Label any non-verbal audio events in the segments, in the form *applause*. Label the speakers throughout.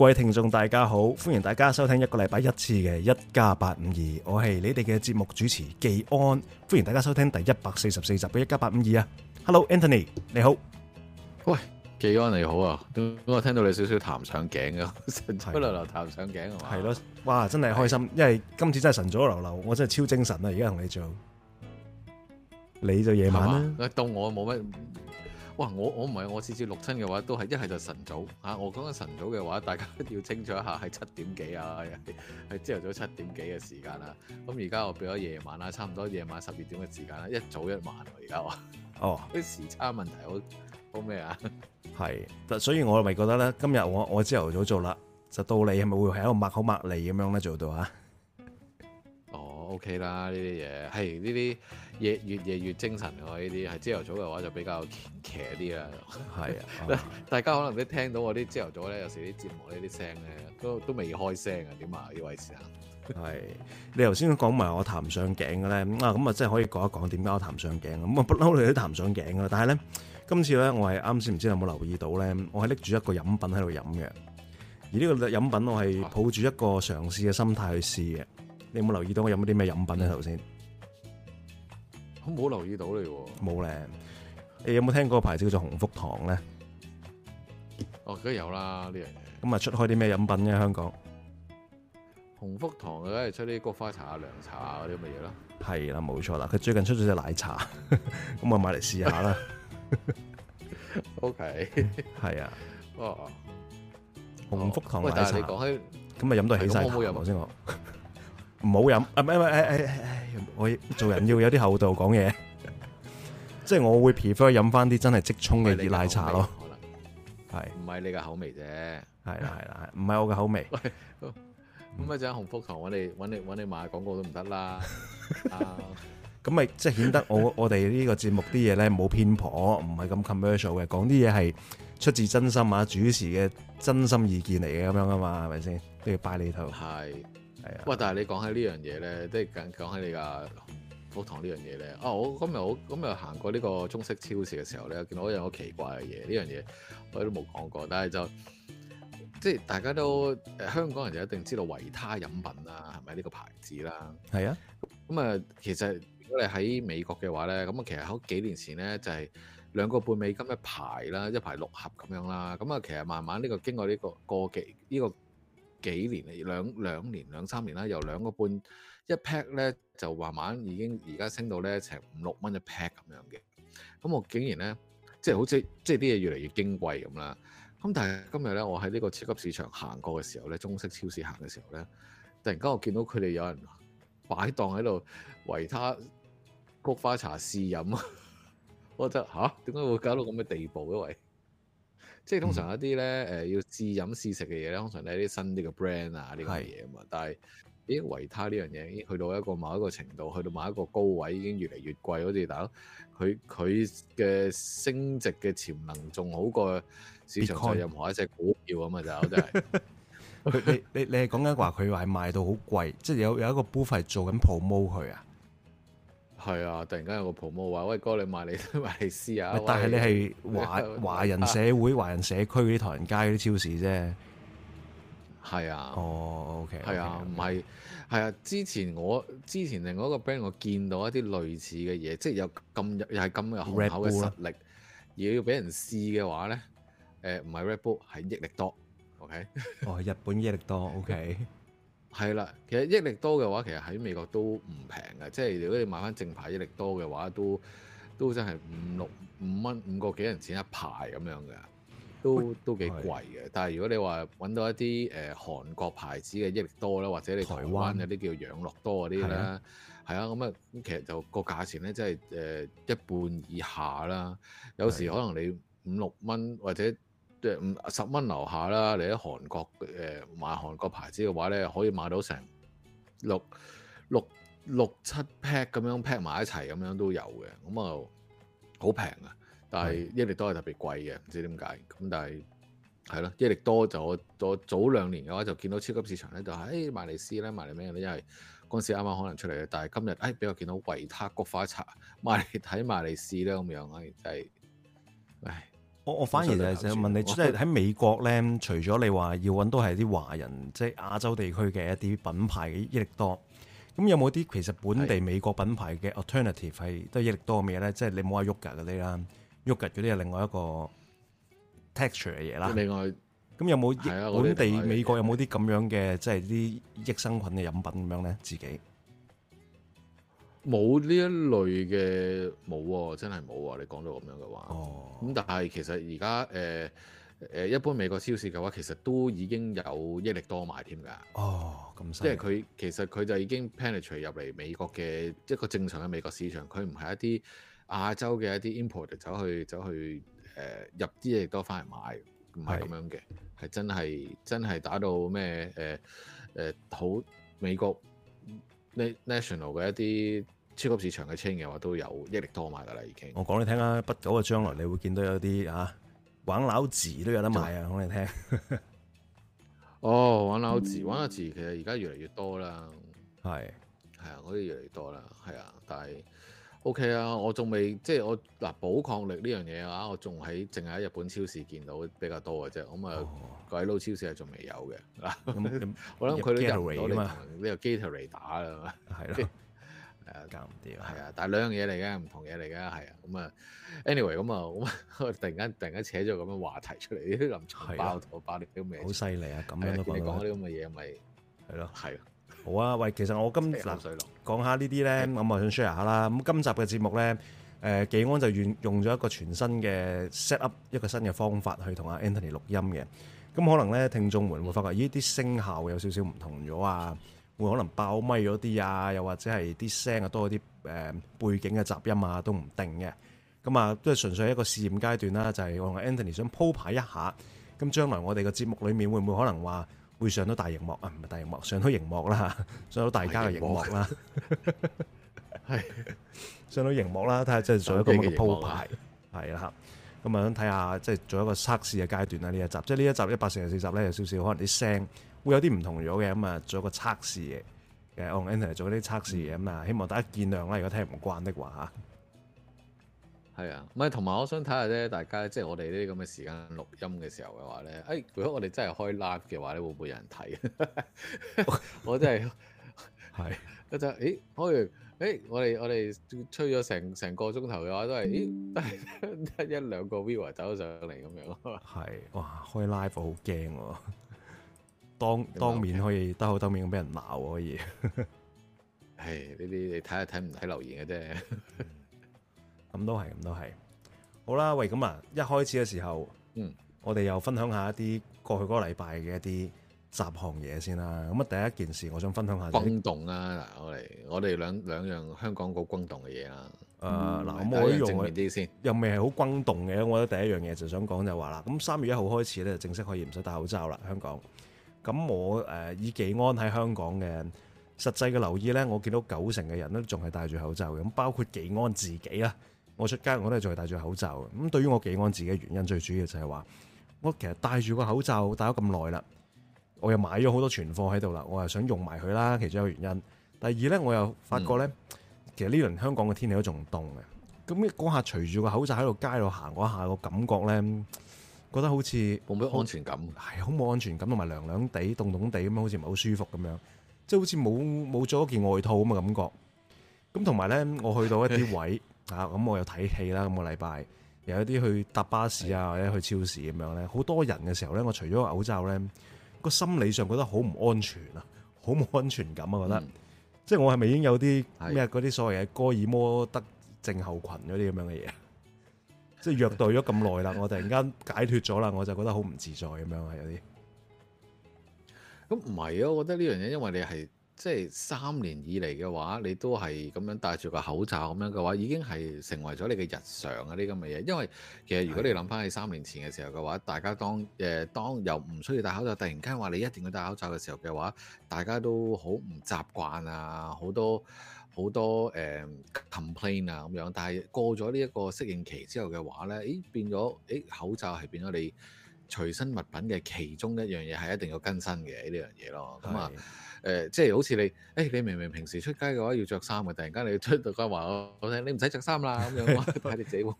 Speaker 1: 各位聽眾大家好，歡迎大家收聽一個禮拜一次嘅一家八五二，我係你哋嘅節目主持紀安，歡迎大家收聽第一百四十四集嘅一家八五二啊！Hello，Anthony，
Speaker 2: 你好，喂，紀安你好啊，咁我聽到你少少彈上頸嘅，晨早流流彈上頸係嘛？係咯，
Speaker 1: 哇，真係開心，因為今次真係晨早流流，我真係超精神啊！而家同你做，你就夜晚啦，
Speaker 2: 到我冇乜。哇！我我唔係，我次次錄親嘅話都係一係就是晨早嚇、啊，我講緊晨早嘅話，大家要清楚一下係七點幾啊，係朝頭早七點幾嘅時間啦。咁而家我俾咗夜晚啦，差唔多夜晚十二點嘅時間啦，一早一晚，我而家話哦，啲時差問題好好咩啊？
Speaker 1: 係，所以我就咪覺得咧，今日我我朝頭早做啦，就到你係咪會喺度抹口抹脷咁樣咧做到啊？
Speaker 2: 哦，OK 啦，呢啲嘢係呢啲。夜越夜越精神嘅呢啲，係朝頭早嘅話就比較騎劇啲啊。係啊，大家可能都聽到我啲朝頭早咧，有時啲節目呢啲聲咧都都未開聲啊。點 *laughs* 啊，呢位先生？
Speaker 1: 係你頭先講埋我談上頸嘅咧，啊咁啊真係可以講一講點解我談上頸咁啊，不嬲你都談上頸啦。但係咧，今次咧我係啱先唔知有冇留意到咧，我係拎住一個飲品喺度飲嘅。而呢個飲品我係抱住一個嘗試嘅心態去試嘅。你有冇留意到我飲咗啲咩飲品咧頭先？
Speaker 2: 冇留意到你，冇咧。
Speaker 1: 你有冇聽過個牌子叫做鴻福堂咧？
Speaker 2: 哦，梗係有啦，呢樣嘢。咁啊，出開
Speaker 1: 啲咩飲品咧香港？
Speaker 2: 鴻福堂梗係出啲菊花茶啊、涼茶啊嗰啲咁嘅嘢咯。
Speaker 1: 係啦， *laughs* 冇錯啦。佢最近出咗隻奶茶，咁啊 *laughs* 買嚟試下啦。O K，係啊。哦，鴻福堂奶茶。但係你講開咁啊飲到起晒頭先講，唔好飲啊！咪咪誒誒誒。哎哎哎 *laughs* 我做人要有啲厚道，講嘢，即係我會 prefer 飲翻啲真係即沖嘅熱奶茶咯。
Speaker 2: 可能係唔係你嘅口味啫？係啦，係啦，
Speaker 1: 唔係我嘅口味。
Speaker 2: 喂，咁咪就係紅福球揾你揾你揾你賣廣告都唔得啦。
Speaker 1: 咁咪即係顯得我我哋呢個節目啲嘢咧冇偏頗，唔係咁 commercial 嘅，講 *laughs* 啲嘢係出自真心啊，主持嘅真心意見嚟嘅咁樣啊嘛，係咪先？都要擺你頭。係。
Speaker 2: 喂，啊、但係你講起呢樣嘢咧，即係講講喺你架福堂呢樣嘢咧。啊，我今日我今日行過呢個中式超市嘅時候咧，見到有一樣好奇怪嘅嘢。呢樣嘢我哋都冇講過，但係就即係大家都香港人就一定知道維他飲品啦，係咪呢個牌子啦？係啊。咁啊，其實如果你喺美國嘅話咧，咁啊其實好幾年前咧就係、是、兩個半美金一排啦，一排六盒咁樣啦。咁啊，其實慢慢呢個經過呢個過期呢個。這個這個幾年嚟，兩兩年兩三年啦，由兩個半一 pack 咧，就慢慢已經而家升到咧，成五六蚊一 pack 咁樣嘅。咁我竟然咧，即係好似即係啲嘢越嚟越矜貴咁啦。咁但係今日咧，我喺呢個超級市場行過嘅時候咧，中式超市行嘅時候咧，突然間我見到佢哋有人擺檔喺度維他菊花茶試飲， *laughs* 我覺得吓，點解會搞到咁嘅地步？因喂！即係通常一啲咧誒要試飲試食嘅嘢咧，通常都啲新啲嘅 brand 啊呢個嘢啊嘛。是但係咦、欸，維他呢樣嘢去到一個某一個程度，去到某一個高位，已經越嚟越貴。好似大佬，佢佢嘅升值嘅潛能仲好過市場上 Bitcoin? 任何一隻股票啊嘛！就 *laughs* 真
Speaker 1: 係。 *laughs* *laughs* 你你你係講緊話佢話係賣到好貴，即係有有一個 buffer 做緊 promo 佢啊？
Speaker 2: 係啊，突然間有個 promo 話，喂哥，你買嚟買嚟試下。但係你係華華人社
Speaker 1: 會， *laughs* 華人社區嗰啲唐人街嗰啲超市啫。
Speaker 2: 係啊，哦，OK，係、okay, okay. 啊，唔係，係啊。之前我之前另外一個 friend 我見到一啲類似嘅嘢，即係又咁又係咁又雄厚嘅實力，而 Red Bull 要俾人試嘅話咧，誒唔係 Red Bull 係益力多，OK？哦，日本益力多，OK。 *laughs* 係啦，其實益力多嘅話，其實喺美國都唔平嘅，即係如果你買翻正牌益力多嘅話，都都真係五六五蚊五個幾人錢一排咁樣嘅，都都幾貴嘅。的但係如果你話揾到一啲誒韓國牌子嘅益力多啦，或者你台灣嗰啲叫做養樂多嗰啲咧，係啊的，咁啊咁其實就個價錢咧真係誒、呃、一半以下啦。有時可能你五六蚊或者。即係五十蚊樓下啦！你喺韓國誒、呃、買韓國牌子嘅話咧，可以買到成六六六七 pack 咁樣 pack 埋一齊咁樣都有嘅，咁啊好平嘅。但係益力多係特別貴嘅，唔知點解。咁但係係咯，益力多就我早兩年嘅話就見到超級市場咧就誒賣利斯啦，賣嚟咩咧？因為嗰陣時啱啱可能出嚟嘅，但係今日誒、哎、畀我見到維他菊花茶賣嚟睇賣利斯啦咁樣，係真係，唉。我我反而就係想問你，即係喺
Speaker 1: 美國咧，除咗你話要揾到係啲華人，即係亞洲地區嘅一啲品牌嘅益力多，咁有冇啲其實本地美國品牌嘅 alternative 係都益力多嘅咩咧？即係你冇話 Yoga 嗰啲啦，Yoga 嗰啲係另外一個 texture 嘅嘢啦。另外，咁有冇本地美國有冇啲咁樣嘅，即係啲益生菌嘅飲品咁樣咧？自己。
Speaker 2: 冇呢一類嘅冇喎，真係冇喎。你講到咁樣嘅話，咁、哦、但係其實而家誒誒一般美國超市嘅話，其實都已經有益力多賣添㗎。哦，咁即係佢其實佢就已經 penetrate 入嚟美國嘅一個正常嘅美國市場，佢唔係一啲亞洲嘅一啲 import 去走去走去誒、呃、入啲益力多返嚟買，唔係咁樣嘅，係是真係真係打到咩誒誒好美國 national 嘅一啲超級市場嘅車嘅話都有益力多買㗎喇，已經。
Speaker 1: 我講你聽啦，不久嘅將來你會見到有啲啊玩扭字都有得買啊，講你聽。
Speaker 2: *laughs* 哦，玩扭字，嗯、玩字其實而家越嚟越多啦。係的。係啊，嗰啲越嚟越多啦。係啊，但係。O K 啊，okay, 我仲未即係我嗱寶礦力呢樣嘢嘅話，我仲喺淨係喺日本超市見到比較多嘅啫。咁啊鬼佬超市係仲未有嘅。咁、嗯、我諗佢哋又嚟呢個 Gatorade 打啦。係咯、嗯，係、嗯、啊，搞唔掂係啊。但係、anyway, 兩樣嘢嚟嘅，唔同嘢嚟嘅係啊。咁啊，anyway 咁啊，突然間突然間扯咗咁嘅話題出嚟，呢啲臨場爆肚爆力，聲咩？好
Speaker 1: 犀利啊！咁樣講你講啲
Speaker 2: 咁嘅嘢咪係咯，係、嗯。
Speaker 1: 好啊，喂，其實我今嗱講下呢啲咧，咁的我想 share 下啦。咁今集嘅節目咧，誒紀安就用用咗一個全新嘅 set up，一個新嘅方法去同阿 Anthony 錄音嘅。咁可能咧聽眾們會發覺，咦啲聲效有少少唔同咗啊，會可能爆咪咗啲啊，又或者係啲聲啊多咗啲誒背景嘅雜音啊都唔定嘅。咁啊都係純粹一個試驗階段啦，就係、是、我同 Anthony 想鋪排一下。咁將來我哋嘅節目裡面會唔會可能話，會上到大熒幕啊，唔係大熒幕，上到熒幕啦，上到大家嘅熒幕啦，係 *laughs* 的上到熒幕啦，睇下即係做一個咩鋪排，係啦，咁啊睇下即係做一個測試嘅階段啦呢一集，即係呢一集一百四十四集咧有少少可能啲聲會有啲唔同咗嘅，咁啊，做一個測試嘅，誒 on end 嚟做啲測試嘅咁啊，希望大家見諒啦，如果聽唔慣的話嚇。
Speaker 2: 係啊，唔係同埋，我想睇下咧，大家即係我哋呢啲咁嘅時間錄音嘅時候嘅話咧，誒、哎，如果我哋真係開 live 嘅話咧，會唔會有人睇 *laughs* 的 *laughs* 是？我真係係，我就誒開完，誒我哋我哋吹咗成成個鐘頭嘅話，都係誒得一兩個 viewer 走咗上嚟咁樣。係
Speaker 1: 哇，開 live 好驚喎、啊， *laughs* 當當面可以兜口兜面咁俾人鬧可以。
Speaker 2: 係呢啲你睇下睇唔睇留言嘅啫、啊。咁都係，咁都係。好啦，喂，
Speaker 1: 咁啊，一開始嘅時候，嗯，我哋又分享一下一啲過去嗰個禮拜嘅一啲雜項嘢先啦。咁啊，第一件事我想分享下、就係、轟
Speaker 2: 動啊，嗱，我哋，我哋兩兩樣香港好轟動嘅嘢啊。誒、嗯，嗱、呃，我可以用啲先，
Speaker 1: 又未係好轟動嘅。我覺得第一樣嘢就想講就話、係、啦，咁三月一號開始咧，正式可以唔使戴口罩啦，香港。咁我誒、呃、以紀安喺香港嘅實際嘅留意咧，我見到九成嘅人都仲係戴住口罩嘅，咁包括紀安自己啦。我出街我都係仲係戴住口罩嘅，咁對於我幾安自己嘅原因，最主要就係話我其實戴住個口罩戴咗咁耐啦，我又買咗好多存貨喺度啦，我又想用埋佢啦，其中一個原因。第二咧，我又發覺咧，嗯、其實呢輪香港嘅天氣都仲凍嘅，咁嗰下隨住個口罩喺度街度行嗰下，個感覺咧，覺得好似冇咩安全感，係好冇安全感，同埋涼涼地、凍凍地咁樣，好似唔係好舒服咁樣，即係好似冇冇咗件外套咁嘅感覺。咁同埋咧，我去到一啲位。 *laughs* 咁、嗯、我又睇戲啦，咁、嗰個禮拜，有一啲去搭巴士啊，或者去超市咁樣咧，好多人嘅時候咧，我除咗口罩咧，個心理上覺得好唔安全啊，好冇安全感啊，覺得、嗯，即係我係咪已經有啲咩嗰啲所謂嘅哥爾摩德症候群嗰啲咁樣嘅嘢？的即係虐待咗咁耐啦，我突然間解脫咗啦，我就覺得好唔自在咁樣啊，有啲。
Speaker 2: 咁唔係啊，我覺得呢樣嘢，因為你係。即係三年以嚟嘅話，你都係咁樣戴住個口罩咁樣嘅話，已經係成為咗你嘅日常嗰啲咁嘅嘢。因為其實如果你諗翻起三年前嘅時候嘅話，的大家當誒、呃、當又唔需要戴口罩，突然間話你一定要戴口罩嘅時候嘅話，大家都好唔習慣啊，好多好多誒、呃、complain 啊咁樣。但係過咗呢一個適應期之後嘅話呢，咦，變咗誒口罩係變咗你隨身物品嘅其中一樣嘢，係一定要更新嘅呢的樣嘢咯。咁啊。誒、呃，即係好似你，誒、欸，你明明平時出街嘅話要着衫嘅，突然間你出到街話我，我你唔使着衫啦咁樣，睇你死喎！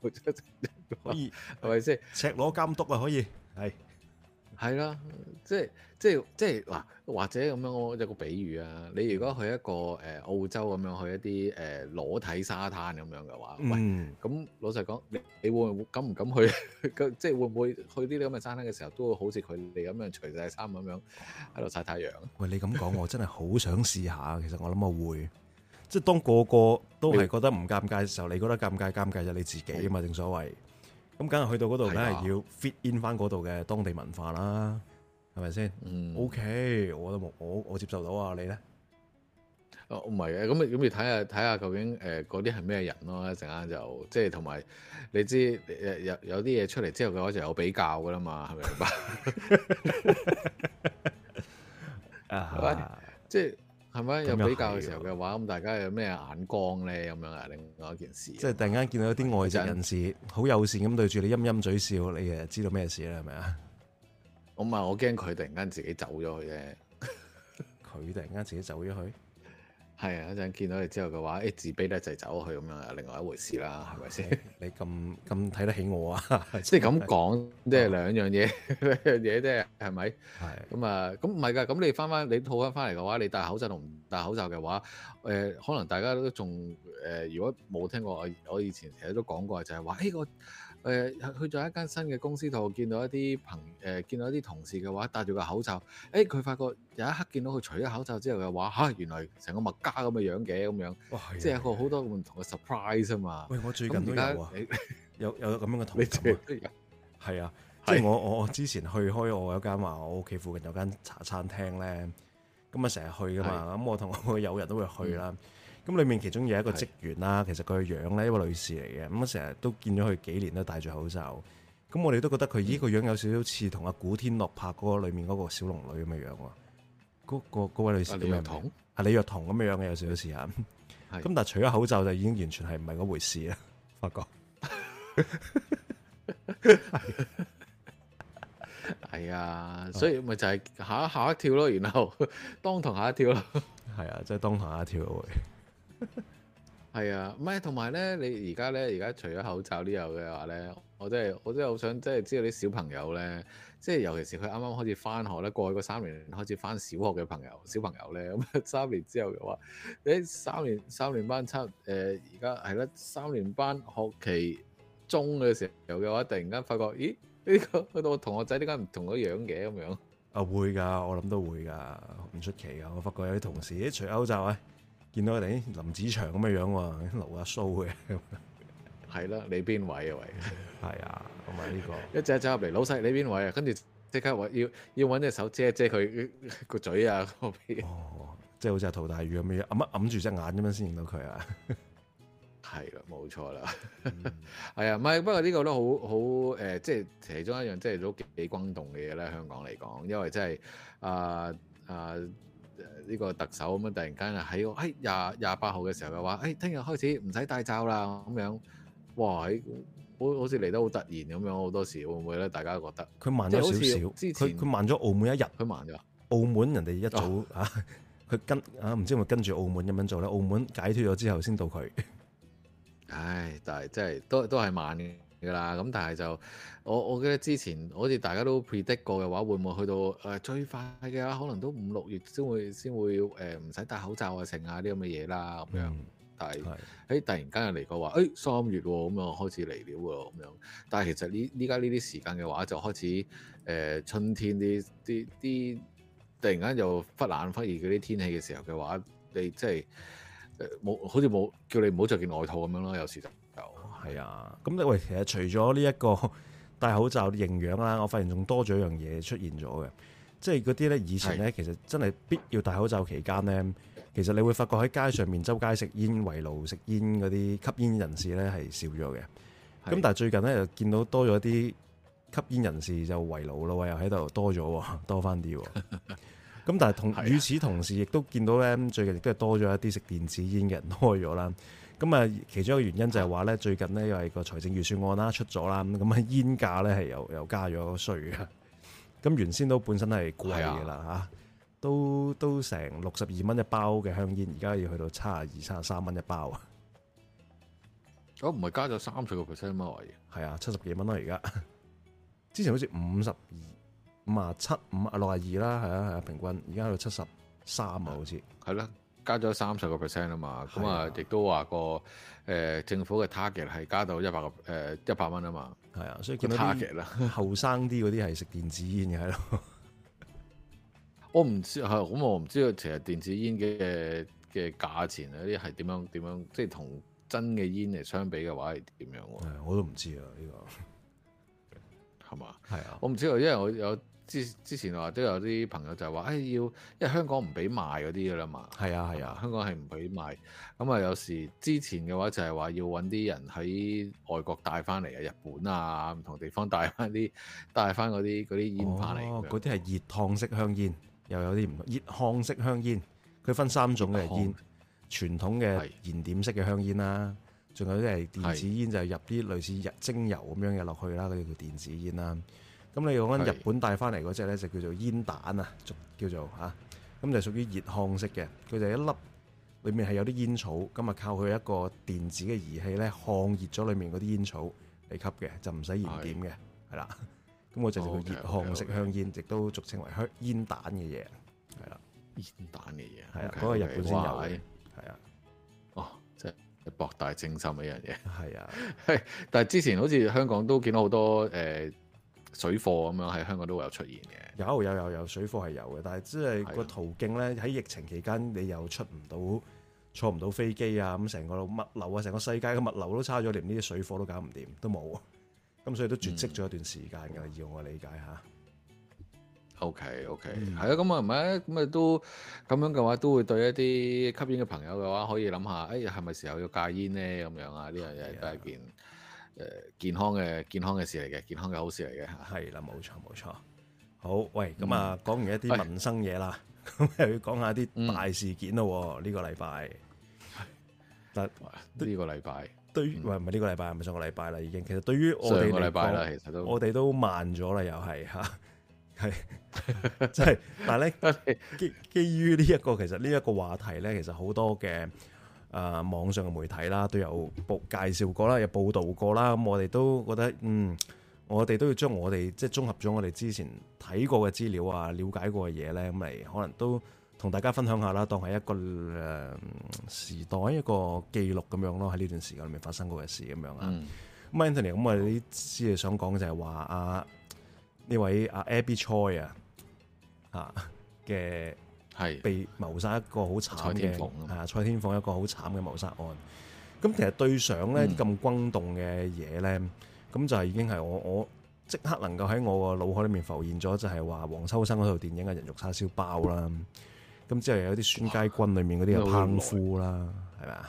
Speaker 2: 可以，係咪先？赤裸監督啊，可以，係，係啦，即係。即係即係嗱，或者咁樣，我有個比喻啊。你如果去一個誒澳洲咁樣，去一啲誒裸體沙灘咁樣嘅話，咁老實講，你你會唔會敢唔敢去？即係會唔會去啲咁嘅沙灘嘅時候，都會好似佢哋咁樣除晒衫咁樣喺度曬太陽？
Speaker 1: 喂，你咁講，我真係好想試下。其實我諗我會。即係當個個都係覺得唔尷尬嘅時候，你覺得尷尬尷尬就你自己啊嘛。正所謂，咁梗係去到嗰度，梗係要 fit in 翻嗰度嘅當地文化啦。係咪先？嗯，OK，
Speaker 2: 我都冇，我我接受到啊。你咧？哦，唔係嘅，咁咁你睇下睇下究竟誒嗰啲係咩人咯？一陣間就即係同埋你知有有啲嘢出嚟之後嘅話就有比較噶啦嘛，係咪啊？係即係係咪？有比較嘅時候嘅話，咁大家有咩眼光咧？咁樣啊？另外一件事，即係
Speaker 1: 突然間見到啲外籍人士好友善咁對住你陰陰嘴笑，你誒知道咩事咧？係咪啊？
Speaker 2: 我咪我驚佢突然間自己走咗去啫，佢 *laughs* 突然間自己走咗去，係啊！一陣見到你之後嘅話，誒自卑得就走咗去咁樣，另外一回事啦，係咪先？你咁咁睇得起我啊？即係咁講，即係兩樣嘢，兩樣嘢，啫，係咪？係。咁啊，咁唔係㗎，咁你翻翻你套翻翻嚟嘅話，你戴口罩同唔戴口罩嘅話，誒、呃、可能大家都仲誒、呃，如果冇聽過我我以前成日都講過就係話，呢個。誒去咗一間新嘅公司度，見到一啲朋誒，見到一啲同事嘅話，戴住個口罩，誒、欸、佢發覺有一刻見到佢除咗口罩之後嘅話，嚇、啊、原來成個墨家咁嘅樣嘅咁樣，即係有個好多唔同嘅 surprise 啊嘛。喂，我最近都有啊，你有有咁樣嘅同事，係 *laughs* 啊，
Speaker 1: 是即係我我之前去開我有一間話我屋企附近有間茶餐廳咧，咁啊成日去㗎嘛，咁我同我友人都會去啦。嗯咁裏面其中有一個職員啦，其實佢個樣咧，一位女士嚟嘅，咁成日都見咗佢幾年都戴住口罩，咁我哋都覺得佢呢個樣有少少似同阿古天樂拍嗰個裏面嗰個小龍女咁嘅樣喎，嗰個位女士叫咩？同係李若彤咁嘅樣嘅有少少似啊，咁但係除咗口罩就已經完全係唔係嗰回事啦，發覺
Speaker 2: 係啊，所以咪就係吓下，下一跳咯，然後當堂嚇一跳咯，係啊，即係當堂嚇一跳會。 *laughs* 係 *laughs* 啊，咪同埋咧，你而家咧，而家除咗口罩呢樣嘅話咧，我真係我真係好想，即係知道啲小朋友咧，即係尤其是佢啱啱開始翻學咧，過去嗰三年開始翻小學嘅朋友，小朋友咧，咁三年之後嘅話，誒，三年三年班七誒，而家係啦，三年班學期中嘅時候嘅話，突然間發覺，咦，呢個去到我同學仔點解唔同咗樣嘅咁樣？啊，會噶，我諗
Speaker 1: 都會噶，唔出奇噶，我發覺有啲同事，除口罩啊。見到你林子祥咁嘅樣喎，留阿須嘅，
Speaker 2: 係 *laughs* 啦，你邊位啊？
Speaker 1: 喂， *laughs* 係啊、這個，咁埋呢個一
Speaker 2: 隻一隻走入嚟，老細你邊位啊？跟住即刻話要要揾隻手遮一遮佢個嘴啊！個鼻， *laughs* 哦，即
Speaker 1: 係好似阿陶大宇咁嘅樣，揞揞住隻眼咁樣先認到佢
Speaker 2: 啊！係 *laughs* 啦，冇錯啦，係 *laughs* 啊、嗯，唔係不過呢個都好好誒，即係、呃、其中一樣，即係都幾轟動嘅嘢咧。香港嚟講，因為真係啊啊。呃呃呃呃呃呢個特首咁樣突然間啊喺誒廿廿八號嘅時候又話誒聽日開始唔使戴罩啦咁樣，哇、哎、好好似嚟得好突然咁樣，好多時會唔會咧？大家覺得佢慢咗少少，佢佢
Speaker 1: 慢咗澳門一日，佢慢咗澳門人哋一早嚇佢、啊啊、跟嚇唔、啊、知係咪跟住澳門咁樣做咧，澳門解脫咗之
Speaker 2: 後先到佢，唉，但係真係都都係慢嘅。噶啦，咁但係就我我記得之前好似大家都 predict 過嘅話，會唔會去到誒、呃、最快嘅話，可能都五六月先會先會誒唔使戴口罩啊剩下啲咁嘅嘢啦咁、哎、樣，樣。但係喺突然間又嚟個話，誒三月喎咁樣開始嚟料喎咁樣。但係其實呢呢家呢啲時間嘅話，就開始誒、呃、春天啲啲啲突然間又忽冷忽熱嗰啲天氣嘅時候嘅話，你即係誒冇好似冇叫你唔好着件外套咁樣咯，有時就。係啊，
Speaker 1: 咁你喂，其實除咗呢一個戴口罩嘅營養啦，我發現仲多咗一樣嘢出現咗嘅，即係嗰啲呢，以前呢，是的 其實真係必要戴口罩期間呢，其實你會發覺喺街上面周街食煙圍爐食煙嗰啲吸煙人士呢係少咗嘅，咁是的 但係最近呢，又見到多咗啲吸煙人士就圍爐咯又喺度多咗喎，多翻啲喎，咁但係同與此同時亦都見到呢，最近亦都係多咗一啲食電子煙嘅人多咗啦。咁啊，其中一個原因就係話咧，最近呢又係個財政預算案啦出咗啦，咁咁啊煙價咧係又又加咗稅啊。咁原先都本身係貴嘅啦嚇，都都成六十二蚊一包嘅香煙，而家要去到七啊二、七十三蚊一包
Speaker 2: 啊。哦，唔係加咗三十個 percent 啊，而
Speaker 1: 係啊，七十幾蚊啦而家。之前好似五十二、五啊七五啊六啊二啦，係啊係啊平均，而家去到七十三啊，是好似
Speaker 2: 係啦。加咗三十個 percent 啊嘛，咁啊亦都話個誒政府嘅 target 係加到一百個誒一百蚊啊嘛，係啊，所以個 target 啦。
Speaker 1: 後生啲嗰啲係食電子煙嘅係咯。
Speaker 2: 我唔知啊，咁我唔知道。其實電子煙嘅嘅價錢有啲係點樣點樣，即係同真嘅煙嚟相比嘅話係點樣？我都唔知啊，呢個係嘛？係啊，我唔知啊 *laughs* 我唔知道，因為我有。之之前話都有啲朋友就係話，哎，要，因為香港唔俾賣嗰啲噶啦嘛。係啊，係啊，香港係唔俾賣。咁啊，有時之前嘅話就係話要揾啲人喺外國帶翻嚟啊，日本啊，唔同地方帶翻啲帶翻啲啲煙翻嚟。嗰
Speaker 1: 啲係熱燙式香煙，又有啲唔同。熱燙式香煙，佢分三種嘅煙，烤傳統嘅燃點式嘅香煙啦，仲的有啲係電子煙，就係入啲類似日精油咁樣嘅落去啦，嗰啲叫電子煙啦。咁、嗯、你講緊日本帶翻嚟嗰隻咧，就叫做煙彈啊，俗叫做吓。咁就屬於熱烘式嘅，佢就一粒裏面係有啲煙草，咁啊靠佢一個電子嘅儀器咧烘熱咗裏面嗰啲煙草嚟吸嘅，就唔使燃點嘅，係啦。咁我就叫熱烘式香煙，亦、okay, okay, okay. 都俗稱為香煙彈嘅嘢，係啦。煙
Speaker 2: 彈嘅嘢係啊，嗰個、okay, okay, 日本先有，係啊、okay. 哦，即係博大精深嘅一樣嘢，係啊。但係之前好似香港都見到好多誒。呃水貨咁樣喺香港都會有出現嘅，有有有有水貨係有嘅，但係
Speaker 1: 即係個途徑咧喺的疫情期間，你又出唔到，坐唔到飛機啊，咁成個物流啊，成個世界嘅物流都差咗，連呢啲水貨都搞唔掂，都冇，啊。咁所以都絕
Speaker 2: 跡咗一段時間㗎喇，嗯、要我理解下 O K O K，係啊，咁啊唔係咁啊都咁樣嘅話，都會對一啲吸煙嘅朋友嘅話，可以諗下，哎呀，係咪時候要戒煙咧？咁樣啊，呢樣嘢都係誒，健康嘅健康嘅事嚟嘅，健康嘅好事嚟嘅，係啦，冇錯冇錯。好，喂，咁啊，講、嗯嗯、完一啲民生
Speaker 1: 嘢啦，咁、哎、又要講下啲大事件咯。呢、嗯、個禮拜，但呢個禮拜，對於唔係呢個禮拜，係咪上個禮拜啦已經？其實對於我哋嚟講，個禮拜啦其實都我哋都慢咗啦，又係吓，係、啊，即係。但係咧基基於呢一個，其實呢一個話題咧，其實好多嘅。誒網上嘅媒體啦，都有報介紹過啦，有報導過啦，咁、嗯、我哋都覺得，嗯，我哋都要將我哋即係綜合咗我哋之前睇過嘅資料啊，了解過嘅嘢咧，咁、嗯、嚟可能都同大家分享下啦，當係一個誒、呃、時代一個記錄咁樣咯，喺呢段時間裏面發生過嘅事咁樣、嗯、ony, 啊。咁 Anthony，咁我哋啲先係想講嘅就係話啊，呢位阿 Abby Choi 啊，嚇嘅。係被謀殺一個好慘嘅啊，蔡天，天鳳一個好慘嘅謀殺案。咁其實對上呢啲咁、嗯、轟動嘅嘢咧，咁就係已經係我我即刻能夠喺我個腦海裏面浮現咗，就係話黃秋生嗰套電影嘅人肉叉燒包啦。咁之後有啲《孫家軍》裏面嗰啲嘅貪腐啦，
Speaker 2: 係嘛？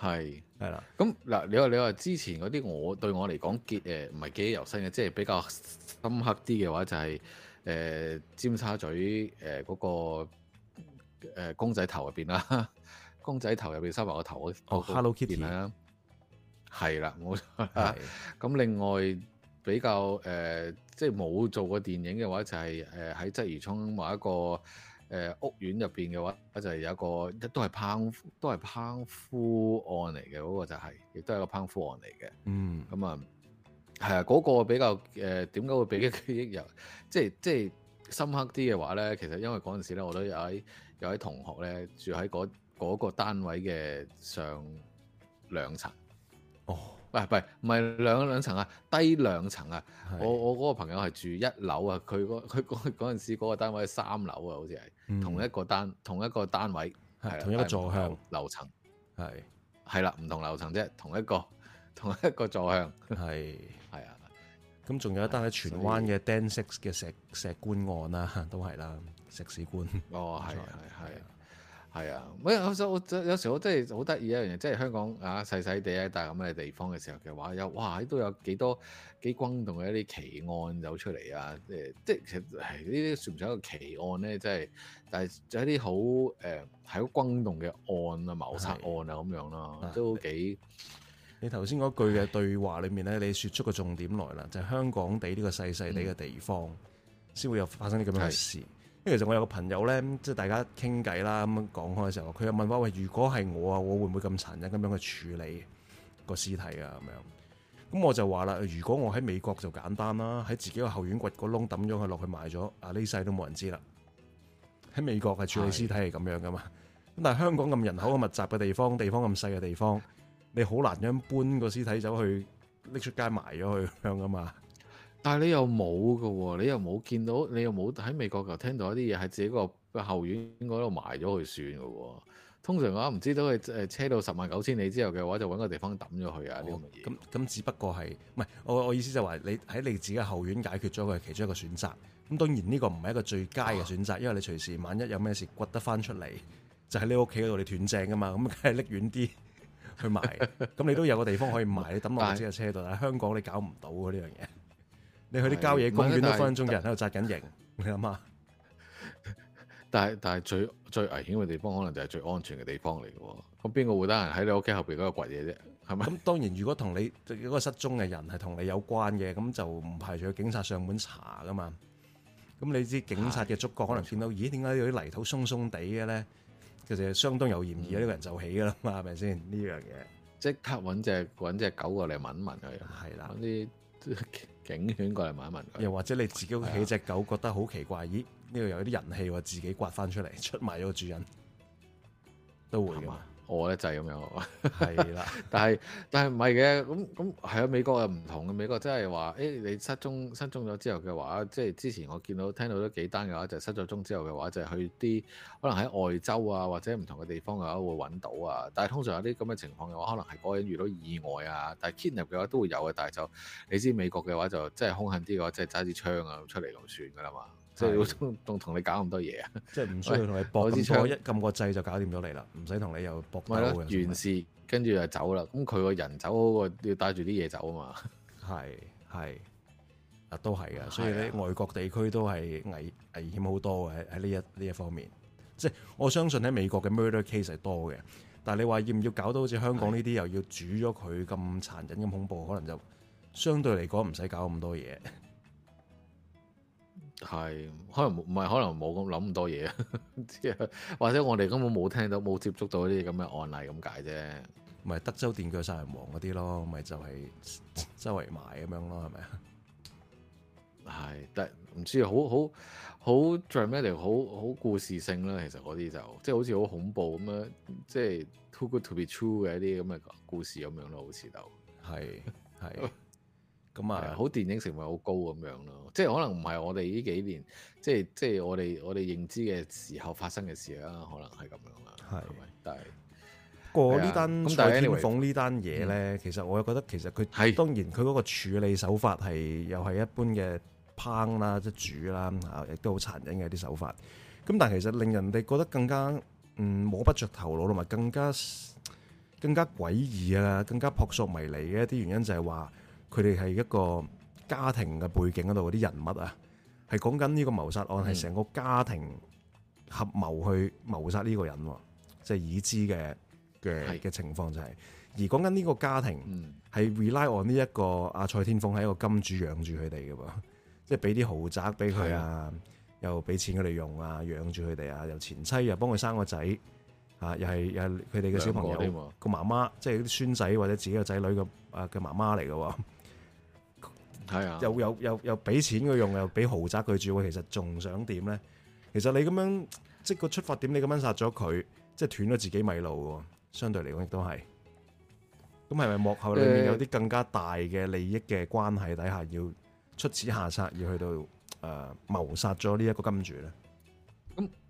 Speaker 2: 係係啦。咁嗱，你話你話之前嗰啲我對我嚟講記誒唔係記憶猶新嘅，即係、呃就是、比較深刻啲嘅話就係、是。誒、呃、尖沙咀誒嗰、呃那個公仔頭入邊啦，公仔頭入邊收埋我頭嗰 t 片啦，係啦、oh, Hello Kitty，冇錯。咁的另外比較誒、呃，即係冇做過電影嘅話，就係誒喺《鰂魚涌》某一個誒、呃、屋苑入邊嘅話，就係、是、有一個都係烹都係烹夫案嚟嘅，嗰個就係、是，亦都係個烹夫案嚟嘅。嗯，咁啊。係啊，嗰個比較誒點解會俾嘅記憶又即係即係深刻啲嘅話咧，其實因為嗰陣時咧，我都有啲有啲同學咧住喺嗰嗰個單位嘅上兩層。哦、oh. 啊，唔係唔係唔係兩兩層啊，低兩層啊。 *music* 我我嗰個朋友係住一樓啊，佢嗰佢嗰嗰陣時嗰個單位係三樓啊，好似係、mm. 同一個單同一個單位係同一個座向樓層係係啦，唔同樓層啫是，同一個。同一個座向係係 *laughs* 是 *laughs* 啊，
Speaker 1: 咁仲 *laughs* 有一單喺荃灣嘅 Dan Six 嘅石石棺案啦，都係啦，
Speaker 2: 石屎棺哦，係係係係啊。唔係我我有時我真係好得意一樣嘢、啊就係，即係香港啊細細地喺大咁嘅地方嘅時候嘅話，有哇，都有幾多幾轟動嘅一啲奇案走出嚟啊。誒，即係其實係呢啲算唔上一個奇案咧，即、就、係、係、但係有一啲好誒係好轟動嘅案啊、謀殺案啊咁樣啦，都幾。
Speaker 1: 你頭先嗰句嘅對話裏面咧，你説出個重點來啦，就係、是、香港地呢個細細地嘅地方，先、嗯、會有發生啲咁樣嘅事。麼因為其實我有個朋友咧，即係大家傾偈啦，咁樣講開嘅時候，佢又問我：喂，如果係我啊，我會唔會咁殘忍咁樣去處理個屍體啊？咁樣。咁我就話啦，如果我喺美國就簡單啦，喺自己個後院掘個窿抌咗佢落去埋咗，啊呢世都冇人知啦。喺美國係處理屍體係咁樣噶嘛。咁的但係香港咁人口咁密集嘅地方，地方咁細嘅地方。你好難咁搬個屍體走去拎出街埋咗佢咁樣噶
Speaker 2: 嘛？ *laughs* 但係你又冇噶喎，你又冇見到，你又冇喺美國就聽到一啲嘢喺自己個個後院嗰度埋咗佢算噶喎。通常我唔知道佢誒車到十萬九千里之後嘅話，就揾個地方抌咗佢啊啲咁咁咁，哦哦、只不過係唔係？我我，意思就話
Speaker 1: 你喺你自己後院解決咗佢係其中一個選擇。咁當然呢個唔係一個最佳嘅選擇，啊、因為你隨時萬一有咩事掘得翻出嚟，就喺你屋企嗰度你斷正噶嘛。咁梗係拎遠啲。去埋，咁 *laughs* *laughs* 你都有個地方可以埋，你抌落部車度。但，是但香港你搞唔到喎呢樣嘢。你去啲郊野公園都分分鐘有人喺度紮緊營，你諗下是？
Speaker 2: 但係但係最最危險嘅地方，可能就係最安全嘅地方嚟嘅。咁邊個會得閒喺你屋企後邊嗰個掘嘢啫？係嘛？咁當然，如果同你嗰個失蹤嘅人係同你有關嘅，
Speaker 1: 咁就唔排除去警察上門查噶嘛。咁你知警察嘅觸角可能見到，咦的？點解有啲泥土鬆鬆地嘅咧？其實相當有嫌疑呢個、嗯、人就起㗎啦嘛，係咪先？呢樣嘢即刻揾隻揾隻狗過嚟聞一聞佢，係啦的，啲警犬過嚟聞一聞佢。又或者你自己屋企隻狗，覺得好奇怪，的咦？呢度有啲人氣話
Speaker 2: 自己刮翻出嚟，出賣咗個主人，都會㗎的嘛。我咧就咁樣，係啦， *laughs* 但係但係唔係嘅，咁咁係啊，美國又唔同嘅，美國真係話，誒你失蹤失蹤咗之後嘅話，即係之前我見到聽到都幾單嘅話，就失咗蹤之後嘅話，就係去啲可能喺外州啊或者唔同嘅地方嘅話會揾到啊，但係通常有啲咁嘅情況嘅話，可能係嗰個人遇到意外啊，但係 kidnap 嘅話都會有嘅，但係就你知美國嘅話就真係兇狠啲嘅話，即係揸支槍啊出嚟就算㗎啦嘛。即係仲仲同你搞咁多嘢啊！即係唔需要同你搏，咁我一撳個掣就搞掂咗你啦，唔使同你又搏鬥。完事跟住就走啦。咁佢個人走嗰個要帶住啲嘢走啊嘛。係係，
Speaker 1: 啊都係嘅。的所以咧，外國地區都係危危險好多嘅喺呢一呢一方面。即係我相信喺美國嘅 murder case 係多嘅。但係你話要唔要搞到好似香港呢啲的又要煮咗佢咁殘忍咁恐怖，可能就相對嚟講唔使
Speaker 2: 搞咁多嘢。係，可能唔係可能冇咁諗咁多嘢啊， *laughs* 或者我哋根本冇聽到冇接觸到啲咁嘅案例咁解啫。咪德州電鋸殺人王嗰啲咯，咪就係周圍賣咁樣咯，係咪啊？係，但唔知好好好 dramatic，好好故事性啦。其實嗰啲就即係好似好恐怖咁樣，即係 too good to be true 嘅一啲咁嘅故事咁樣咯，好似就係係。 *laughs* 咁啊，嗯、好電影成份好高咁樣咯，即係可能唔係我哋呢幾年，即係即係我哋我哋認知嘅時候發生嘅事啦，可能係咁樣啦。係是，但係、啊、過但 any way，呢單蔡天鳳呢
Speaker 1: 單嘢咧，嗯、其實我又覺得其實佢係當然佢嗰個處理手法係是又係一般嘅烹啦、即、就是、煮啦嚇，亦、啊、都好殘忍嘅一啲手法。咁但係其實令人哋覺得更加嗯摸不着頭腦，同埋更加更加詭異啊，更加撲朔迷離嘅一啲原因就係話。佢哋係一個家庭嘅背景嗰度嗰啲人物啊，係講緊呢個謀殺案係成個家庭合謀去謀殺呢個人，即係已知嘅嘅嘅情況就係、是。而講緊呢個家庭係 rely on 呢、這、一個阿蔡天鳳係一個金主養住佢哋嘅喎，即係俾啲豪宅俾佢啊，的又俾錢佢哋用啊，養住佢哋啊，又前妻又幫佢生個仔啊，又係又係佢哋嘅小朋友個媽媽，即係啲孫仔或者自己嘅仔女嘅啊嘅媽媽嚟嘅喎。係啊，又有又又俾錢佢用，又俾豪宅佢住，我其實仲想點咧？其實你咁樣即係個出發點，你咁樣殺咗佢，即係斷咗自己米路喎。相對嚟講亦都係，咁係咪幕後裏面有啲更加大嘅利益嘅關係底下
Speaker 2: 要出此下策，而去到誒、呃、謀
Speaker 1: 殺咗呢一個金主咧？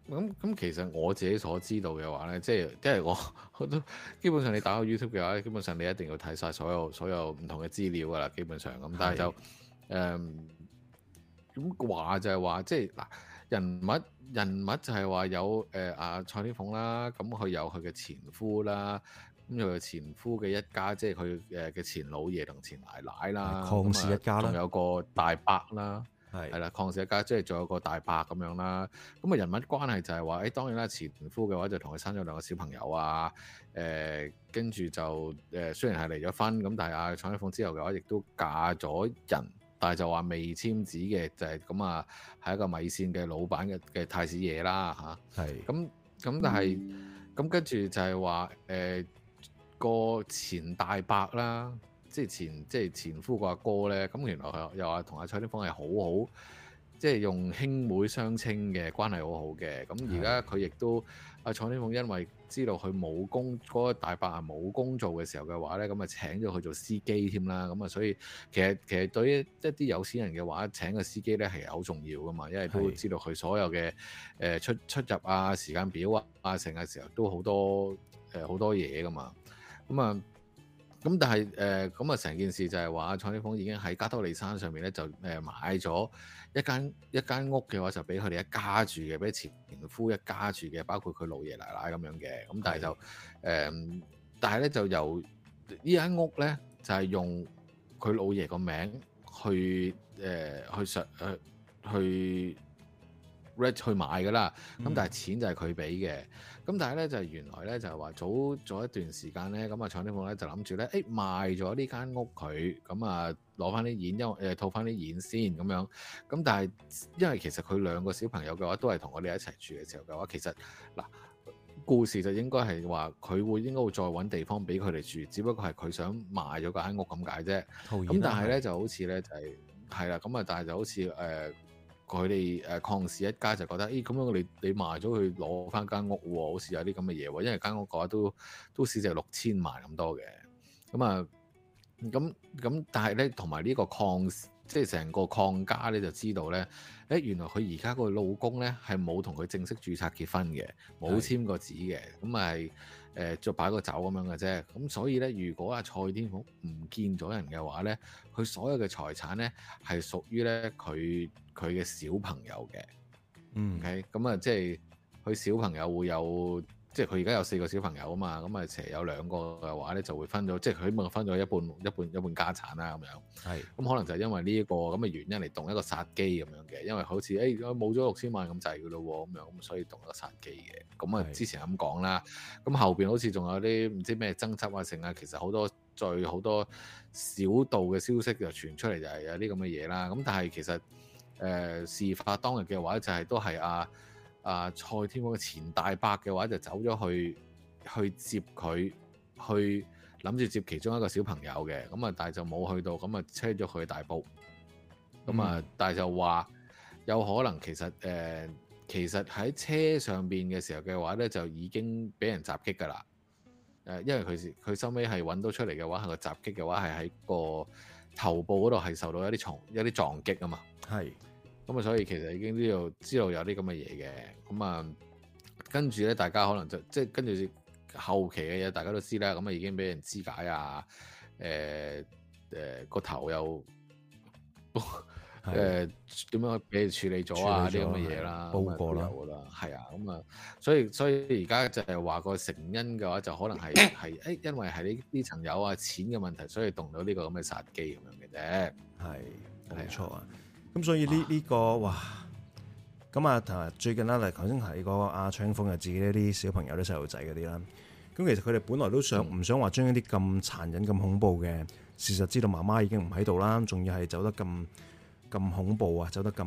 Speaker 2: 咁咁其實我自己所知道嘅話咧，即係即係我都基本上你打開 YouTube 嘅話咧，基本上你一定要睇晒所有所有唔同嘅資料噶啦，基本上咁，但係就誒咁的、嗯、話就係話即係嗱人物人物就係話有誒啊、呃、蔡天鳳啦，咁佢有佢嘅前夫啦，咁佢前夫嘅一家即係佢誒嘅前老爺同前奶奶啦，鄺氏、嗯、一家啦，仲有個大伯啦。係係啦，鄺氏一家即係仲有個大伯咁樣啦。咁啊，人物關係就係話，誒、哎、當然啦，前夫嘅話就同佢生咗兩個小朋友啊。誒跟住就誒、呃，雖然係離咗婚咁，但係啊，蔡天鳳之後嘅話，亦都嫁咗人，但係就話未簽紙嘅，就係、是、咁啊，係一個米線嘅老闆嘅嘅太子爺啦吓，係的。咁咁但係咁跟住就係話誒個前大伯啦。即係前即係前夫個阿哥咧，咁原來佢又話同阿蔡天鳳係好好，即係用兄妹相稱嘅關係好，好好嘅。咁而家佢亦都阿蔡天鳳，因為知道佢冇工，嗰個大伯啊冇工做嘅時候嘅話咧，咁啊請咗佢做司機添啦。咁啊，所以其實其實對於一啲有錢人嘅話，請個司機咧係好重要噶嘛，因為都知道佢所有嘅誒出出入啊、時間表啊、行程嘅時候都好多誒好多嘢噶嘛。咁啊～咁、嗯、但係誒咁啊成件事就係話，蔡天鳳已經喺加多利山上面咧就誒、呃、買咗一間一間屋嘅話就俾佢哋一家住嘅，俾前夫一家住嘅，包括佢老爺奶奶咁樣嘅。咁但係就誒，但係咧就，、呃、就由呢間屋咧就係、是、用佢老爺個名去誒去上去去。呃去呃去呃去去買噶啦，咁但係錢就係佢俾嘅。咁但係咧就係原來咧就係話早咗一段時間咧，咁啊蔡天鳳咧就諗住咧，誒、欸、賣咗呢間屋佢，咁、嗯、啊攞翻啲錢，因為、啊、套翻啲錢先咁樣。咁、嗯、但係因為其實佢兩個小朋友嘅話都係同我哋一齊住嘅時候嘅話，其實嗱故事就應該係話佢會應該會再揾地方俾佢哋住，只不過係佢想賣咗間屋咁解啫。咁原、啊嗯、但係咧就好似咧就係係啦，咁啊但係就好似誒。呃佢哋誒鄺氏一家就覺得，咦、哎、咁樣你你賣咗佢攞翻間屋喎、喔，好似有啲咁嘅嘢喎。因為間屋嘅話都都市值六千萬咁多嘅。咁、嗯、啊，咁、嗯、咁、嗯嗯，但係咧，同埋呢個鄺，即係成個鄺家咧，就知道咧，誒、欸、原來佢而家個老公咧係冇同佢正式註冊結婚嘅，冇簽過紙嘅，咁係的。誒，再、呃、擺個酒咁樣嘅啫。咁所以咧，如果阿、啊、蔡天鳳唔見咗人嘅話咧，佢所有嘅財產咧係屬於咧佢佢嘅小朋友嘅。嗯，OK，咁啊、就是，即係佢小朋友會有。即係佢而家有四個小朋友啊嘛，咁啊，其實有兩個嘅話咧，就會分咗，即係佢咁啊，分咗一半、一半、一半家產啦咁樣。係是，咁、嗯、可能就係因為呢一個咁嘅原因嚟動一個殺機咁樣嘅，因為好似而家冇咗六千萬咁滯噶咯喎，咁樣，咁所以動一個殺機嘅。咁啊，之前咁講啦，咁是、嗯、後邊好似仲有啲唔知咩爭執啊，剩啊，其實好多最好多小道嘅消息就傳出嚟，就係有啲咁嘅嘢啦。咁但係其實誒、呃、事發當日嘅話，就係都係啊。啊！蔡天鳳嘅前大伯嘅話就走咗去，去接佢，去諗住接其中一個小朋友嘅，咁啊，但係就冇去到，咁、嗯、啊，車咗佢大埔。咁啊、嗯，但係就話有可能其實誒、呃，其實喺車上邊嘅時候嘅話咧，就已經俾人襲擊㗎啦。誒，因為佢佢收尾係揾到出嚟嘅話，係個襲擊嘅話係喺個頭部嗰度係受到一啲重、一啲撞擊啊嘛。係。咁啊，所以其實已經知道知道有啲咁嘅嘢嘅，咁啊，跟住咧，大家可能就即係跟住後期嘅嘢，大家都知啦。咁啊，已經俾人肢解啊，誒誒個頭又誒點、呃、樣俾人處理咗啊啲咁嘅嘢啦，煲過啦，係啊，咁啊，所以所以而家就係話個成因嘅話，就可能係係誒，因為係呢呢層有啊錢嘅問題，所以動到呢個咁嘅殺機咁樣嘅啫，係冇錯啊。咁所以呢、這、呢個哇，咁啊同最近啦，例如頭先
Speaker 1: 提個阿昌峯啊，啊自己呢啲小朋友啲細路仔嗰啲啦，咁、嗯、其實佢哋本來都想唔、嗯、想話將一啲咁殘忍、咁恐怖嘅事實知道媽媽已經唔喺度啦，仲要係走得咁咁恐怖啊，走得咁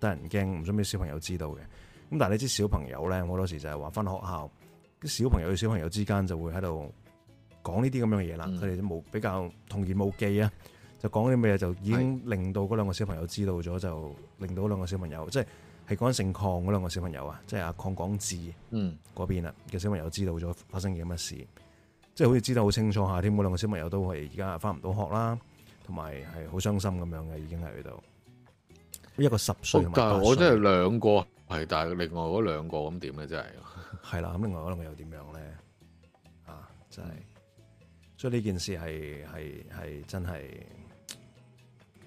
Speaker 1: 得人驚，唔想俾小朋友知道嘅。咁但係呢啲小朋友咧，好多時就係話返學校，啲小朋友與小朋友之間就會喺度講呢啲咁樣嘅嘢啦，佢哋冇比較童言無忌啊。就講啲咩嘢就已經令到嗰兩個小朋友知道咗，就令到嗰兩個小朋友即係講緊姓鄺嗰兩個小朋友，就是、啊，即係阿鄺港智嗰邊啊嘅小朋友知道咗發生嘢乜事，嗯、即係好似知道好清楚下添。嗰兩個小朋友都係而家翻唔到學啦，同埋係好傷心咁樣嘅，已經係喺度。一個十歲，歲但個，但係我真係
Speaker 2: 兩個係，但係 *laughs* 另外嗰兩個咁點嘅真係係啦。另外嗰兩個又點樣咧？啊，真係！嗯、
Speaker 1: 所以呢件事係係係真係。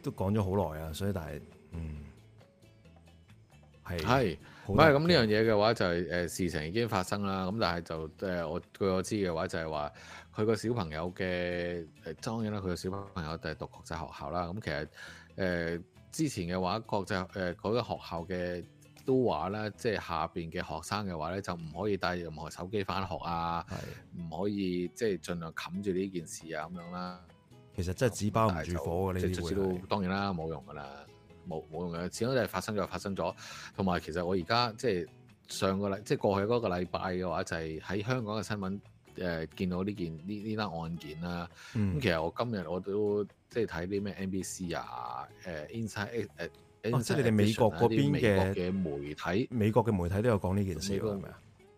Speaker 1: 都講咗好耐啊，所以但
Speaker 2: 係，嗯，係係，唔係咁呢樣嘢嘅話就係、是、誒、呃、事情已經發生啦。咁但係就誒、呃、我據我知嘅話就係話佢個小朋友嘅誒，當然啦，佢、呃、個小朋友就係讀國際學校啦。咁、嗯、其實誒、呃、之前嘅話國際誒嗰個學校嘅都話咧，即、就、係、是、下邊嘅學生嘅話咧就唔可以帶任何手機翻學啊，唔是可以即係儘量冚住呢件事啊咁樣啦。
Speaker 1: 其實真係紙包唔住火嘅呢啲嘢，
Speaker 2: 當然啦，冇用噶啦，冇冇用嘅。始終發生咗，發生咗。同埋其實我而家即係上個禮，即係過去嗰個禮拜嘅話，就係、是、喺香港嘅新聞誒、呃、見到呢件呢呢單案件啦。咁、嗯、其實我今日我都即係睇啲咩 NBC 啊，誒、啊、Inside 誒、啊，即係你哋美國嗰邊嘅嘅媒
Speaker 1: 體，美國嘅媒體都有講呢件事，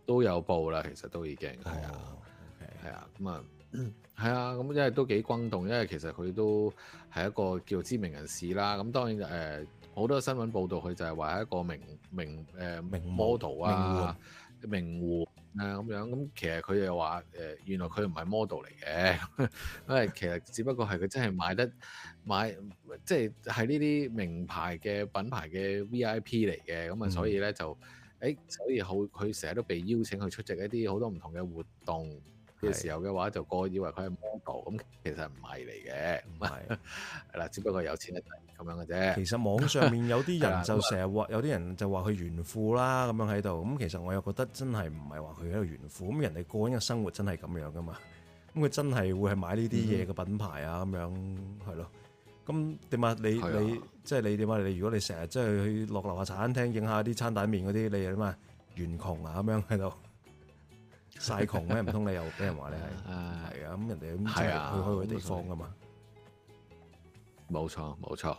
Speaker 2: 都有報啦。其實都，都已經係啊，係啊、哦，咁、okay. 啊。嗯係啊，咁、嗯、因為都幾轟動，因為其實佢都係一個叫知名人士啦。咁、嗯、當然誒，好、呃、多新聞報道佢就係話一個名名誒、呃、名模 model 啊，名模護啊咁樣。咁、嗯、其實佢又話誒，原來佢唔係 model 嚟嘅，因 *laughs* 為其實只不過係佢真係買得買，即係喺呢啲名牌嘅品牌嘅 VIP 嚟嘅。咁、嗯、啊，所以咧就誒、欸，所以好佢成日都被邀請去出席一啲好多唔同嘅活動。嘅時候嘅話，就個以為佢係 model，咁其實唔係嚟嘅，唔係係啦，只不過有錢嘅咁樣嘅啫。其實網上面有啲人就成
Speaker 1: 日話，的有啲人就話佢炫富啦，咁樣喺度。咁其實我又覺得真係唔係話佢係一個炫富。咁人哋個人嘅生活真係咁樣噶嘛？咁佢真係會係買呢啲嘢嘅品牌啊，咁、嗯、樣係咯。咁點啊？你的你即係你點啊？你如果你成日即係去落樓下茶餐廳影下啲餐蛋麵嗰啲，你點啊？炫窮啊咁樣喺度。曬窮咩？唔通你又俾
Speaker 2: 人話你係係、 *laughs* 哎、啊？咁人哋咁即係去去嗰地方噶嘛、嗯？冇錯冇錯，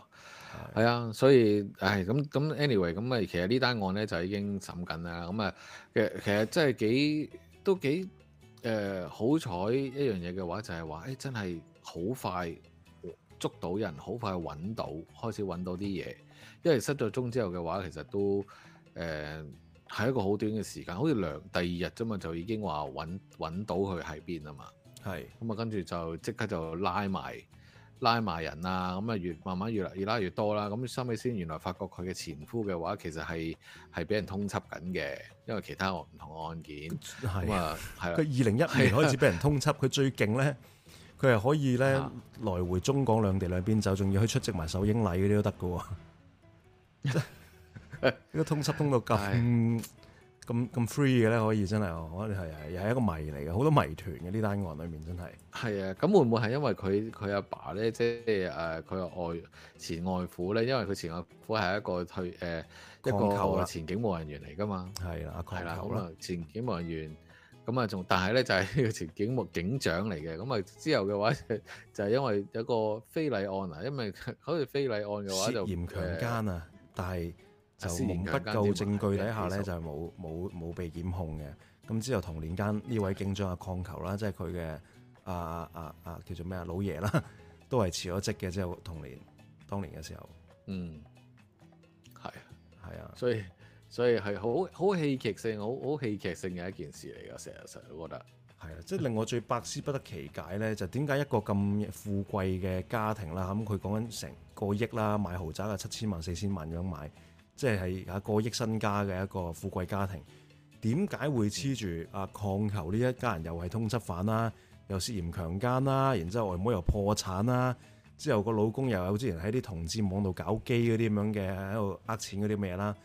Speaker 2: 係啊的！所以唉咁、哎、咁，anyway 咁咪其實呢單案咧就已經審緊啦。咁啊，其實真係幾都幾誒好彩一樣嘢嘅話就係話誒真係好快捉到人，好快揾到開始揾到啲嘢。因為失咗蹤之後嘅話，其實都誒。呃係一個好短嘅時間，好似兩第二日啫嘛，就已經話揾揾到佢喺邊啊嘛。係咁啊，跟住就即刻就拉埋拉埋人啊，咁啊越慢慢越嚟越拉越多啦。咁收尾先原來發覺佢嘅前夫嘅話，其實係係俾人通緝緊嘅，因為其他唔同案件。係啊，佢二零一五年開始俾人
Speaker 1: 通緝，佢、啊、最勁咧，佢係可以咧、啊、來回中港兩地兩邊走，仲要去出席埋首映禮嗰啲都得㗎喎。 *laughs* *laughs* 呢個通緝通到咁咁咁 free 嘅咧，可以真係我哋能係係又係一個謎嚟嘅，好多謎團嘅呢單案裏面真
Speaker 2: 係。係啊，咁會唔會係因為佢佢阿爸咧，即係誒，佢、呃、外前外父咧，因為佢前外父係一個退誒，呃、
Speaker 1: 一個前
Speaker 2: 警務人員嚟噶嘛。係啦、啊，阿係啦，咁啊，前警務人員，咁啊，仲但係咧就係、呢個、前警務警長嚟嘅，咁啊之後嘅話就係因為有一個非禮案啊，因為好似非禮案嘅話就嫌強姦啊，
Speaker 1: 但係。就唔不夠證據底下咧，就冇冇冇被檢控嘅。咁之後同年間，呢位警長阿 *music* 抗球啦，即係佢嘅啊啊啊叫做咩啊老爺啦，都係辭咗職嘅。即係同年當年嘅時
Speaker 2: 候，嗯，係啊，係啊所，所以所以係好好戲劇性，好好戲劇性嘅一件事嚟噶。成日成日，我覺得係 *laughs* 啊，即係令我最百思不得
Speaker 1: 其解咧，就點解一個咁富貴嘅家庭啦，咁佢講緊成個億啦，買豪宅啊，七千萬、四千萬咁買。即係啊，個億身家嘅一個富貴家庭，點解會黐住啊，鄺球呢一家人又係通緝犯啦，又涉嫌強奸啦，然之後外母又破產啦，之後個老公又有之前喺啲同志網度搞基嗰啲咁樣嘅喺度呃錢嗰啲咩啦，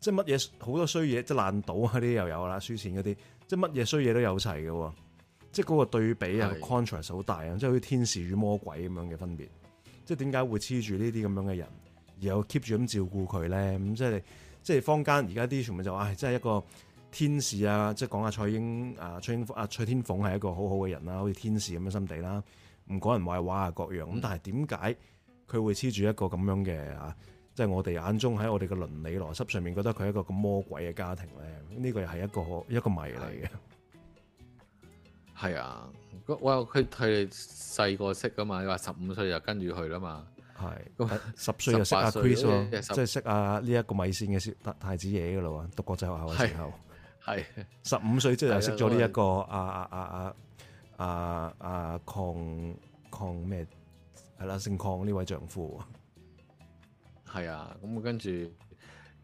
Speaker 1: 即係乜嘢好多衰嘢，即係爛賭嗰啲又有啦，輸錢嗰啲，即係乜嘢衰嘢都有齊嘅喎，即係嗰個對比啊個 contrast 好大啊，即係好似天使與魔鬼咁樣嘅分別，即係點解會黐住呢啲咁樣嘅人？而有 keep 住咁照顧佢咧，咁即係即係坊間而家啲全部就話，即係、哎、一個天使啊！即係講阿蔡英啊，蔡英啊，蔡天鳳係一個好好嘅人啦、啊，好似天使咁樣心地啦、啊，唔講人壞話啊各樣。咁、嗯、但係點解佢會黐住一個咁樣嘅啊？即係我哋眼中喺我哋嘅倫理邏輯上面，覺得佢係一個咁魔鬼嘅家庭咧？呢、呢個又係一個一個謎嚟嘅。
Speaker 2: 係啊，我話佢佢細個識噶嘛，你話十五歲就跟住佢啦嘛。係十歲就識阿 Chris 咯，即係
Speaker 1: 識阿呢一個米線嘅太子爺噶啦喎，讀國際學校嘅時候。係十五歲即係識咗呢一個阿阿阿阿阿
Speaker 2: 阿鄺鄺咩係啦，姓鄺呢位丈夫。係啊，咁跟住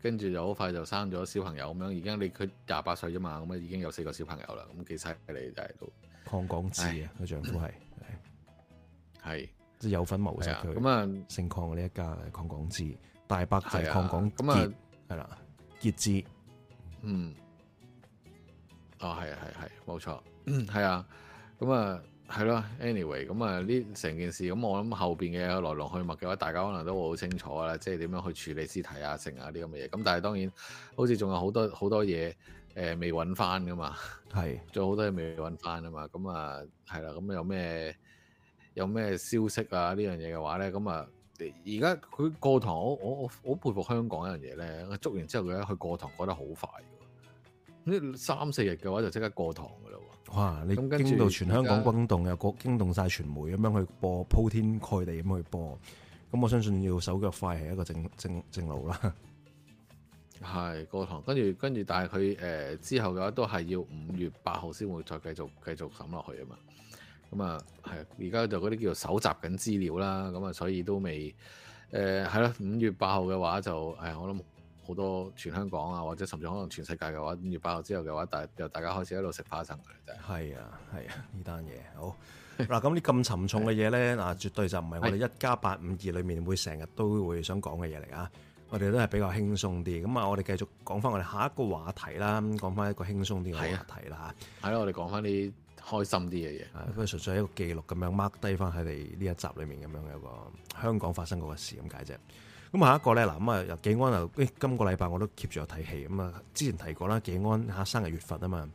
Speaker 2: 跟住就好快就生咗小朋友咁樣。而家你佢廿八歲啫嘛，咁啊已經有四個小朋友啦。咁其實你就係都
Speaker 1: 鄺港智啊，佢丈夫係係。 *coughs* 即係有分謀殺佢，姓、啊、鄺呢一家係
Speaker 2: 鄺港智，的大伯就係鄺港傑咁啊，係啦的，傑志，嗯，哦係啊係係冇錯，係啊，咁啊係咯，anyway 咁啊呢成件事咁我諗後邊嘅來龍去脈嘅話，大家可能都好清楚啦，即係點樣去處理屍體啊、剩啊啲咁嘅嘢。咁但係當然，好似仲有好多好多嘢誒、呃、未揾翻噶嘛，係的，仲有好多嘢未揾翻啊嘛，咁啊係啦，咁有咩？有咩消息啊？呢樣嘢嘅話咧，咁啊，而家佢過堂，我我我好佩服香港一樣嘢咧。捉完之後咧，佢過堂過得好快嘅，呢三四日嘅話就即刻過堂
Speaker 1: 嘅咯。哇！你驚到全香港轟動，又驚動晒傳媒咁樣去播，鋪天蓋地咁去播。咁我相信要手腳快係一個正正正路啦。
Speaker 2: 係過堂，跟住跟住，但係佢誒之後嘅話都係要五月八號先會再繼續繼續審落去啊嘛。咁啊，係而家就嗰啲叫做搜集緊資料啦，咁啊，所以都未，誒、呃，係咯，五月八號嘅話就，誒、哎，我諗好多全香港啊，或者甚至可能全世界嘅話，五月八號之後嘅話，大由大家開始喺度食花生嘅就係， *laughs* 啊，係啊，呢單嘢好
Speaker 1: 嗱，咁啲咁沉重嘅嘢咧，嗱、 *laughs* 啊，絕對就唔係我哋一家八五二裏面會成日都會想講嘅嘢嚟啊， *laughs* 我哋都係比較輕鬆啲，咁啊，我哋繼續講翻我哋下一個話題啦，咁講翻一個輕鬆啲嘅話題啦吓，係咯，我哋講翻啲。開心啲嘅嘢，咁啊純粹係一個錄記錄咁樣 mark 低翻喺你呢一集裡面咁樣一個香港發生過嘅事咁解啫。咁、那個、下一個咧嗱，咁、嗯、啊紀安又誒，今個禮拜我都 keep 住有睇戲。咁、嗯、啊之前提過啦，紀安吓生日月份啊嘛。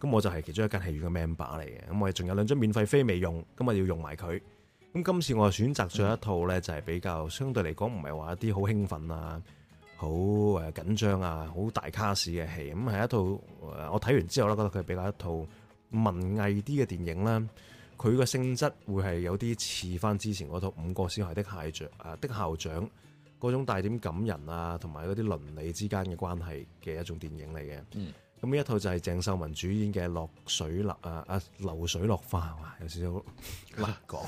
Speaker 1: 咁、嗯、我就係其中一間戲院嘅 member 嚟嘅。咁、嗯、我哋仲有兩張免費飛未用，咁、嗯、啊、嗯、要用埋佢。咁、嗯、今次我就選擇咗一套咧，就係比較相對嚟講唔係話一啲好興奮啊、好誒緊張啊、好大卡士嘅戲。咁、嗯、係一套我睇完之後咧，覺得佢比較一套文藝啲嘅電影咧，佢個性質會係有啲似翻之前嗰套《五個小孩的校長》啊，《的校長》嗰種帶點感人啊，同埋嗰啲倫理之間嘅關係嘅一種電影嚟嘅。咁呢、嗯、一套就係鄭秀文主演嘅《落水流啊啊流水落花》啊，有少少難講。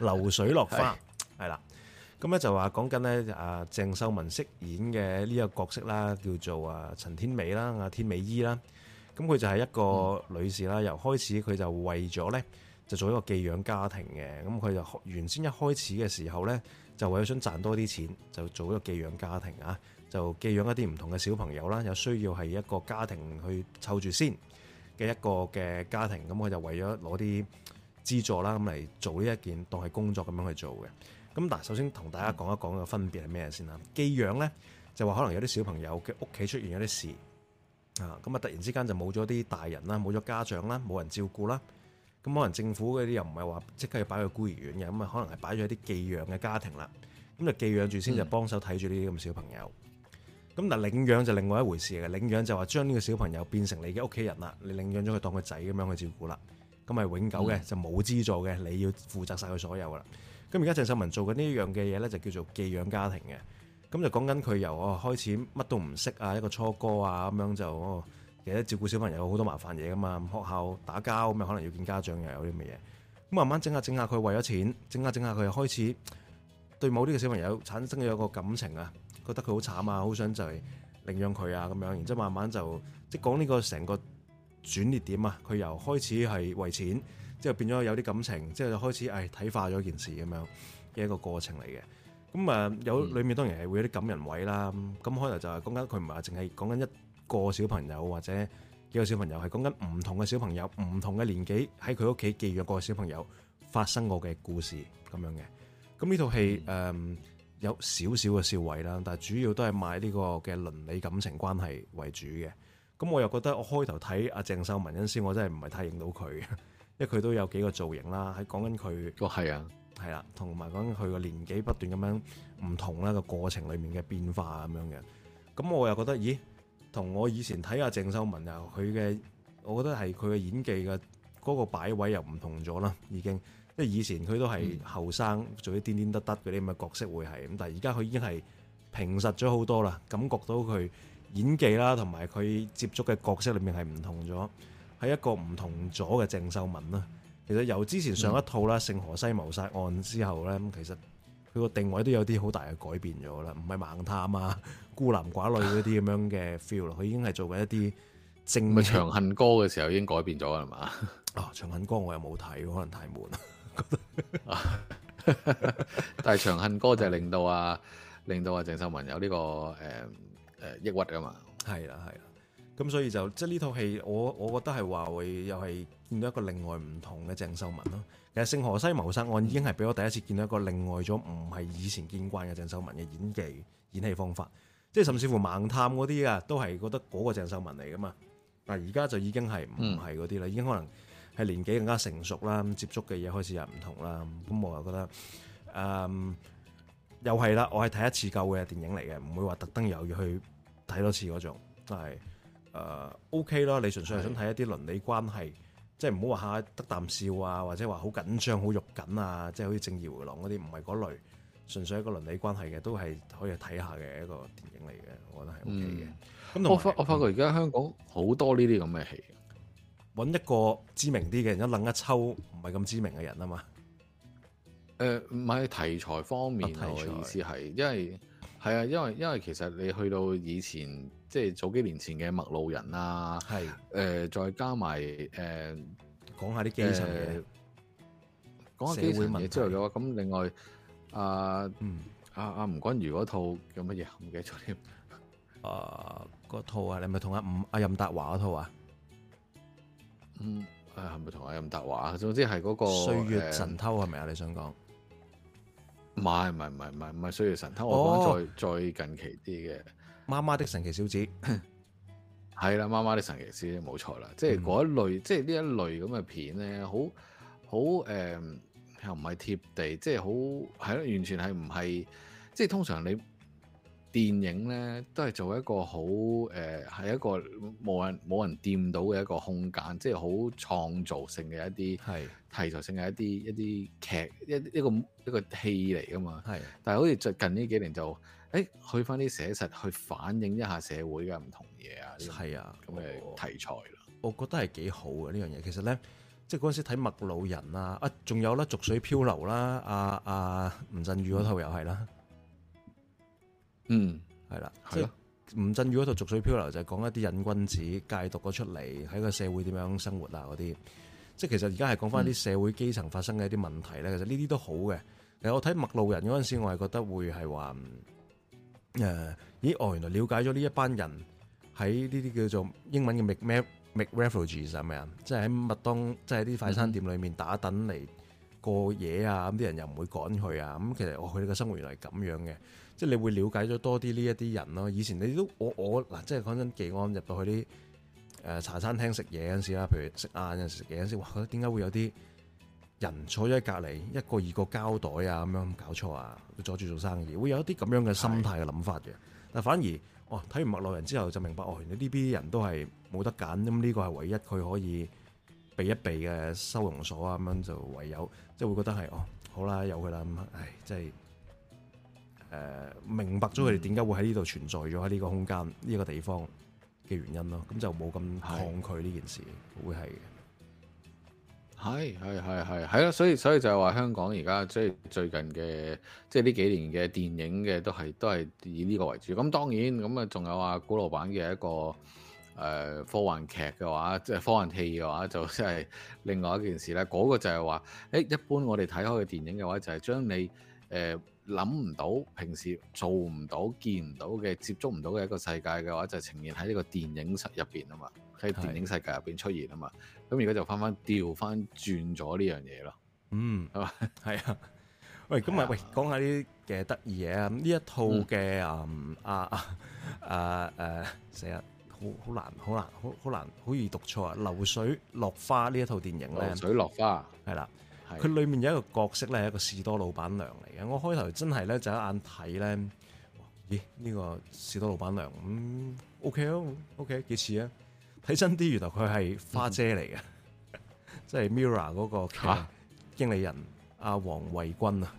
Speaker 1: 流水落花，係啦。咁咧就話講緊咧，阿鄭秀文飾演嘅呢個角色啦，叫做啊陳天美啦，阿天美姨啦。咁佢就係一個女士啦，嗯、由開始佢就為咗呢，就做一個寄養家庭嘅。咁佢就原先一開始嘅時候呢，就為咗想賺多啲錢，就做一個寄養家庭啊，就寄養一啲唔同嘅小朋友啦、啊，有需要係一個家庭去湊住先嘅一個嘅家庭。咁佢就為咗攞啲資助啦，咁、啊、嚟做呢一件當係工作咁樣去做嘅。咁、啊、但首先同大家講一講個分別係咩先啦？寄養呢，就話可能有啲小朋友嘅屋企出現一啲事。咁啊，突然之間就冇咗啲大人啦，冇咗家長啦，冇人照顧啦，咁可能政府嗰啲又唔係話即刻要擺去孤兒院嘅，咁啊可能係擺咗喺啲寄養嘅家庭啦，咁就寄養住先就幫手睇住呢啲咁嘅小朋友。咁嗱，領養就另外一回事嚟嘅，領養就話將呢個小朋友變成你嘅屋企人啦，你領養咗佢當個仔咁樣去照顧啦，咁咪永久嘅、嗯、就冇資助嘅，你要負責晒佢所有噶啦。咁而家鄭秀文做緊呢樣嘅嘢咧，就叫做寄養家庭嘅。咁就講緊佢由哦開始乜都唔識啊，一個初哥啊咁樣就，其實照顧小朋友好多麻煩嘢噶嘛，學校打交咪可能要見家長又有啲乜嘢，咁慢慢整下整下佢為咗錢，整下整下佢又開始對某啲嘅小朋友產生咗一個感情啊，覺得佢好慘啊，好想就係領養佢啊咁樣，然之後慢慢就即講呢個成個轉捩點啊，佢由開始係為錢，之後變咗有啲感情，之後就開始誒、哎、體化咗件事咁樣嘅一個過程嚟嘅。咁誒有裏面當然係會有啲感人位啦，咁、嗯、開頭就係講緊佢唔係話淨係講緊一個小朋友或者幾個小朋友，係講緊唔同嘅小朋友、唔同嘅年紀喺佢屋企寄養個小朋友發生過嘅故事咁樣嘅。咁呢套戲誒有少少嘅笑位啦，但係主要都係賣呢個嘅倫理感情關係為主嘅。咁我又覺得我開頭睇阿鄭秀文嗰陣時，我真係唔係太認到佢，因為佢都有幾個造型啦，喺講緊佢。哦、嗯，係啊。係啦，同埋講佢個年紀不斷咁樣唔同啦，個過程裏面嘅變化咁樣嘅。咁我又覺得，咦，同我以前睇下鄭秀文又佢嘅，我覺得係佢嘅演技嘅嗰個擺位又唔同咗啦，已經。即係以前佢都係後生，做啲癲癲得得嗰啲咁嘅角色會係咁，但係而家佢已經係平實咗好多啦，感覺到佢演技啦，同埋佢接觸嘅角色裏面係唔同咗，係一個唔同咗嘅鄭秀文啦。其實由之前上一套啦《聖荷、嗯、西謀殺案》之後咧，咁其實佢個定位都有啲好大嘅改變咗啦，唔係盲探啊、孤男寡女嗰啲咁樣嘅 feel 佢已經係做緊一啲
Speaker 2: 正。咪《長恨歌》嘅時候已經改變咗啦，係嘛？哦，《長恨歌》我又冇睇，可能太悶、 *laughs* 啊。但係《長恨歌》就令到啊，令到啊鄭秀文有呢、這個誒誒、呃呃、抑鬱啊嘛。係啦、啊，係啦、啊。咁所以
Speaker 1: 就即係呢套戲，我我覺得係話會又係見到一個另外唔同嘅鄭秀文咯、啊。其實《聖荷西謀殺案》已經係俾我第一次見到一個另外咗唔係以前見慣嘅鄭秀文嘅演技、演戲方法，即係甚至乎《盲探》嗰啲啊，都係覺得嗰個鄭秀文嚟噶嘛。但而家就已經係唔係嗰啲啦，已經可能係年紀更加成熟啦，咁接觸嘅嘢開始又唔同啦。咁我又覺得，嗯，又係啦，我係睇一次夠嘅電影嚟嘅，唔會話特登又要去睇多次嗰種，係。誒、uh, OK 啦，你純粹係想睇一啲倫理關係，是即係唔好話下得啖笑啊，或者話好緊張、好肉緊啊，即係好似《正義迴廊》嗰啲，唔係嗰類，純粹一個倫理關係嘅，都係可以睇下嘅一個電影嚟嘅，我覺得係 OK 嘅。咁、嗯、有我發，我發覺而家香港好多呢啲咁嘅戲，揾一個知名啲嘅人一擰一抽，唔係咁知名
Speaker 2: 嘅人啊嘛。誒，唔係、呃、題材方面，題材意思係因為。係啊，因為因為其實你去到以前，即係早幾年前嘅麥路人啊，係誒是、呃，再加埋誒，講下啲基層嘢，
Speaker 1: 講下基層嘢之
Speaker 2: 後嘅話，咁另外啊，嗯，阿阿吳君如嗰套叫乜嘢？唔記得咗添。啊，嗰套啊，你咪同阿吳阿任達華嗰套啊？嗯，誒、啊，係咪同阿任達華啊？總之係嗰、那個歲月神偷係咪啊？你想講？唔係，唔係，唔係，唔係需要神偷，我講再、哦、再、再近期啲嘅。媽媽的神奇小子，係 *laughs* 啦，媽媽的神奇小子冇錯啦，即係嗰一類，嗯、即係呢一類咁嘅片咧，好好誒、呃，又唔係貼地，即係好係咯，完全係唔係，即係通常你。電影咧都係做一個好誒，係、呃、一個冇人冇人掂到嘅一個空間，即係好創造性嘅一啲是題材性嘅一啲一啲劇一一個一個戲嚟㗎嘛。係是，但係好似最近呢幾年就誒、欸、去返啲寫實去反映一下社會嘅唔同嘢啊。係啊，咁嘅題材咯。我覺得係幾好嘅呢樣嘢。其實咧，即係嗰陣時睇《麥路人》啦，
Speaker 1: 啊，仲有啦《濁水漂流》啦、啊，阿、啊、阿吳鎮宇嗰套又係啦。嗯。嗯，係啦，即係吳鎮宇嗰套《逐水漂流》就係講一啲癮君子戒毒咗出嚟喺個社會點樣生活啊嗰啲，即係其實而家係講翻啲社會基層發生嘅一啲問題咧，其實呢啲都好嘅。其實我睇《麥路人》嗰陣時，我係覺得會係話誒，咦哦，原來了解咗呢一班人喺呢啲叫做英文嘅 Mc 咩 Mc refugees，係咪啊？即係喺麥當即係啲快餐店裏面打躉嚟過夜啊，咁啲人又唔會趕佢啊，咁其實哦佢哋嘅生活原來係咁樣嘅。即係你會了解咗多啲呢一啲人咯。以前你都我我嗱，即係講真，技安入到去啲誒茶餐廳食嘢嗰陣時啦，譬如食晏嗰陣時食嘢嗰陣時，覺得點解會有啲人坐咗喺隔離一個二個,個膠袋啊咁樣搞錯啊，阻住做生意，會有一啲咁樣嘅心態嘅諗法嘅。的但反而哇睇、哦、完《陌路人》之後就明白，哦，原來呢啲人都係冇得揀，咁呢個係唯一佢可以避一避嘅收容所啊，咁樣就唯有即係會覺得係哦，好啦，有佢啦咁，唉，真係。真誒，明白咗佢哋點解會喺呢度存在咗喺呢個空間呢個地方嘅原因咯，咁就冇
Speaker 2: 咁抗拒呢件事，是會係嘅。係係係係係啦，所以所以就係話香港而家即係最近嘅，即係呢幾年嘅電影嘅都係都係以呢個為主。咁當然咁啊，仲有啊古老闆嘅一個誒科幻劇嘅話，即係科幻戲嘅話，就即係另外一件事咧。嗰個就係話，誒一般我哋睇開嘅電影嘅話就係將你誒。諗唔到，平時做唔到、見唔到嘅、接觸唔到嘅一個世界嘅話，就是，呈現喺呢個電影實入邊啊嘛，喺電影世界入邊出現啊嘛。咁而家就翻翻調翻轉咗呢樣嘢咯。嗯，係嘛吧，係啊。喂，咁啊，喂，講下呢啲嘅得意嘢啊。咁呢一套
Speaker 1: 嘅嗯啊啊誒誒，成日、啊、好好難好難好好難好易讀錯啊。流水落花呢一套電影咧，流水落花係啦。佢裏面有一個角色咧，係一個士多老闆娘嚟嘅。我開頭真係咧，就一眼睇咧，咦？呢、這個士多老闆娘嗯 OK 咯，OK 幾似啊？睇真啲，原來佢係花姐嚟嘅，即係 Mirror 嗰個經理人阿黃慧君啊。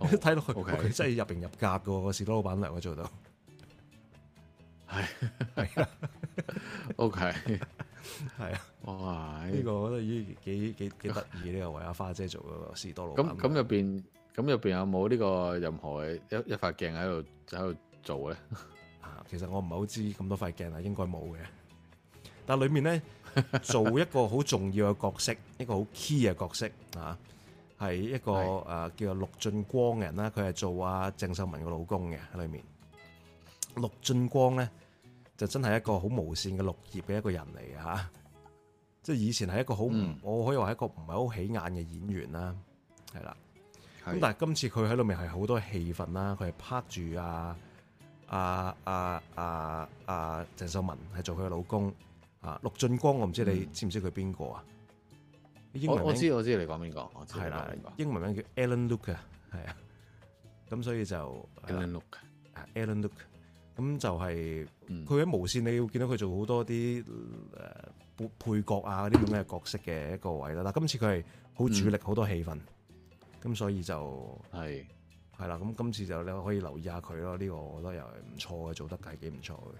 Speaker 1: 睇落 *laughs* 去，佢、oh, okay. 真係入型入格嘅士多老闆娘，佢做到。
Speaker 2: 係，OK。係啊，哇！
Speaker 1: 呢個我覺得幾幾幾得意，呢個為阿花姐做個士多
Speaker 2: 佬。咁咁入邊，咁入邊有冇呢個任何一一塊鏡喺度喺度做咧？啊，其實我唔係好知咁多塊鏡啊，應該冇嘅。
Speaker 1: 但係裏面咧，做一個好重要嘅角色，一個好 key 嘅角色啊，係一個誒叫做陸俊光嘅人啦。佢係做阿鄭秀文嘅老公嘅喺裏面。陸俊光咧。就真係一個好無線嘅綠葉嘅一個人嚟嚇、啊，即係以前係一個好，嗯、我可以話係一個唔係好起眼嘅演員啦，係啦。咁的但係今次佢喺裏面係好多戲份啦，佢係拍住啊，阿阿阿阿鄭秀文係做佢老公啊。陸俊光我唔知你知唔知佢邊個啊？英文名我，我知我知
Speaker 2: 你講邊個，係啦的，
Speaker 1: 的英文名叫 Alan Luke 嘅，啊。咁所以就 Alan Luke Alan Luke。咁就係佢喺無線，你會見到佢做好多啲誒、呃、配角啊嗰啲咁嘅角色嘅一個位啦。但，今次佢係好主力，好、嗯、多戲份，咁所以就係係啦。咁是今次就你可以
Speaker 2: 留意下佢咯。呢、呢個我覺得又係唔錯嘅，做得係幾唔錯嘅。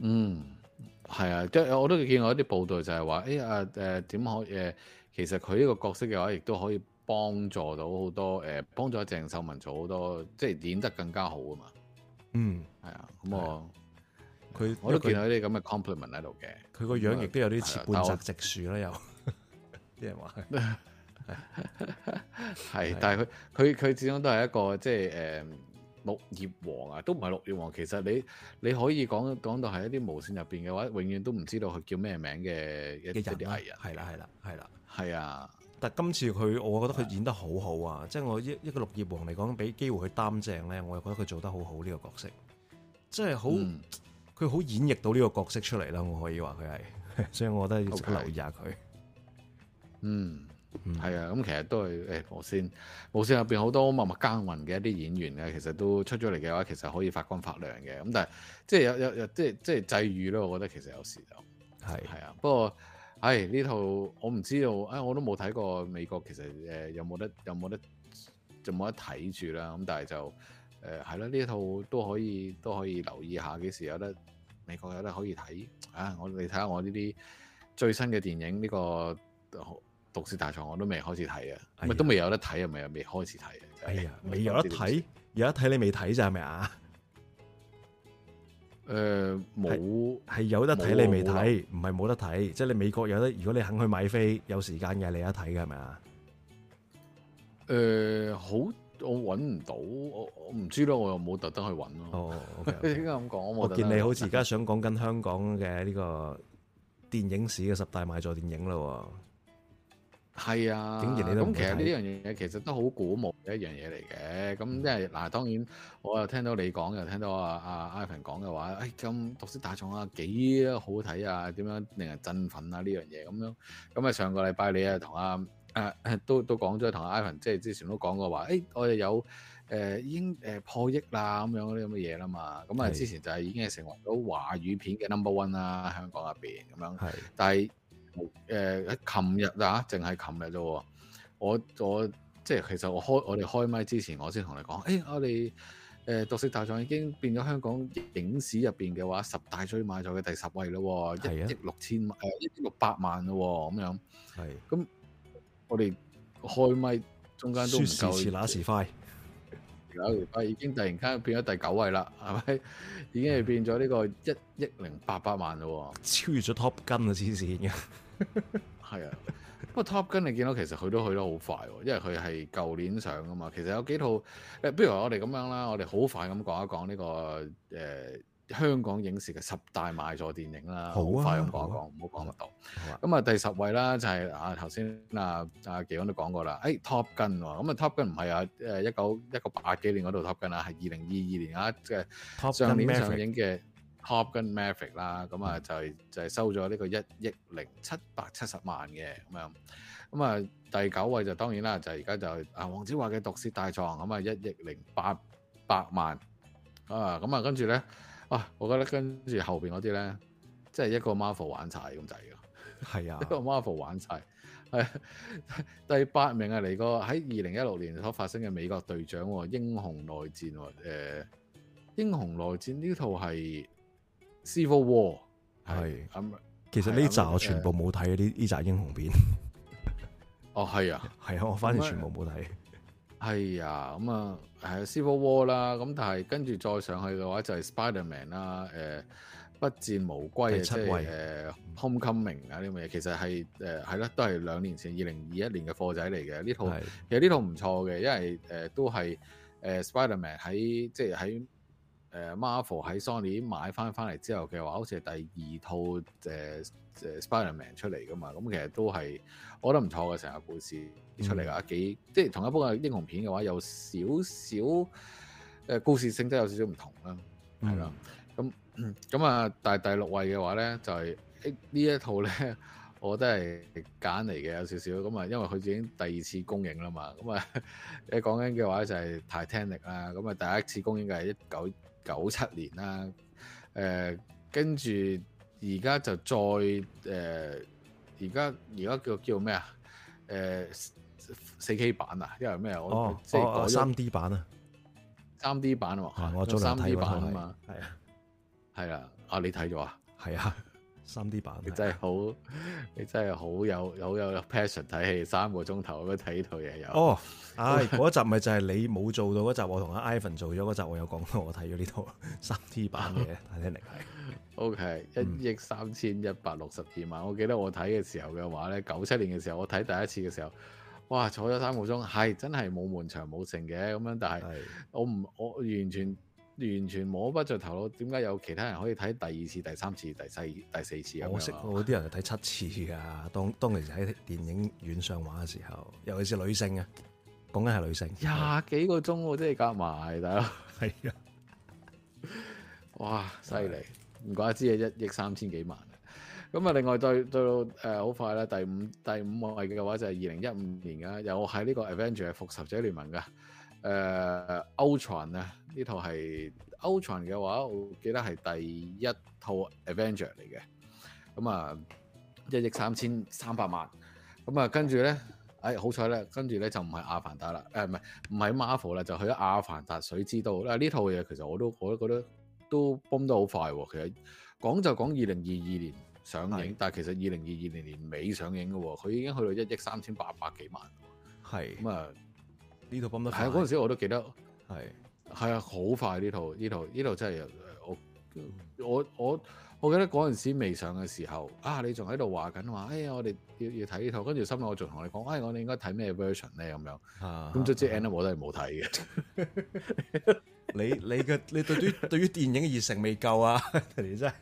Speaker 2: 嗯，係啊，即係我都見到一啲報道就係話，哎呀誒點可誒、呃，其實佢呢個角色嘅話，亦都可以幫助到好多誒、呃，幫助鄭秀文做好多，即、就、係、是、演得更加好啊嘛。嗯，係、mm hmm。啊，咁啊，佢我都見到啲咁嘅 compliment 喺度嘅，佢個樣亦都有啲似半澤直樹啦，又啲人話係，但係佢佢佢始終都係一個即係誒綠葉王啊，都唔係綠葉王，其實你你可以講講到係一啲無綫入邊嘅話，永遠都唔知道佢叫咩名嘅一啲藝人，係啦係啦，係啦，係啊。
Speaker 1: 但今次佢，我覺得佢演得好好啊！即係我一一個綠葉王嚟講，俾機會佢擔正咧，我又覺得佢做得好好呢個角色，即係好，佢好、嗯、演繹到呢個角色
Speaker 2: 出嚟啦。我可以話佢係，
Speaker 1: 所以我覺得要留意
Speaker 2: 一下佢。嗯，係啊，咁其實都係誒無線，無線入邊好多很默默耕耘嘅一啲演員咧，其實都出咗嚟嘅話，其實可以發光發亮嘅。咁但係即係有有有即係即係際遇囉，我覺得其實有時就係係啊，是不過。係呢、哎、套我唔知道，啊、哎、我都冇睇過美國，其實誒、呃、有冇得有冇得，有冇得就冇得睇住啦。咁但係就誒係咯，呢套都可以都可以留意下，幾時有得美國有得可以睇啊、哎？我你睇下我呢啲最新嘅電影，呢、這個毒舌大狀我都未開始睇啊，咪都未有得睇啊，咪未開始睇啊。哎呀，未有得睇，就是、有得睇你未睇咋係咪啊？誒，冇係、呃、有，有
Speaker 1: 得睇有你未睇，唔係冇得睇，即係你美國有得，如果你肯去買飛，有時間嘅你有得睇嘅係
Speaker 2: 咪啊？誒、呃，好，我搵唔到，我我唔知咯，我又冇特登去搵咯。哦、oh, okay , okay. *laughs* 應該咁講。我見你好似而家想講緊香港
Speaker 1: 嘅呢個電影史
Speaker 2: 嘅十大賣座電影啦。係啊，竟然你咁其實呢樣嘢其實都好鼓舞嘅一樣嘢嚟嘅。咁即係嗱，嗯、當然我又聽到你講，又聽到啊啊，Ivan 講嘅話，誒、哎、咁《毒舌大狀》啊幾好睇啊，點、啊、樣令人振奮啊呢樣嘢咁樣。咁啊上個禮拜你啊同阿誒都都講咗，同阿 Ivan 即係之前都講過話，誒、哎、我哋有誒、呃、已經誒破億啦，咁樣嗰啲咁嘅嘢啦嘛。咁啊是之前就係已經係成為咗華語片嘅 number one 啦、啊，香港入邊咁樣。係是，但係。誒，喺琴日啊，淨係琴日啫。我我即係其實我開我哋開咪之前我、欸，我先同你講，誒、呃，我哋誒，毒舌大狀已經變咗香港影史入邊嘅話十大最賣座嘅第十位咯，一億六千萬誒一億六百萬咯，咁樣。係的。咁我哋開咪中間都唔夠。時遲那時快，時快已經突然間變咗第九位啦，係咪？已經係變咗呢個一億的零八百萬咯，
Speaker 1: 超越咗 Top Gun 啊，黐線嘅。
Speaker 2: 係 *laughs* 啊，不過 Top Gun 你見到其實佢都去得好快，因為佢係舊年上噶嘛。其實有幾套，誒、呃，不如我哋咁樣啦，我哋好快咁講一講呢、這個誒、呃、香港影視嘅十大賣座電影啦。好、啊、好快咁講一講，唔好、啊好啊、講唔到。咁啊、嗯、第十位啦，就係、是、啊頭先啊阿奇昂都講過啦，誒 Top Gun，咁啊 Top Gun 唔係啊誒一九一九八幾年嗰度 Top Gun 啊，係二零二二年啊，上年上映嘅 Top Gun。Top Gun Maverick 啦，咁啊、嗯、就係就係收咗呢個一億零七百七十萬嘅咁樣，咁啊第九位就當然啦，就係而家就啊黃子華嘅《毒舌大狀》，咁啊一億零八百萬啊，咁啊跟住咧，哇！我覺得跟住後邊嗰啲咧，即係一個 Marvel 玩晒，咁滯嘅，
Speaker 1: 係啊， *laughs* 一個
Speaker 2: Marvel 玩晒，係 *laughs* 第八名啊嚟過喺二零一六年所發生嘅《美國隊長》英雄內戰喎、呃，英雄內戰呢套係。Civil War 係是，嗯、其實呢集我全部
Speaker 1: 冇睇嗰呢集英雄片。
Speaker 2: 哦，係啊，係、 *laughs* 嗯、啊，我反而全部冇睇。係、嗯、啊，咁啊，係 Civil War 啦，咁但係跟住再上去嘅話就係 Spider Man 啦，誒、呃、不戰無歸嘅即係誒 Homecoming 啊啲咁嘢，其實係誒係啦，都係兩年前二零二一年嘅貨仔嚟嘅呢套，的其實呢套唔錯嘅，因為誒都係誒 Spider Man 喺即係喺。誒 Marvel 喺 Sony 買翻翻嚟之後嘅話，好似係第二套誒誒 Spider-Man 出嚟噶嘛，咁其實都係我覺得唔錯嘅成個故事出嚟噶，嗯、幾即係同一部嘅英雄片嘅話，有少少誒、呃、故事性質有少少唔同啦，係啦、嗯，咁咁啊，但係第六位嘅話咧就係、誒、呢一套咧，我覺得係揀嚟嘅有少少，咁啊因為佢已經第二次公映啦嘛，咁啊誒講緊嘅話就係《Titanic》啦，咁啊第一次公映嘅係一九。九七年啦，誒跟住而家就再誒，而家而家叫叫咩啊？誒、呃、四 K 版啊，因為咩啊？哦、我即係改三、哦、D 版啊，三、啊、D 版啊，我三 D 版啊嘛。係啊，係啊，啊你睇咗啊？係啊。是 *laughs* 三 d 版， *noise* *noise* 你真係好，你真係好有好有 passion 睇戲，三個鐘頭咁樣睇呢套嘢有。哦，
Speaker 1: 唉，嗰集咪就係你冇做到嗰集，我同阿 Ivan 做咗嗰集，我有講到。我睇咗呢套三 d 版嘅，睇
Speaker 2: 廳嚟睇。OK， *noise* 一億三千一百六十二萬。我記得我睇嘅時候嘅話咧，九七年嘅時候我睇第一次嘅時候，哇，坐咗三個鐘，係真係冇悶場冇剩嘅咁樣，但係我唔我完全。 *noise* *noise* *noise* 完全摸不着頭腦，點解有其他人可以睇第二次、第三次、第四第四次咁樣？我識
Speaker 1: 啲人睇七次噶。當其時喺電影院上畫嘅時
Speaker 2: 候，尤其是女性啊，講緊係女性，廿幾個鐘喎，真係夾埋，大佬。係啊！哇，犀利！唔的怪之係一億三千幾萬。咁啊，另外再再誒好快啦，第五第五位嘅話就係二零一五年嘅，又係呢個《Avengers 復仇者聯盟》噶。誒歐船呢套係歐船嘅話，我記得係第一套 Avenger 嚟嘅。咁啊，一億三千三百萬。咁啊，跟住咧，誒好彩咧，跟住咧就唔係阿凡達啦。誒、哎、唔係唔係 Marvel 啦，就去咗阿凡達水之道。嗱、啊、呢套嘢其實我都我都覺得都崩得好快、啊。其實講就講二零二二年上映，是的 但係其實二零二二年年尾上映嘅喎、啊，佢已經去到一億三千八百幾萬。係咁是的 啊！係嗰陣時我都記得，係係啊，好快，呢套呢套呢套真係，我我我我記得嗰陣時未上嘅時候啊，你仲喺度話緊話，哎呀，我哋要要睇呢套，跟住心裏我仲同你講，哎，我哋應該睇咩 version 咧咁樣，咁即係 end 咧，我都係冇睇嘅。你你嘅你對於對於電影嘅熱誠未夠啊，你真係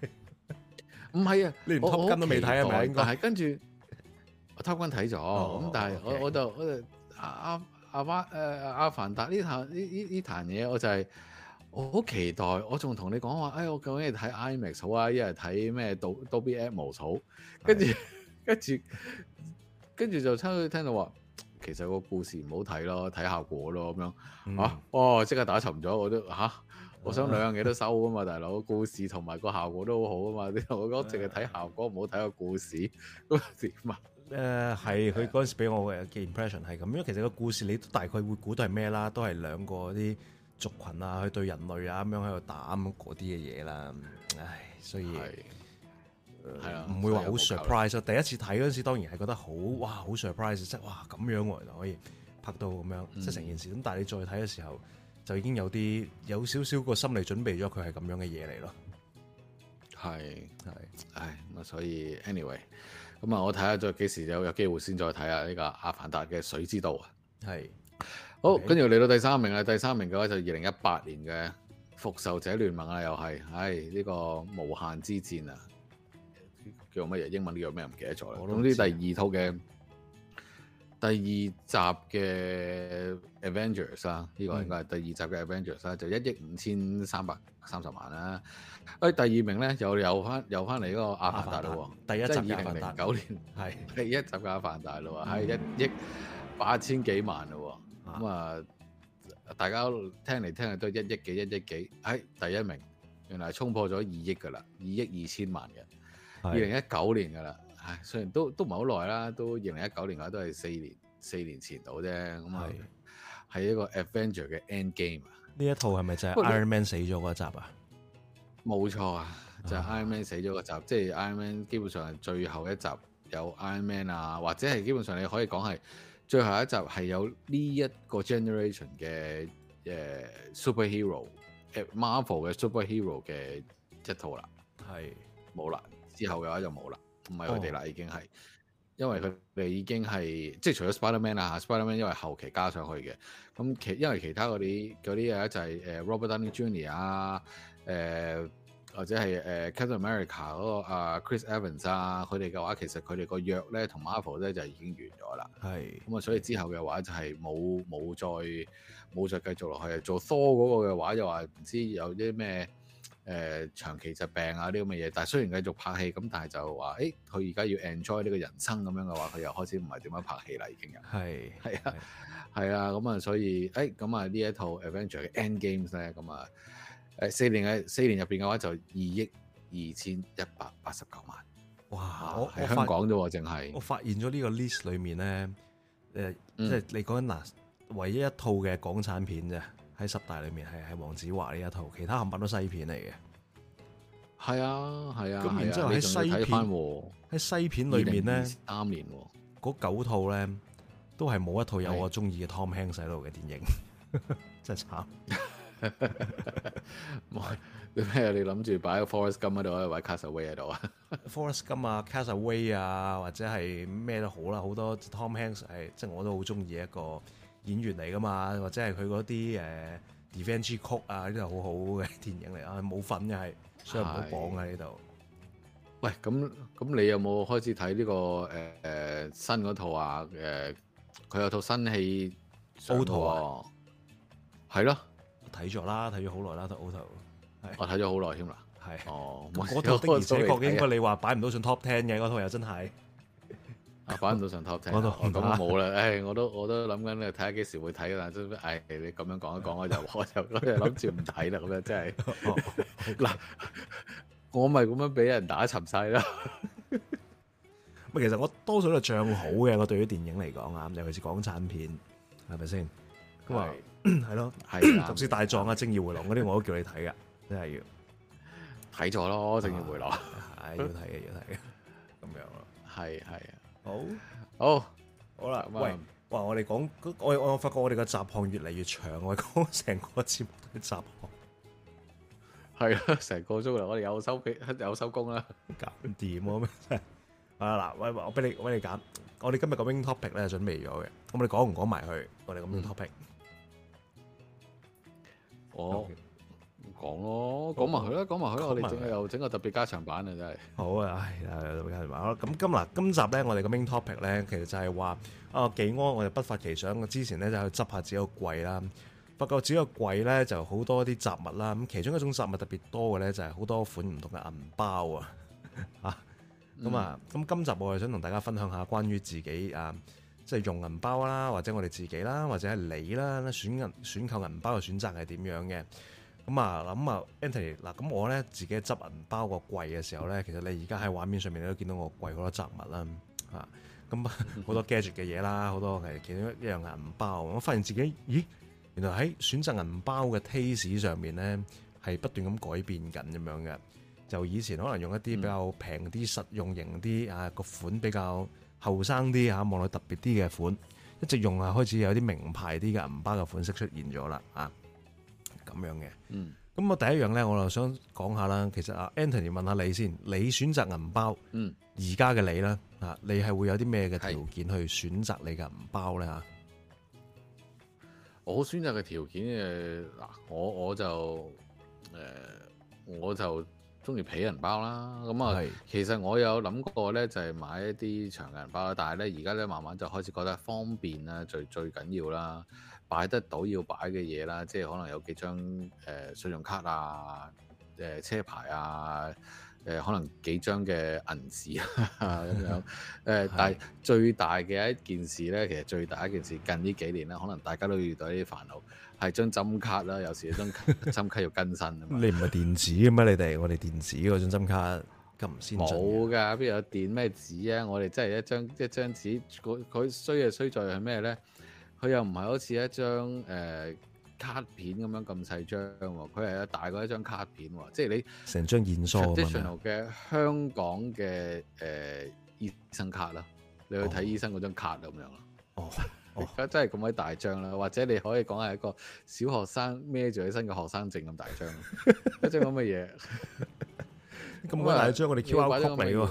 Speaker 2: 唔係啊？你連偷筋都未睇啊？唔係，但係跟住我偷筋睇咗，咁但係我我就我就啱。阿巴誒阿凡達呢壇呢呢呢壇嘢，我就係我好期待。我仲同你講話，誒、哎、我究竟係睇 IMAX 好啊，一係睇咩 Dolby Atmos 好，跟住對跟住跟住就差去聽到話，其實個故事唔好睇咯，睇效果咯咁樣嚇。啊嗯、哦，即刻打沉咗我都嚇、啊。我想兩樣嘢都收啊嘛，大佬個故事同埋個效果都好好啊嘛。我覺得淨係睇效果，唔好睇個故事咁啊？誒係佢嗰陣時俾我嘅
Speaker 1: impression 係咁，因為其實個故事你都大概會估到係咩啦，都係兩個啲族群啊，去對人類啊咁樣喺度打咁嗰啲嘅嘢啦。唉，所以係係，唔會話好 surprise。第一次睇嗰陣時，當然係覺得好哇，好 surprise，即係哇咁樣喎、啊、可以拍到咁樣，嗯、即係成件事。咁但係你再睇嘅時候，就已經有啲
Speaker 2: 有少少個心理準備咗，佢係咁樣嘅嘢嚟咯。係係是，的唉，所以 anyway。咁我睇下再幾時有有機會先再睇啊？呢個《阿凡達》嘅《水之道》是好，跟住嚟到第三名啊，第三名嘅話就二零一八年嘅《復仇者聯盟》啊，哎，又係，唉，呢個《無限之戰》啊，叫乜嘢英文叫咩唔記得咗，我總之第二套嘅。第二集嘅 Avengers 啦，呢個應該係第二集嘅 Avengers 啦是，就一億五千三百三十萬啦、啊哎。第二名咧，又翻又翻嚟嗰個阿凡達啦。第一集二零零九年係是第一集嘅阿凡達啦，係一億八千幾萬啦、啊。咁啊、嗯，大家聽嚟聽去都一億幾一億幾、哎。第一名，原來衝破咗二億噶啦，二億二千萬嘅，二零一九年噶啦。唉，雖然都都唔係好耐啦，都二零一九年嘅都係四年四年前到啫。咁係係一個 Avenger 嘅 End Game 啊。呢一套係咪就係 Iron
Speaker 1: Man 你死咗嗰集啊？
Speaker 2: 冇錯、就係、啊，就 Iron Man 死咗嗰集，即係 Iron Man 基本上係最後一集有 Iron Man 啊，或者係基本上你可以講係最後一集係有呢一個 generation 嘅誒、uh, superhero，Marvel 嘅 superhero 嘅一套啦。係冇啦，之後嘅話就冇啦。唔係佢哋啦，已經係，因為佢哋已經係，即係除咗 Spider-Man 啊嚇，Spider-Man 因為後期加上去嘅，咁其因為其他嗰啲嗰啲啊就係誒 Robert Downey Junior 啊，誒、呃、或者係誒、呃、Captain America 嗰、嗰個啊 Chris Evans 啊，佢哋嘅話其實佢哋個約咧同 Marvel 咧就已經完咗啦，係是，咁啊所以之後嘅話就係冇冇再冇再繼續落去，做多嗰個嘅話又話唔知有啲咩。誒長期疾病啊呢啲咁嘅嘢，但係雖然繼續拍戲咁，但係就話，誒佢而家要 enjoy 呢個人生咁樣嘅話，佢又開始唔係點樣拍戲啦已經啊。係係啊係啊，咁啊所以誒咁啊呢一套《Avenger》嘅《End Games》咧，咁啊誒四年喺四年入邊嘅話就二億二千一百八十九萬。哇！
Speaker 1: 喺香港啫
Speaker 2: 喎，淨係我
Speaker 1: 發現咗呢個 list 裏面
Speaker 2: 咧，
Speaker 1: 誒即係你講緊嗱唯一一套嘅港產片啫。喺十大裏面係係黃子華呢一套，其他冚唪都西片嚟嘅。
Speaker 2: 係啊係啊，咁、啊、然之後喺、啊、西片喎，喺、哦、西片裏面咧
Speaker 1: 啱年、哦，嗰九套咧都
Speaker 2: 係冇一套有我中意嘅 Tom Hanks 喺度嘅電影， *laughs* 真係慘。做咩啊？你諗住擺個 Forest Gump 喺度，或者 Castaway 喺度啊
Speaker 1: ？Forest Gump 啊，Castaway 啊，或者係咩都好啦，好多 Tom Hanks 係即係我都好中意一個演員嚟㗎嘛，或者係佢嗰啲誒 event 曲啊，呢度好好嘅電影嚟啊，冇份嘅係，所以唔好講
Speaker 2: 啊呢度。喂，咁咁你有冇開始睇呢、這個誒誒、呃、新嗰套啊？誒、呃，佢有套新戲 out 圖啊，係咯的，睇咗啦，睇咗好耐啦，都 out 圖，我睇咗好耐添啦，係的，哦，嗰套的而且確應該你話
Speaker 1: 擺唔到上 Top Ten 嘅嗰套又真係。啊，翻唔到上 topic 度，咁冇啦，
Speaker 2: 唉，我都我都諗緊，你睇下幾時會睇啦。咁唉，你咁樣講一講，我就我就諗住唔睇啦。咁樣真係嗱，我咪咁樣俾人打沉晒咯。咪其實我多數都係漲好嘅。我對於電影嚟講啊，尤其是
Speaker 1: 港產片，係咪先？咁係係咯，同時大狀啊、《正義回廊》嗰啲我都叫你睇噶，真係要睇咗咯，《正義回廊》，係要睇嘅，要睇嘅，咁樣咯，係係啊。好好好啦，喂喂，我哋講，我我發覺我哋個集項越嚟越長，我講成個節目嘅集項，係啦，成個鐘啦，我哋有收機，有收工啦，搞掂咩真係，啊嗱，我我俾你，我俾你揀，我哋今日個 wing topic 咧準備咗嘅，我哋講唔講埋佢？我哋個 wing topic，哦。講咯，
Speaker 2: 講埋佢啦，講
Speaker 1: 埋佢啦。我哋整個又整個特別加長版啊，真係。好啊，誒，特別加長版。好啦，咁今日今集咧，我哋嘅 main topic 咧，其實就係話啊，記安，我哋不發其想，之前咧就去執下自己個櫃啦，發覺自己個櫃咧就好多啲雜物啦。咁其中一種雜物特別多嘅咧，就係、是、好多款唔同嘅銀包啊。嚇，咁啊，咁、嗯、今集我哋想同大家分享下關於自己啊，即、就、係、是、用銀包啦，或者我哋自己啦，或者係你啦，選銀選購銀包嘅選擇係點樣嘅？咁、嗯、啊，咁啊，Antony 嗱，咁我咧自己執銀包個櫃嘅時候咧，其實你而家喺畫面上面都見到我櫃好多雜物啦，嚇、啊，咁、嗯、好多 gadget 嘅嘢啦，好多誒，其中一樣銀包，我發現自己，咦，原來喺選擇銀包嘅 taste 上面咧，係不斷咁改變緊咁樣嘅，啊嗯、就以前可能用一啲比較平啲、實用型啲啊個款比較後生啲嚇，望、啊、落特別啲嘅款，一直用啊開始有啲名牌啲嘅銀包嘅款式出現咗啦，啊。咁樣嘅，嗯，咁啊第一樣咧，我就想講下啦。其實啊，Anthony 問下你先，你選擇銀包，嗯，而家嘅你啦，啊，你係會有啲咩嘅條件去選擇你嘅銀包
Speaker 2: 咧？吓，我選擇嘅條件誒，嗱，我我就誒，我就中意皮銀包啦。咁啊，係，其實我有諗過咧，就係買一啲長銀包啦。但係咧，而家咧慢慢就開始覺得方便咧，最最緊要啦。擺得到要擺嘅嘢啦，即係可能有幾張誒、呃、信用卡啊，誒、呃、車牌啊，誒、呃、可能幾張嘅銀紙啊咁 *laughs* 樣。誒、呃， *laughs* 但係最大嘅一件事咧，其實最大一件事，近呢幾年咧，可能大家都遇到啲煩惱，係張針卡啦，有時一張針卡要更新啊
Speaker 1: *laughs* 你唔係電子嘅咩？你哋我哋電子嗰張針卡咁唔先進。冇
Speaker 2: 噶，邊有電咩紙啊？我哋真係一張一張，一張紙，佢佢衰啊衰在係咩咧？佢又唔係好似一張誒、呃、卡片咁樣咁細張，佢係大過一張卡片喎。即係你
Speaker 1: 成張現梳，
Speaker 2: 嘅香港嘅誒、呃、醫生卡啦。Oh. 你去睇醫生嗰張卡咁樣咯。哦，而家真係咁鬼大張啦，或者你可以講係一個小學生孭住起身嘅學生證咁大張， *laughs* 一張咁嘅嘢。咁鬼 *laughs* 大張，我哋 Q R 都俾喎。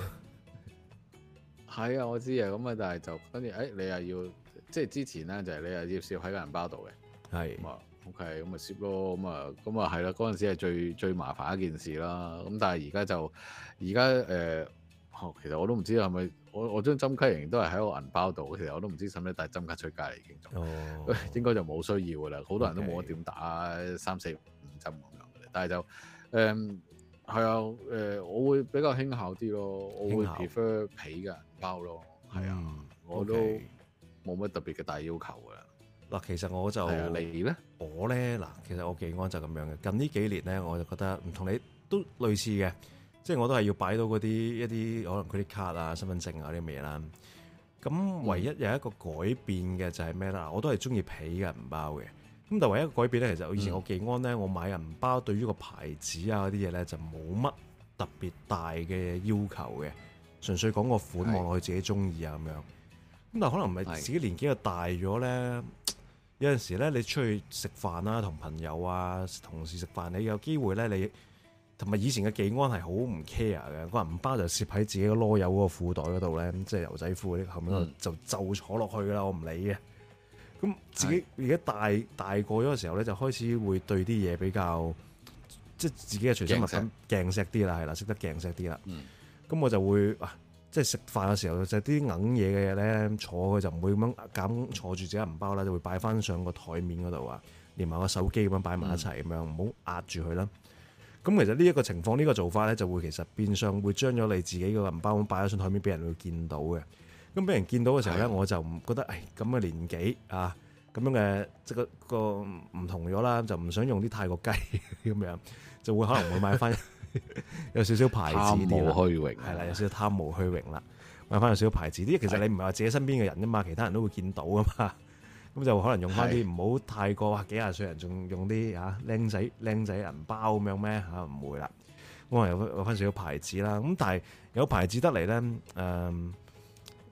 Speaker 2: 係啊哇、嗯，我知啊，咁啊，但係就跟住誒，你又要。即係之前咧，就係你又要攝喺個銀包度嘅。係。咁啊，OK，咁咪攝咯，咁啊，咁啊係啦。嗰陣時係最最麻煩一件事啦。咁但係而家就而家誒，其實我都唔知係咪我我張針卡仍然都係喺個銀包度。其實我都唔知使咩使帶針卡出街嚟已經做。哦。應該就冇需要噶啦。好多人都冇得點打三四五針咁樣嘅。但係就誒係啊誒，我會比較輕巧啲咯。我會 prefer 皮嘅銀包咯。係啊，我都。冇乜特別嘅大要求
Speaker 1: 噶啦。嗱、啊，其實我就你咧，我咧嗱，其實我寄安就咁樣嘅。近呢幾年咧，我就覺得唔同你都類似嘅，即係我都係要擺到嗰啲一啲可能 credit card 啊、身份證啊啲嘢啦。咁唯一有一個改變嘅就係咩咧？嗯、我都係中意皮嘅銀包嘅。咁但唯一一個改變咧，其實以前我寄安咧，我買銀包對於個牌子啊嗰啲嘢咧就冇乜特別大嘅要求嘅，純粹講個款望落去自己中意啊咁樣。咁但可能唔係自己年紀又大咗咧，是的 有陣時咧你出去食飯啦，同朋友啊、同事食飯，你有機會咧，你同埋以前嘅技安係好唔 care 嘅，個銀包就攝喺自己個囉柚個褲袋嗰度咧，即係牛仔褲後面就、嗯、就，就坐落去啦，我唔理嘅。咁自己而家大是的 大個咗嘅時候咧，就開始會對啲嘢比較即係自己嘅隨身物品勁錫啲啦，係啦，識得勁錫啲啦。咁、嗯、我就會。啊即係食飯嘅時候，就啲、係、硬嘢嘅嘢咧，坐佢就唔會咁樣揀坐住自己銀包啦，就會擺翻上個台面嗰度啊，連埋個手機咁樣擺埋一齊咁樣，唔好、嗯、壓住佢啦。咁其實呢一個情況，呢、呢個做法咧，就會其實變相會將咗你自己個銀包咁擺咗上台面，俾人會見到嘅。咁俾人見到嘅時候咧，唉 我就唔覺得，唉，咁嘅年紀啊，咁樣嘅即係個唔同咗啦，就唔想用啲泰國雞咁樣， *laughs* 就會可能會買翻。 *laughs* 有少少牌子啲啦，係啦，有少少貪慕虛榮啦，買翻有少少牌子啲。其實你唔係話自己身邊嘅人啊嘛，其他人都會見到啊嘛。咁 *laughs* 就可能用翻啲唔好太過，話幾廿歲人仲用啲啊靚仔靚仔銀包咁樣咩？吓，唔會啦，我係有買翻少少牌子啦。咁但係有牌子得嚟咧，誒、呃、誒、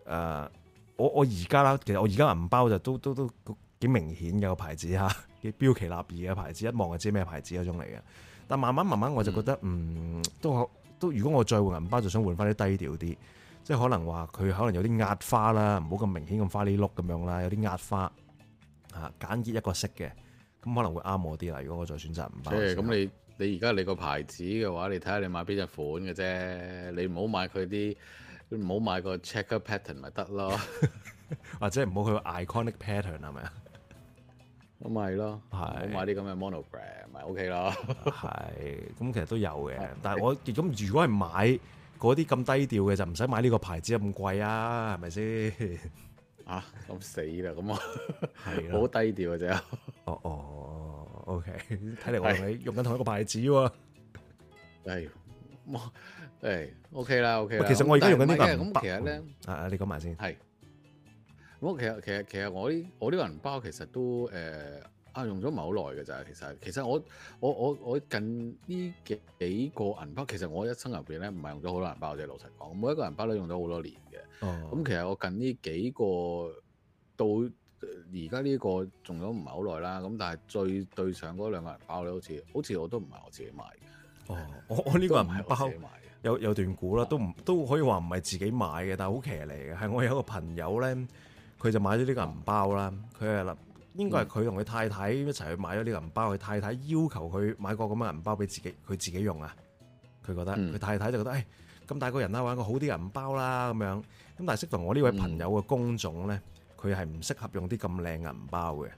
Speaker 1: 呃，我我而家啦，其實我而家銀包就都都都幾明顯嘅個牌子吓，嘅 *laughs* 標奇立異嘅牌子，一望就知咩牌子嗰種嚟嘅。但慢慢慢慢我就覺得嗯，嗯都好都，都如果我再換銀包就想換翻啲低調啲，即係可能話佢可能有啲壓花啦，唔好咁明顯咁花呢碌咁樣啦，有啲壓花嚇、啊、簡潔一個色嘅，咁可能會啱我啲啦。如果我再選擇銀包，即係咁
Speaker 2: 你你而家你個牌子嘅話，你睇下你買邊隻款嘅啫，你唔好買佢啲唔好買個 checker pattern 咪得咯，er、 *laughs* 或者唔好去 iconic
Speaker 1: pattern 係咪啊？
Speaker 2: 咁咪咯，冇是買啲咁嘅 monogram 咪 OK 啦
Speaker 1: 是。係，咁其實都有嘅。是但係我咁是如果係買嗰啲咁低調嘅就唔使買呢個牌子咁貴啊，係咪先？啊，咁死啦！咁啊，係咯了，好 *laughs*
Speaker 2: 低調嘅啫、
Speaker 1: 哦。哦哦，OK，睇嚟我同你用緊同一個牌子、啊、喎。係、哎、，OK 啦 OK 其實我而家用緊呢個不不。咁其實咧，不啊，你講埋先。係。
Speaker 2: 咁其實其實其實我呢，我呢個銀包其實都誒啊、呃、用咗唔係好耐嘅咋。其實其實我我我我近呢幾幾個銀包，其實我一生入邊咧，唔係用咗好多銀包嘅，老實講，每一個銀包都用咗好多年嘅。咁、哦、其實我近呢幾個到而家呢個仲用咗唔係好耐啦。咁但係最對上嗰兩個銀包咧，好似好似我都唔係我自己買哦，我我呢個銀包都唔係我自己買嘅，有有
Speaker 1: 段估啦，的都唔都可以話唔係自己買嘅，但係好騎嚟嘅，係我有個朋友咧。佢就買咗呢個銀包啦。佢係啦，應該係佢同佢太太一齊去買咗呢個銀包。佢太太要求佢買個咁嘅銀包俾自己，佢自己用啊。佢覺得，佢太太就覺得，誒咁大個人啦，玩個好啲銀包啦咁樣。咁但係，適當我呢位朋友嘅工種咧，佢係唔適合用啲咁靚銀包嘅。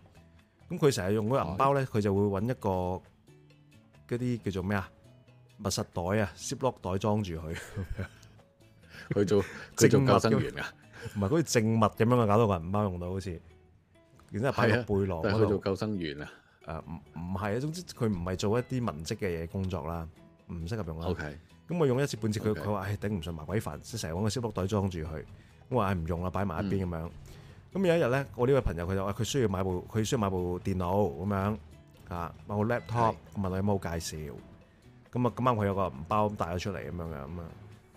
Speaker 1: 咁佢成日用嗰個銀包咧，佢就會揾一個嗰啲叫做咩啊密實袋啊，ziplock 袋裝住佢。佢做佢做救生員啊？唔係好似靜物咁樣啊，搞到個銀包用到好似，然之後擺落背囊嗰度去做救生員啊？誒唔唔係啊，總之佢唔係做一啲文職嘅嘢工作啦，唔適合用啦。O K，咁我用一次半次，佢佢話唉頂唔順麻鬼煩，即成日攞個消毒袋裝住佢。我話唔用啦，擺埋一邊咁樣。咁有一日咧，我呢位朋友佢就話佢需要買部，佢需要買部電腦咁樣啊，買部 laptop、嗯。問有有我有冇介紹。咁啊，咁啱佢有個銀包咁帶咗出嚟咁樣嘅，咁啊、嗯，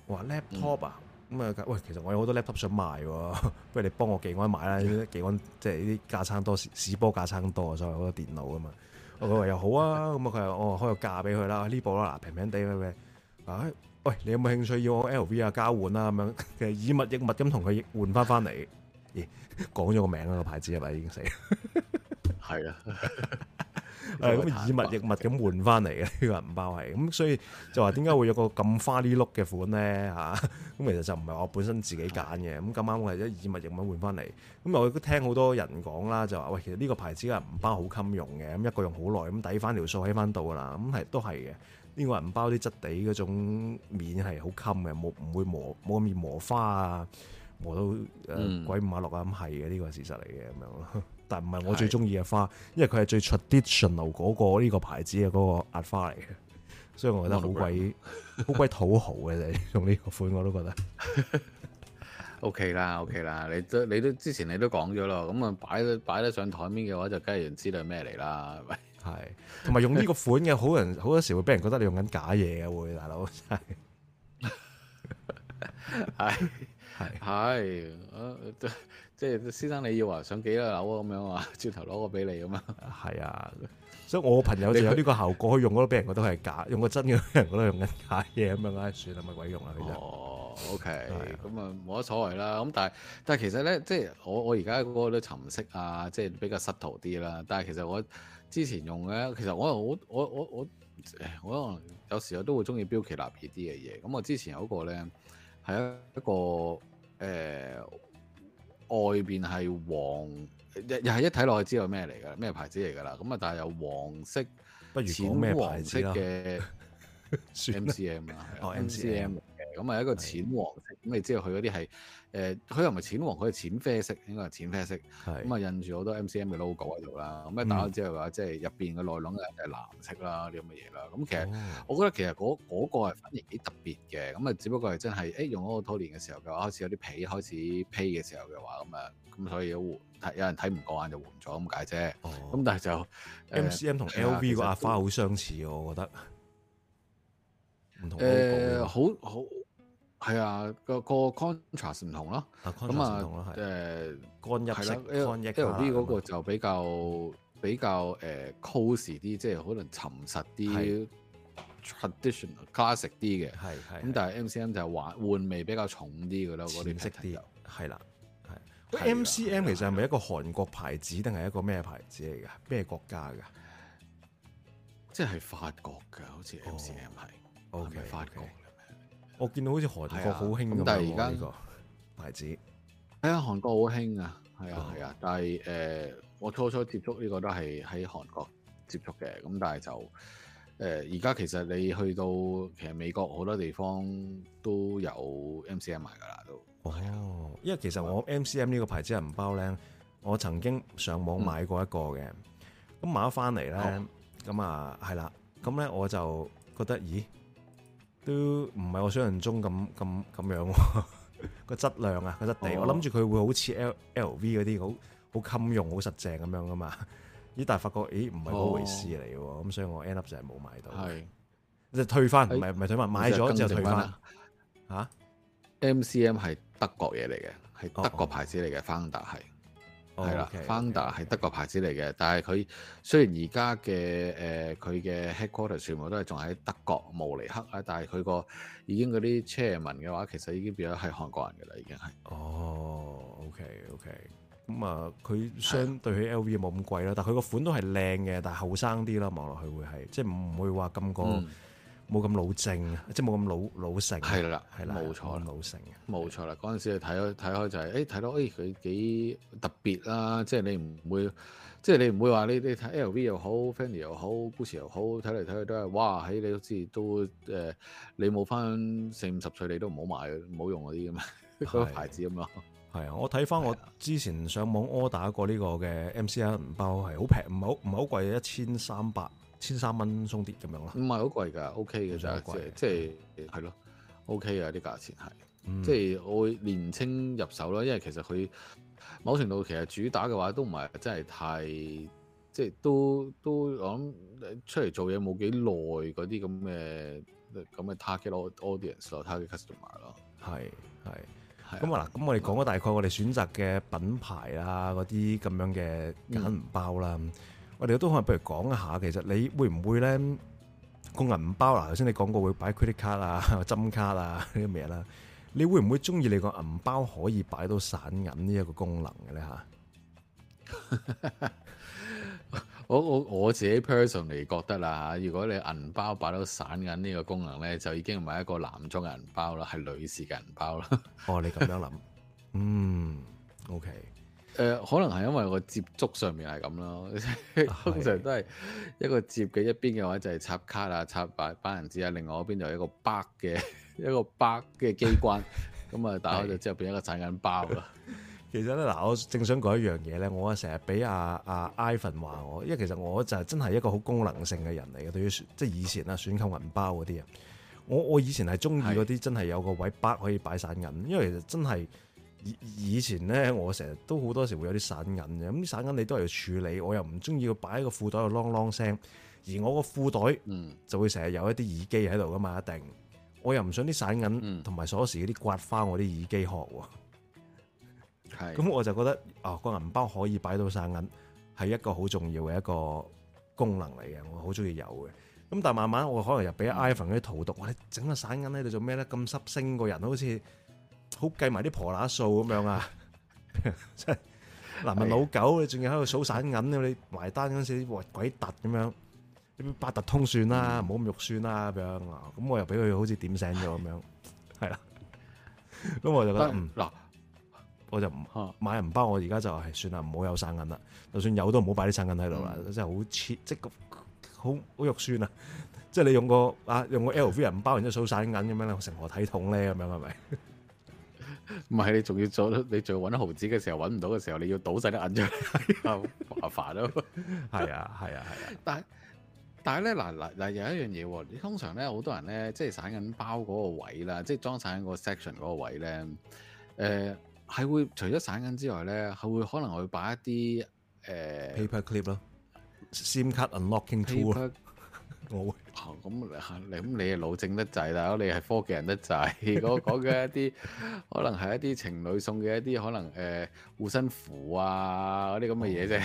Speaker 1: 我話 laptop 啊。uss m 咁啊，喂，其實我有好多 laptop 想賣喎，不如你幫我寄安買啦，寄安即係啲價差多，市波價差多，所以好多電腦啊嘛。我話又好啊，咁啊，佢話我開個價俾佢啦，部呢部啦，嗱平平地咪、哎、喂，你有冇興趣要我 LV 啊交換啦咁樣，其實以物易物咁同佢換翻翻嚟，咦、yeah，講咗個名啊、個牌子係咪已經死？係啊。誒以、嗯、物易物咁換翻嚟嘅呢個銀包係，咁所以就話點解會有個咁花呢碌嘅款咧嚇？咁 *laughs* 其實就唔係我本身自己揀嘅，咁咁啱我係以物易物換翻嚟。咁又都聽好多人講啦，就話喂，其實呢個牌子嘅銀包好襟用嘅，咁一個用好耐，咁抵翻條數喺翻度㗎啦。咁係都係嘅，呢、呢個銀包啲質地嗰種面係好襟嘅，冇唔會磨，個面磨花啊，磨到鬼五馬六啊咁係嘅，呢、嗯呢個係事實嚟嘅咁樣咯。但唔係我最中意嘅花，因為佢係最 traditional 嗰、嗰個呢、呢個牌子嘅嗰個壓花嚟嘅，所以我覺得好鬼好鬼土豪嘅，你 *laughs* 用呢個款我都覺得、
Speaker 2: okay。O K 啦，O K 啦，你都你都之前你都講咗咯，咁啊擺得擺得上台面嘅話，就梗係人知道係咩嚟啦，係咪？係，同埋用呢個
Speaker 1: 款嘅，好多人好多時會俾人覺得你用緊假嘢嘅會，大佬
Speaker 2: 真係。係係。即係先生你，你要話上幾多樓咁樣啊？轉頭攞個俾你咁啊？係啊，
Speaker 1: 所以我朋友就有呢個效果，用嗰都俾人覺得係假，用個真嘅，俾人覺得用緊假嘢咁樣，唉、哎，算啦，咪鬼用啦，哦 okay，啊、
Speaker 2: 其實。哦，OK，咁啊，冇乜所謂啦。咁但係，但係其實咧，即係我我而家嗰個都沉色啊，即係比較失途啲啦。但係其實我之前用嘅，其實我我我我我誒，我有時候都會中意標奇立異啲嘅嘢。咁我之前有一個咧，係一個誒。呃外邊係黃，又又係一睇落去知道咩嚟噶，咩牌子嚟噶啦？咁啊，但係有黃色，不如淺黃色嘅 MCM 啊，對哦 MCM。MC M *laughs* 咁啊，一個淺黃色，咁你知道佢嗰啲係，誒，佢又唔係淺黃，佢係淺啡色，應該係淺啡色。咁啊印住好多 MCM 嘅 logo 喺度啦。咁啊，打之後話，即係入邊嘅內籠係藍色啦，啲咁嘅嘢啦。咁其實，我覺得其實嗰嗰個係反而幾特別嘅。咁啊，只不過係真係，誒，用嗰個拖鏈嘅時候嘅話，開始有啲皮開始披嘅時候嘅話，咁啊，咁所以有換，有人睇唔過眼就換咗咁解啫。咁但係就 MCM 同 LV 個阿花好相似，我覺得。唔同 logo。誒，好好。係啊，個 contrast 唔同咯，咁啊，誒幹入色，L B 嗰個就比較比較誒 close 啲，即係可能沉實啲 traditional classic 啲嘅，係咁但係 M C M 就係玩換味比較重啲㗎啦，淺色啲，係啦，係。M C M 其實係咪一個韓國
Speaker 1: 牌子定係一個咩牌子嚟㗎？咩國家㗎？即係法
Speaker 2: 國㗎，好似 M C M 係係法國。我見到好似韓國好興咁，但係而家呢個牌子係啊、哎，韓國好興啊，係啊、哦，係啊。但係誒、呃，我初初接觸呢個都係喺韓國接觸嘅，咁但係就誒而家其實你去到其實美國好多地方都有 MCM 買噶啦，都啊、哦，因為其實我
Speaker 1: MCM 呢個牌子係唔包咧，我曾經上網買過一個嘅，咁、嗯、買翻嚟咧，咁啊係啦，咁咧我就覺得咦。嗯嗯嗯嗯嗯嗯嗯都唔係我想象中咁咁咁樣喎，個質量啊，個質地，我諗住佢會好似 L LV 嗰啲好好襟用、好實淨咁樣噶嘛，咦？但係發覺咦唔係嗰回事嚟嘅喎，咁所以我 end up 就係冇買到，就退翻，唔係唔係退翻，買咗之後退翻。
Speaker 2: 嚇，MCM 係德國嘢嚟嘅，係德國牌子嚟嘅，芬達係。係啦，Funda o 係德國牌子嚟嘅，oh, okay, okay, okay, okay. 但係佢雖然而家嘅誒佢、呃、嘅 headquarter 全部都係仲喺德國慕尼克，啦，但係佢個已經嗰啲 chairman 嘅話，其實已經變咗係韓國人嘅啦，已經係。哦、oh，OK OK，咁、嗯、啊，佢
Speaker 1: 相對起 LV 冇咁貴啦的，但係佢個款都係靚嘅，但係後生啲啦，望落去會係即係唔會話
Speaker 2: 咁個。冇咁老正，即係冇咁老老成。係啦的，係啦的，冇錯老成。冇錯啦，嗰陣時你睇開睇開就係、是，誒睇到誒佢幾特別啦、啊。即係你唔會，即係你唔會話你你睇 LV 又好，Fendi 又好，Gucci 又好，睇嚟睇去都係，哇！喺你好似都誒、呃，你冇翻四五十歲你都唔好買，唔好用嗰啲咁啊，嗰的個牌子咁咯。
Speaker 1: 係啊，我睇翻我之前上網柯打過呢個嘅 MCR 包係好平，唔好唔好貴，一千三百。千三蚊鬆啲咁樣
Speaker 2: 咯，唔係好貴㗎，OK 嘅就係、是、貴，即係係咯，OK 嘅啲價錢係，即係、嗯、我會年青入手啦，因為其實佢某程度其實主打嘅話都唔係真係太，即、就、係、是、都都我諗出嚟做嘢冇幾耐嗰啲咁嘅咁嘅 target audience 咯，target customer 咯，係
Speaker 1: 係係咁啊嗱，咁我哋講咗大概我哋選擇嘅品牌啦，嗰啲咁樣嘅銀包啦。我哋都可能不如講一下，其實你會唔會咧？個銀包嗱，頭先你講過會擺 credit card 啊、針卡啊呢啲咩啦？你會唔會中意你個銀包可以擺到散銀呢一個功能嘅咧？吓 *laughs* ，
Speaker 2: 我我我自己 person 嚟覺得啦吓，如果你銀包擺到散銀呢個功能咧，就已經唔係一個男裝嘅銀包啦，係女士嘅銀包啦。 *laughs* 哦，你咁樣諗， *laughs* 嗯，OK。誒、呃、可能係因為個接觸上面係咁咯，是通常都係一個接嘅一邊嘅話就係插卡啊、插擺擺銀紙啊，另外嗰邊就有一個 box 嘅 *laughs* 一個 box 嘅機關，咁啊 *laughs* 打開就之是後變一個散銀包啦。 *laughs* 其實咧嗱，我正想講一樣嘢咧，我啊成日
Speaker 1: 俾阿阿 Ivan 話我，因為其實我就係真係一個好功能性嘅人嚟嘅，對於即係以前啊選購銀包嗰啲啊，我我以前係中意嗰啲真係有個位 box 可以擺散銀，因為其實真係。以前咧，我成日都好多時會有啲散銀嘅，咁啲散銀你都係要處理，我又唔中意佢擺喺個褲袋度啷啷聲，而我個褲袋就會成日有一啲耳機喺度噶嘛，一定，我又唔想啲散銀同埋鎖匙嗰啲刮花我啲耳機殼喎。係、嗯，咁 *laughs* 我就覺得啊，個、哦、銀包可以擺到散銀係一個好重要嘅一個功能嚟嘅，我好中意有嘅。咁但係慢慢我可能又俾 iPhone 嗰啲荼毒，我、嗯、你整個散銀喺度做咩咧？咁濕星個人好似～好計埋啲婆乸數咁樣啊！真係嗱，問老狗你仲要喺度數散銀、哎、呀你埋單嗰時啲鬼突咁樣，啲八達通算啦，唔好咁肉酸啦咁樣。咁我又俾佢好似點醒咗咁樣，係啦、哎呀。咁我就覺得、哎、嗯嗱，我就唔、啊、買唔包。我而家就係算啦，唔好有散銀啦。就算有都唔好擺啲散銀喺度啦。嗯、真係好黐，即係好好肉酸啊！即 *laughs* 係你用個啊用個 LV 銀包，然之後數散銀咁樣成何體統咧咁樣係咪？ *laughs* *laughs*
Speaker 2: 唔係，你仲要做，你仲要揾毫子嘅時候，揾唔到嘅時候，你要倒晒啲銀出嚟， *laughs* 麻煩咯。係啊，係啊，係啊。但係但係咧，嗱嗱嗱，有一樣嘢，你通常咧，好多人咧，即係散銀包嗰個位啦，即係裝散銀個 section 嗰個位咧，誒、呃，係會除咗散銀之外咧，係會可能會擺一啲誒、呃、paper clip 咯，sim 卡 unlocking tool，我。Paper *laughs* 嗯咁、哦、你咁你係老正得滯，但係你係科技人得滯。我講嘅一啲可能係一啲情侶送嘅一啲可能誒、呃、護身符啊嗰啲咁嘅嘢啫。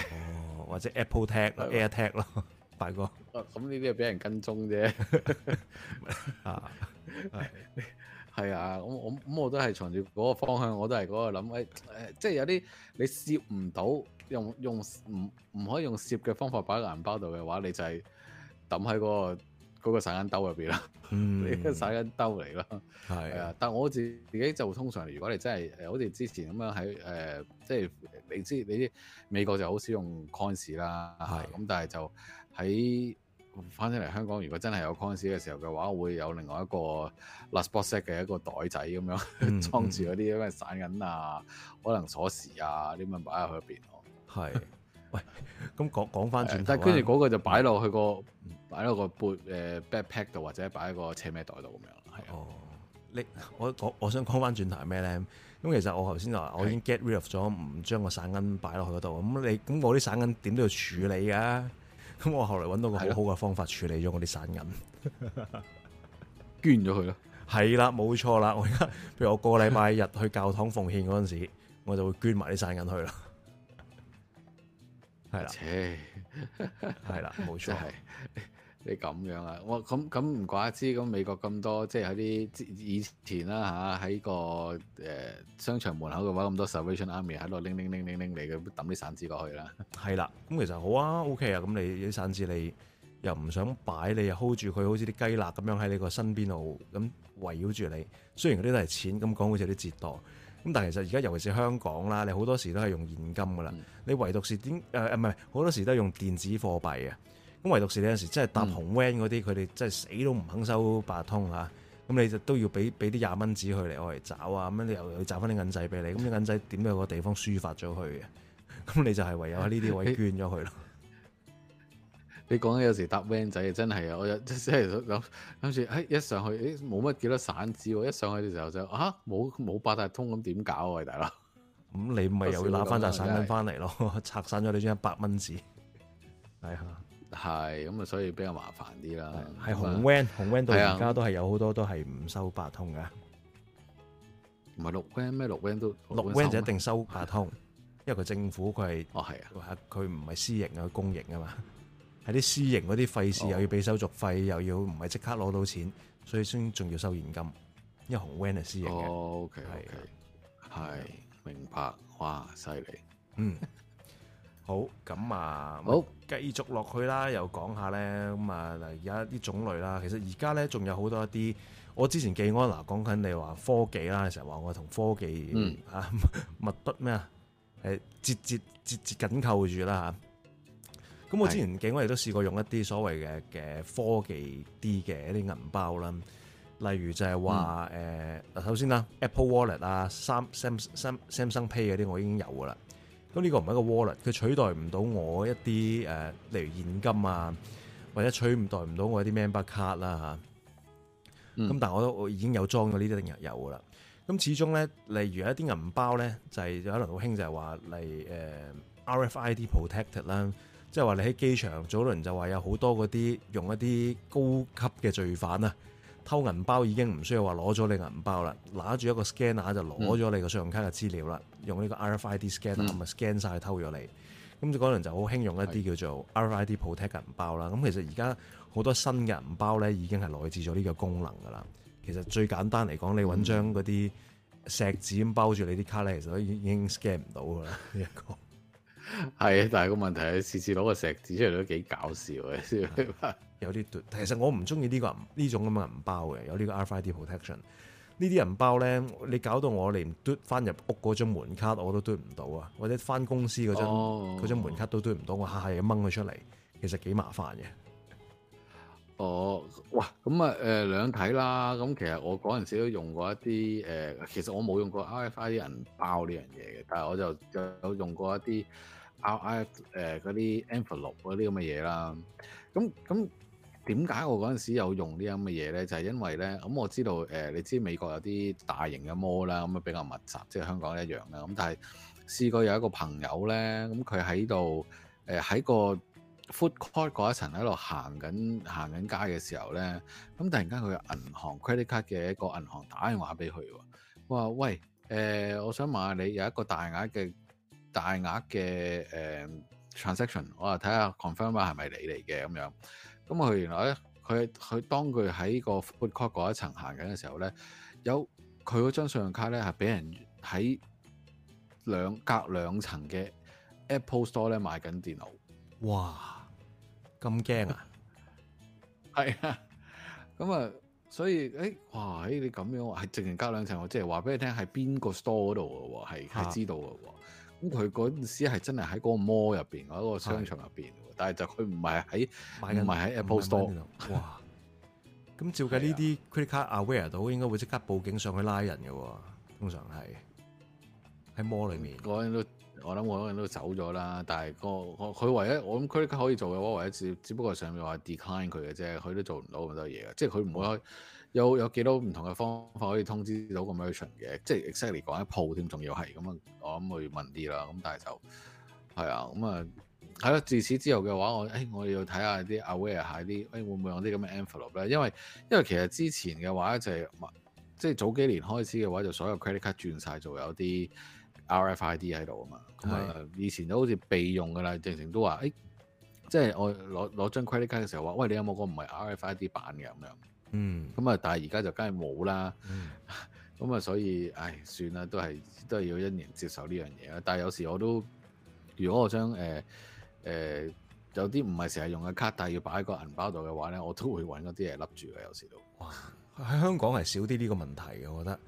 Speaker 2: 或者 Apple Tag 咯，Air Tag 咯，大哥。咁呢啲係俾人跟蹤啫、 *laughs* *laughs* 啊。啊，係啊，我我咁我都係從住嗰個方向，我都係嗰個諗誒即係有啲你攝唔到，用用唔唔可以用攝嘅方法擺喺銀包度嘅話，你就係揼喺嗰個。嗰個散銀兜入邊啦，你個、嗯、散銀兜嚟啦。係啊的。但我自己自己就通常，如果你真係誒，好似之前咁樣喺誒，即、呃、係、就是、你知你啲美國就好少用 coins 啦，係咁，但係就喺翻返嚟香港，如果真係有 coins 嘅時候嘅話，會有另外一個 last box 嘅一個袋仔咁樣裝住嗰啲，因為散銀啊，可能鎖匙啊啲咁樣擺喺佢入邊咯。係，喂，咁講講翻轉，的但跟住嗰個就擺落去、那個。嗯嗯擺喺個背誒 backpack 度或者擺喺個斜孭袋度咁樣，係啊。Oh, 你我我我想講返轉頭
Speaker 1: 係咩咧？咁其實我頭先就話我已經 get rid of 咗唔將個散銀擺落去嗰度。咁你咁我啲散銀點都要處理㗎。咁我後來搵到個好好嘅方法處理咗我啲散銀， *laughs* 捐咗佢咯。係啦， *laughs* 冇錯啦。我而家譬如我個禮拜日去教堂奉獻嗰陣時，我就會捐埋啲散銀去咯。
Speaker 2: 係 *laughs* 啦的，切， *laughs* 係啦，冇錯、 *laughs* 就是。你咁樣啊？我咁咁唔怪之，咁美國咁多即係有啲以前啦嚇，喺個誒商場門口嘅話，咁多 Salvation Army 喺度拎拎拎拎拎你嘅抌啲散紙過去啦。
Speaker 1: 係啦，咁其實好啊，OK 啊，咁你啲散紙你又唔想擺，你又 hold 住佢，好似啲雞肋咁樣喺你個身邊度咁圍繞住你。雖然嗰啲都係錢，咁講好似有啲折墮。咁但係其實而家尤其是香港啦，你好多時都係用現金噶啦，你唯獨是點誒唔係好多時都係用電子貨幣啊。咁唯獨是你有陣時，真係搭紅 van 嗰啲，佢哋、嗯、真係死都唔肯收八通啊！咁你就都要俾俾啲廿蚊紙去嚟我嚟找啊！咁樣你又要找翻啲銀仔俾你，咁啲銀仔點有個地方抒發咗佢？嘅？咁你就係唯有喺呢啲位
Speaker 2: 捐咗佢咯。欸、了你講緊有時搭 van 仔啊，真係啊！我有即係諗住，一上去，誒冇乜幾多散紙、啊，一上去嘅時候就啊冇冇八達通咁點搞啊？大佬，咁、嗯、你咪又要攞翻扎散銀
Speaker 1: 翻嚟咯， *laughs* 拆散咗你張一百蚊紙，係、
Speaker 2: 哎、啊。哎係咁啊，所以比較麻煩啲啦。係是紅 van，紅 van 到而家、啊、
Speaker 1: 都係有好多都係唔收八通噶。唔係綠 van 咩？綠 van 都綠 van 就一定收八通，因為佢政府佢係哦係啊，佢唔係私營啊，佢公營啊嘛。係啲私營嗰啲費事又要俾手續費，哦、又要唔係即刻攞到錢，所以先仲要收現金。因為紅 van 係私營嘅。OK OK，係明白，哇，犀利，嗯。好咁啊！好，繼續落去啦，又講下咧咁啊嗱，而家啲種類啦，其實而家咧仲有好多一啲，我之前寄安嗱講緊你話科技啦，成日話我同科技嚇密不咩啊，係節節節節緊扣住啦嚇。咁我之前寄安亦都試過用一啲所謂嘅嘅科技啲嘅一啲銀包啦，例如就係話誒，首先啦，Apple Wallet 啊，三 Sam Sam Samsung Pay 嗰啲我已經有噶啦。咁呢個唔係一個 wallet，佢取代唔到我一啲誒、呃，例如現金啊，或者取代唔到我啲 member 卡啦、啊、嚇。咁、嗯、但係我都我已經有裝咗呢啲入油噶啦。咁始終咧，例如一啲銀包咧，就係早輪好興就係話嚟誒、呃、RFID protected 啦，即係話你喺機場，早輪就話有好多嗰啲用一啲高級嘅罪犯啊。偷銀包已經唔需要話攞咗你銀包啦，拿住一個 scanner 就攞咗你個信用卡嘅資料啦，嗯、用呢個 RFID scanner 咁啊 scan 曬偷咗你。咁就可能就好興用一啲叫做 RFID protect 銀包啦。咁是其實而家好多新嘅銀包咧已經係內置咗呢個功能㗎啦。其實最簡單嚟講，你揾張嗰啲石紙咁包住你啲卡咧，其實都已經 scan 唔到㗎啦。
Speaker 2: 一個係，但係個問題係次次攞個石紙出嚟都幾搞笑嘅。的有啲對，其實我唔中
Speaker 1: 意呢個呢種咁嘅銀包嘅，有個呢個 RFID protection。呢啲銀包咧，你搞到我連，對翻入屋嗰張門卡我都對唔到啊，或者翻公司嗰張嗰、哦、門卡都對唔到，我下下嘢掹佢出嚟，其實幾麻煩嘅。
Speaker 2: 哦，哇，咁啊，誒、呃、兩睇啦。咁其實我嗰陣時都用過一啲誒，其實我冇用過 RFID 銀包呢樣嘢嘅，但係我就有用過一啲 RF 誒嗰啲 Envelope 嗰啲咁嘅嘢啦。咁咁。點解我嗰陣時有用呢啲嘅嘢咧？就係、是、因為咧，咁、嗯、我知道誒、呃，你知美國有啲大型嘅 mall 啦、嗯，咁啊比較密集，即係香港一樣啦。咁、嗯、但係試過有一個朋友咧，咁佢喺度誒喺個 food court 嗰一層喺度行緊行緊街嘅時候咧，咁、嗯、突然間佢銀行 credit card 嘅一個銀行打電話俾佢，話喂誒、呃，我想問下你有一個大額嘅大額嘅誒、呃、transaction，我啊睇下 confirm 係咪你嚟嘅咁樣。咁佢原來咧，佢佢當佢喺個 food court 嗰一層行緊嘅時候咧，有佢嗰張信用卡咧係俾人喺兩隔兩層嘅 Apple Store 咧買緊電腦。哇！咁驚啊！係 *laughs* 啊！咁啊，所以誒、哎，哇！你咁樣係直情隔兩層，我即係話俾你聽係邊個 store 度嘅喎，係係知道嘅喎。咁佢嗰陣時係真係喺嗰個 mall 入邊，嗰、嗰個商場入邊。但係就佢唔係喺唔係喺 Apple Store 哇！
Speaker 1: 咁照計呢啲 credit card aware 到，應該會即刻報警上去拉人嘅喎。通常
Speaker 2: 係喺 mall 裏面，嗰人都我諗嗰人都走咗啦。但係個佢唯一我諗 credit card 可以做嘅話，唯一只只不過上面話 decline 佢嘅啫，佢都做唔到咁多嘢嘅。即係佢唔會有有幾多唔同嘅方法可以通知到個 merchant 嘅，即係 exactly 講一鋪添，仲要係咁啊！我諗去問啲啦。咁但係就係啊咁啊。係咯，自此之後嘅話，我誒、哎、我要睇下啲 aware 下啲，誒、哎、會唔會有啲咁嘅 envelope 咧？因為因為其實之前嘅話就係、是、即係早幾年開始嘅話，就所有 credit card 轉晒，做有啲 RFID 喺度啊嘛。係。以前都好似備用㗎啦，正成都話誒、哎，即係我攞攞張 credit card 嘅時候話，喂，你有冇個唔係 RFID 版嘅咁樣？嗯。咁啊，但係而家就梗係冇啦。咁啊，所以唉、哎，算啦，都係都係要一年接受呢樣嘢啦。但係有時我都如果我想誒。呃誒、呃、有啲唔係成日用嘅卡，但係要擺喺個銀包度嘅話咧，我都會揾嗰啲嘢笠住嘅。有時都，
Speaker 1: 哇！喺香港係少啲呢個問題嘅，我覺得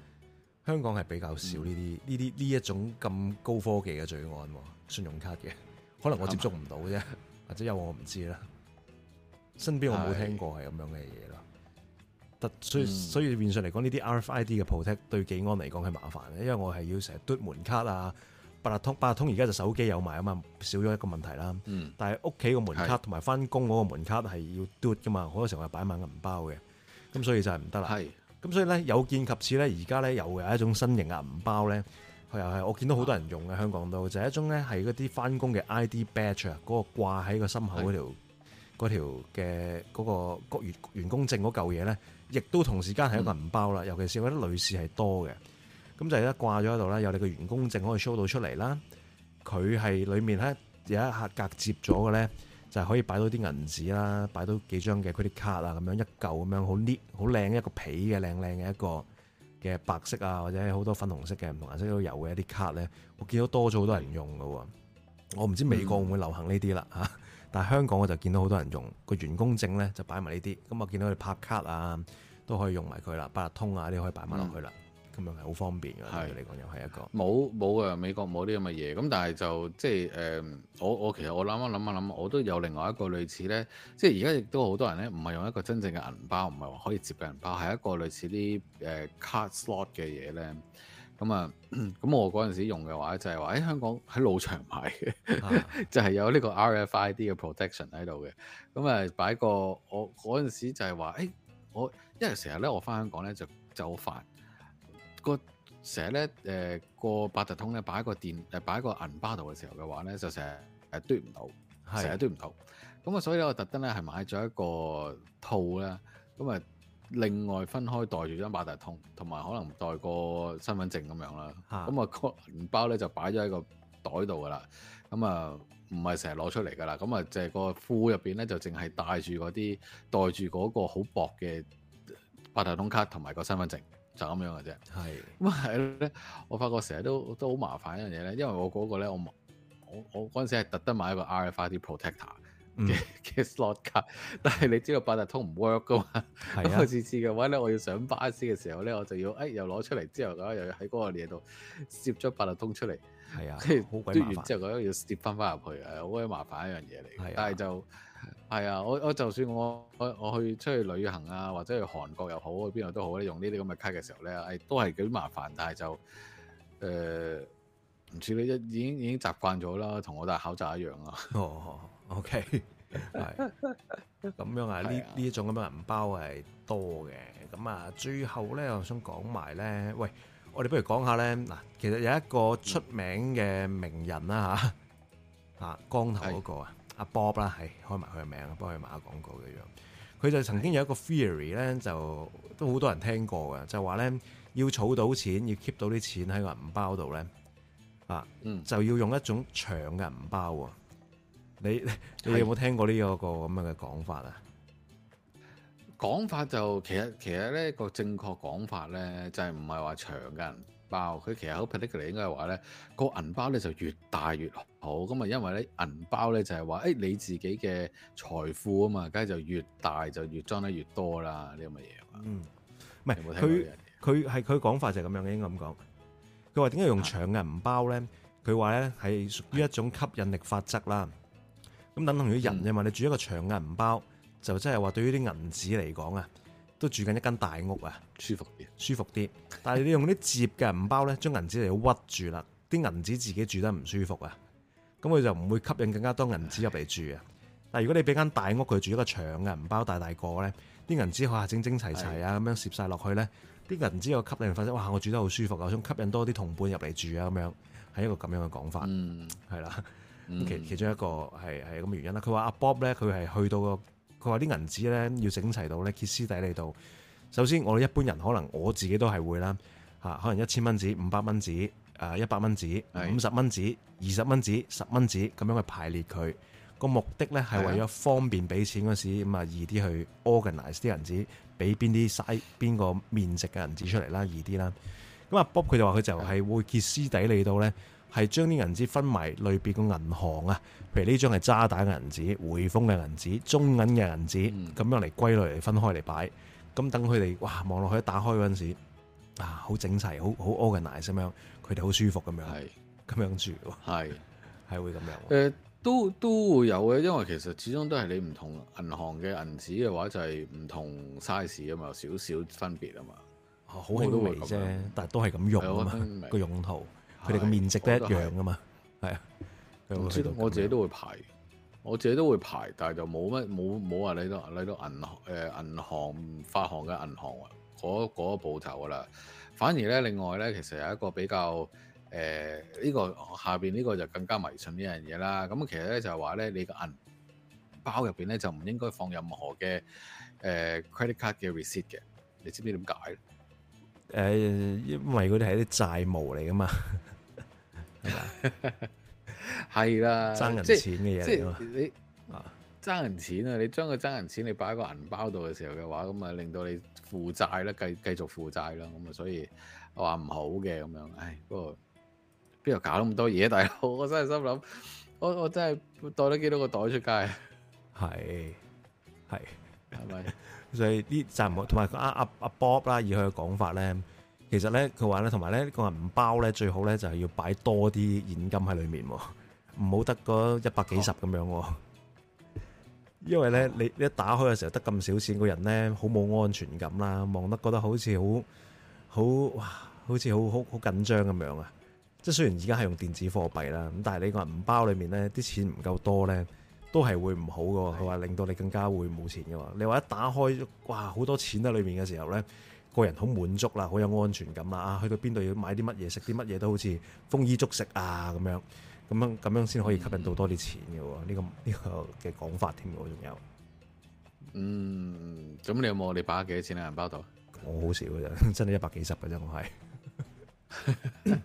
Speaker 1: 香港係比較少呢啲呢啲呢一種咁高科技嘅罪案，信用卡嘅可能我接觸唔到啫，是是或者因為我唔知啦。身邊我冇聽過係咁樣嘅嘢咯。特是所以、嗯、所以所以變相嚟講，呢啲 RFID 嘅 protect 對警安嚟講係麻煩咧，因為我係要成日嘟門卡啊。八達通，八達通而家就手機有埋啊嘛，少咗一個問題啦。嗯、但係屋企個門卡同埋返工嗰個門卡係要 do 㗎嘛，好多時候係擺埋銀包嘅。咁所以就係唔得啦。係是。咁所以咧有見及此咧，而家咧又有一種新型銀包咧，佢又係我見到好多人用嘅香港都就係、是、一種咧係嗰啲返工嘅 ID badge 啊，嗰個掛喺是、個心口嗰條嘅嗰個僱、那個、員工證嗰嚿嘢咧，亦都同時間係一個銀包啦，嗯、尤其是我覺得女士係多嘅。咁就而家掛咗喺度啦，有你嘅員工證可以 show 到出嚟啦。佢係裡面咧有一格，格接咗嘅咧，就係、是、可以擺到啲銀紙啦，擺到幾張嘅 credit card 啊咁樣，一嚿咁樣好黏好靚，一個皮嘅靚靚嘅一個嘅白色啊，或者好多粉紅色嘅唔同顏色都有嘅一啲 card 咧。我見到多咗好多人用㗎喎，我唔知美國會唔會流行呢啲啦嚇，嗯、 *laughs* 但係香港我就見到好多人用個員工證咧就擺埋呢啲，咁我見到佢拍
Speaker 2: card 啊都可以用埋佢啦，八達通啊啲可以擺埋落去啦。嗯嗯咁樣係好方便嘅，嚟講又係一個冇冇啊！美國冇啲咁嘅嘢，咁但係就即係誒、呃，我我其實我諗一諗一諗，我都有另外一個類似咧，即係而家亦都好多人咧，唔係用一個真正嘅銀包，唔係話可以接畀人包，係一個類似啲誒 card slot 嘅嘢咧。咁、嗯、啊，咁、嗯、我嗰陣時用嘅話就係話，誒、就是欸、香港喺老場買嘅、啊 *laughs* 嗯欸，就係有呢個 RFID 嘅 protection 喺度嘅。咁啊，擺個我嗰陣時就係話，誒我因為成日咧我翻香港咧就就好煩。個成日咧，誒個八達通咧，擺喺個電，誒擺喺個銀包度嘅時候嘅話咧，就成日誒嘟唔到，成日的嘟唔到。咁啊，所以咧我特登咧係買咗一個套啦，咁啊另外分開袋住張八達通，同埋可能袋個身份證咁樣啦。咁啊的銀包咧就擺咗喺個袋度噶啦，咁啊唔係成日攞出嚟噶啦，咁啊就係個褲入邊咧就淨係帶住嗰啲袋住嗰個好薄嘅八達通卡同埋個身份證，就咁樣嘅啫，係咁啊係咧！我發覺成日都都好麻煩一樣嘢咧，因為我嗰個咧，我我我嗰陣時係特登買一個 RFID Protector 嘅嘅、嗯、 *laughs* slot 卡，但係你知道八達通唔 work 噶嘛？咁、啊、次次嘅話咧，我要上巴士嘅時候咧，我就要誒、哎、又攞出嚟之後咁，又要喺嗰個嘢度攝咗八達通出嚟，
Speaker 1: 係啊，即係好鬼麻煩。完之後
Speaker 2: 咁樣要攝翻翻入去，係好鬼麻煩一樣嘢嚟，啊、但係就。係啊，我我就算我我我去出去旅行啊，或者去韓國又好，去邊度都好咧，用呢啲咁嘅卡嘅時候咧，誒，哎，都係幾麻煩，但係就誒唔似你已經已經習慣咗啦，同我戴口罩一樣啊。Oh,
Speaker 1: okay，咁樣啊。哦，OK，係咁
Speaker 2: 樣啊，呢呢一種咁嘅銀包係
Speaker 1: 多嘅，咁啊，最後咧，我想講埋咧，喂，我哋不如講下咧，嗱，其實有一個出名嘅名人啦，吓，吓，光頭嗰個啊。Bob 啦，係開埋佢嘅名幫佢買廣告嘅樣。佢就曾經有一個 theory 咧，就都好多人聽過嘅，就話咧要儲到錢，要 keep 到啲錢喺個銀包度咧，啊，就要用一種長嘅銀包喎。你、嗯、你，你有冇聽過呢、這、一個咁是樣嘅講法啊？
Speaker 2: 講法，就其實其實咧，個正確講法咧就係唔係話長嘅包佢其實好 particularly 應該話咧，個銀包咧就越大越好。咁啊，因為咧銀包咧就係話，誒你自己嘅財富啊嘛，梗係就越大就越裝得越多啦。呢咁嘅嘢。嗯，唔係佢佢係佢講法就係咁樣嘅，應該咁講。
Speaker 1: 佢話點解用長銀包咧？佢話咧係屬於一種吸引力法則啦。咁等同於人啊嘛，嗯、你住一個長銀包，就真係話對於啲銀紙嚟講啊。都住緊一間大屋啊，舒服啲，舒服啲。但係你用啲折嘅銀包咧，將銀紙嚟屈住啦，啲銀紙自己住得唔舒服啊。咁佢就唔會吸引更加多銀紙入嚟住啊。的但係如果你俾間大屋佢住一個長嘅銀包，大大個咧，啲銀紙可下整整齊齊啊，咁樣攝晒落去咧，啲的銀紙又吸引力發出，哇！我住得好舒服啊，我想吸引多啲同伴入嚟住啊，咁樣係一個咁樣嘅講法。嗯，係啦。其、嗯、其中一個係係咁嘅原因啦。佢話阿 Bob 咧，佢係去到個。佢話啲銀紙咧要整齊到咧歇斯底里到。首先，我哋一般人可能我自己都係會啦嚇，可能一千蚊紙、五百蚊紙、誒一百蚊紙、五十蚊紙、二十蚊紙、十蚊紙咁樣去排列佢。個目的咧係為咗方便俾錢嗰時咁啊的易啲去 organize 啲銀紙俾邊啲嘥邊個面值嘅銀紙出嚟啦，易啲啦。咁啊 Bob 佢就話佢就係會歇斯底里到咧，係將啲銀紙分埋類別個銀行啊。譬如呢張係渣打嘅銀紙、匯豐嘅銀紙、中銀嘅銀紙咁、嗯、樣嚟歸類嚟分開嚟擺，咁等佢哋哇望落去一打開嗰陣時啊，好整齊，好好 organize 咁樣，
Speaker 2: 佢哋好舒服咁樣，咁樣住，係係是會咁樣。誒、呃，都都會有嘅，因為其實始終都係你唔同銀行嘅銀紙嘅話，就係、是、唔同 size 啊嘛，有少少分別啊嘛，好慶幸啫，但係都係咁用啊嘛，個
Speaker 1: 用途佢哋嘅面積都一樣啊嘛，係啊。
Speaker 2: 我知道我自己都會排，我自己都會排，但係就冇乜冇冇話嚟到嚟到銀誒、呃、銀行發行嘅銀行啊。嗰個步頭噶啦。反而咧，另外咧，其實有一個比較誒呢、呃這個下邊呢個就更加迷信呢樣嘢啦。咁、嗯、其實咧就係話咧，你個銀包入邊咧就唔應該放任何嘅誒、呃、credit card 嘅 receipt 嘅。你知唔知點解？
Speaker 1: 誒、呃，因為嗰啲係啲債務
Speaker 2: 嚟噶嘛。 *laughs* *laughs* *laughs* 係啦，爭人錢嘅嘢嚟噶嘛？你啊樣，爭人錢啊！你將佢爭人錢，你擺喺個銀包度嘅時候嘅話，咁啊令到你負債啦，繼繼續負債啦，咁啊所以話唔好嘅咁樣。唉，不過邊度搞咁多嘢？大佬，我真係心諗，我我真係袋得幾多個袋出街。係係係咪？ *laughs* 吧 *laughs* 所以啲
Speaker 1: 就唔同埋阿阿阿 Bob 啦、啊，以佢嘅講法咧，其實咧佢話咧，同埋咧個銀包咧最好咧就係、是、要擺多啲現金喺裏面。 *laughs* 唔好得嗰一百幾十咁樣喎，因為呢，你一打開嘅時候得咁少錢，個人呢好冇安全感啦。望得覺得好似好好哇，好似好好好緊張咁樣啊。即係雖然而家係用電子貨幣啦，咁但係你個銀包裏面呢啲錢唔夠多呢，都係會唔好嘅。佢話的令到你更加會冇錢嘅。你話一打開哇好多錢喺裏面嘅時候呢，個人好滿足啦，好有安全感啦。啊，去到邊度要買啲乜嘢食啲乜嘢都好似豐衣足食啊咁樣。咁樣咁樣先可以吸引到多啲錢嘅喎，呢
Speaker 2: 個呢個嘅講法添喎，仲有。嗯，咁你有冇？你擺咗幾多錢啊？銀包度？
Speaker 1: 我好少嘅啫，真係一百幾十嘅啫， *laughs* *laughs* *laughs* 我係。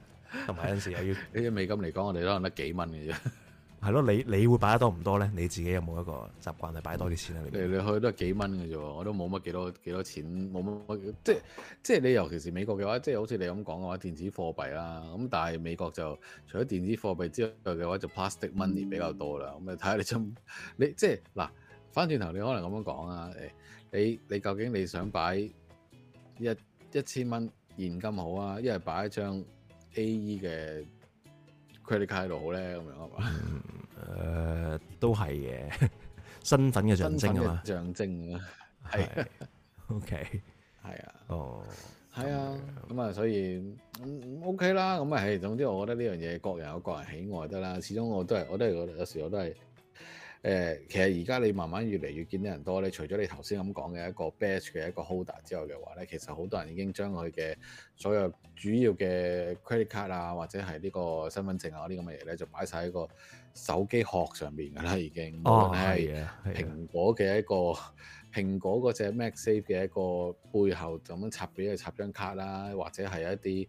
Speaker 2: 同埋有陣時又要，呢啲美金嚟講，我哋都可能得幾蚊嘅啫。係咯，你你會擺得多唔多咧？你自己有冇一個習慣係擺多啲錢咧？你、嗯、你去都係幾蚊嘅啫，我都冇乜幾多幾多錢，冇乜乜即係即係你尤其是美國嘅話，即係好似你咁講嘅話，電子貨幣啦，咁但係美國就除咗電子貨幣之外嘅話，就 Plastic Money 比較多，嗯嗯、你你啦。咁啊睇下你將你即係嗱，翻轉頭你可能咁樣講啊，誒，你你究竟你想擺一一千蚊現金好啊？擺一係擺一張 A E 嘅？credit card 佢哋態度好咧，咁樣啊嘛，誒、呃、都係嘅，
Speaker 1: 身份嘅象徵。啊嘛，
Speaker 2: 象徵，啊，係，OK，係啊，哦，係啊，咁啊，所以、嗯、OK 啦，咁啊，係，總之我覺得呢樣嘢，各人有各人喜愛得啦，始終我都係，我都係覺得，我有時候我都係。誒，其實而家你慢慢越嚟越見得人多咧，你除咗你頭先咁講嘅一個 batch 嘅一個 holder 之外嘅話咧，其實好多人已經將佢嘅所有主要嘅 credit card 啊，或者係呢個身份證啊嗰啲咁嘅嘢咧，就擺晒喺個手機殼上面㗎啦。已經，無論係蘋果嘅一個蘋果嗰隻 MagSafe 嘅一個背後咁樣插俾佢插張卡啦，或者係一啲。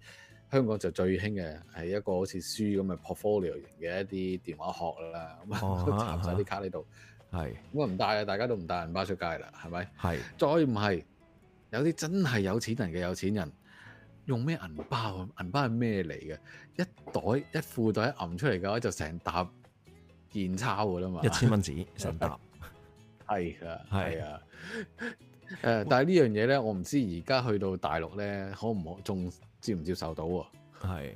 Speaker 2: 香港就最興嘅係一個好似書咁嘅 portfolio 型嘅一啲電話殼啦，咁啊都插晒啲卡呢度，係咁啊唔帶啊，大家都唔帶銀包出街啦，係咪？係。再唔係有啲真係有錢人嘅有錢人用咩銀包啊？銀包係咩嚟嘅？一袋一褲袋一揞出嚟嘅話就成沓現鈔㗎啦嘛。一千蚊紙成沓。係啊，係啊。誒，但係呢樣嘢咧，我唔知而家去到大陸咧，可唔可仲？接唔接受到？係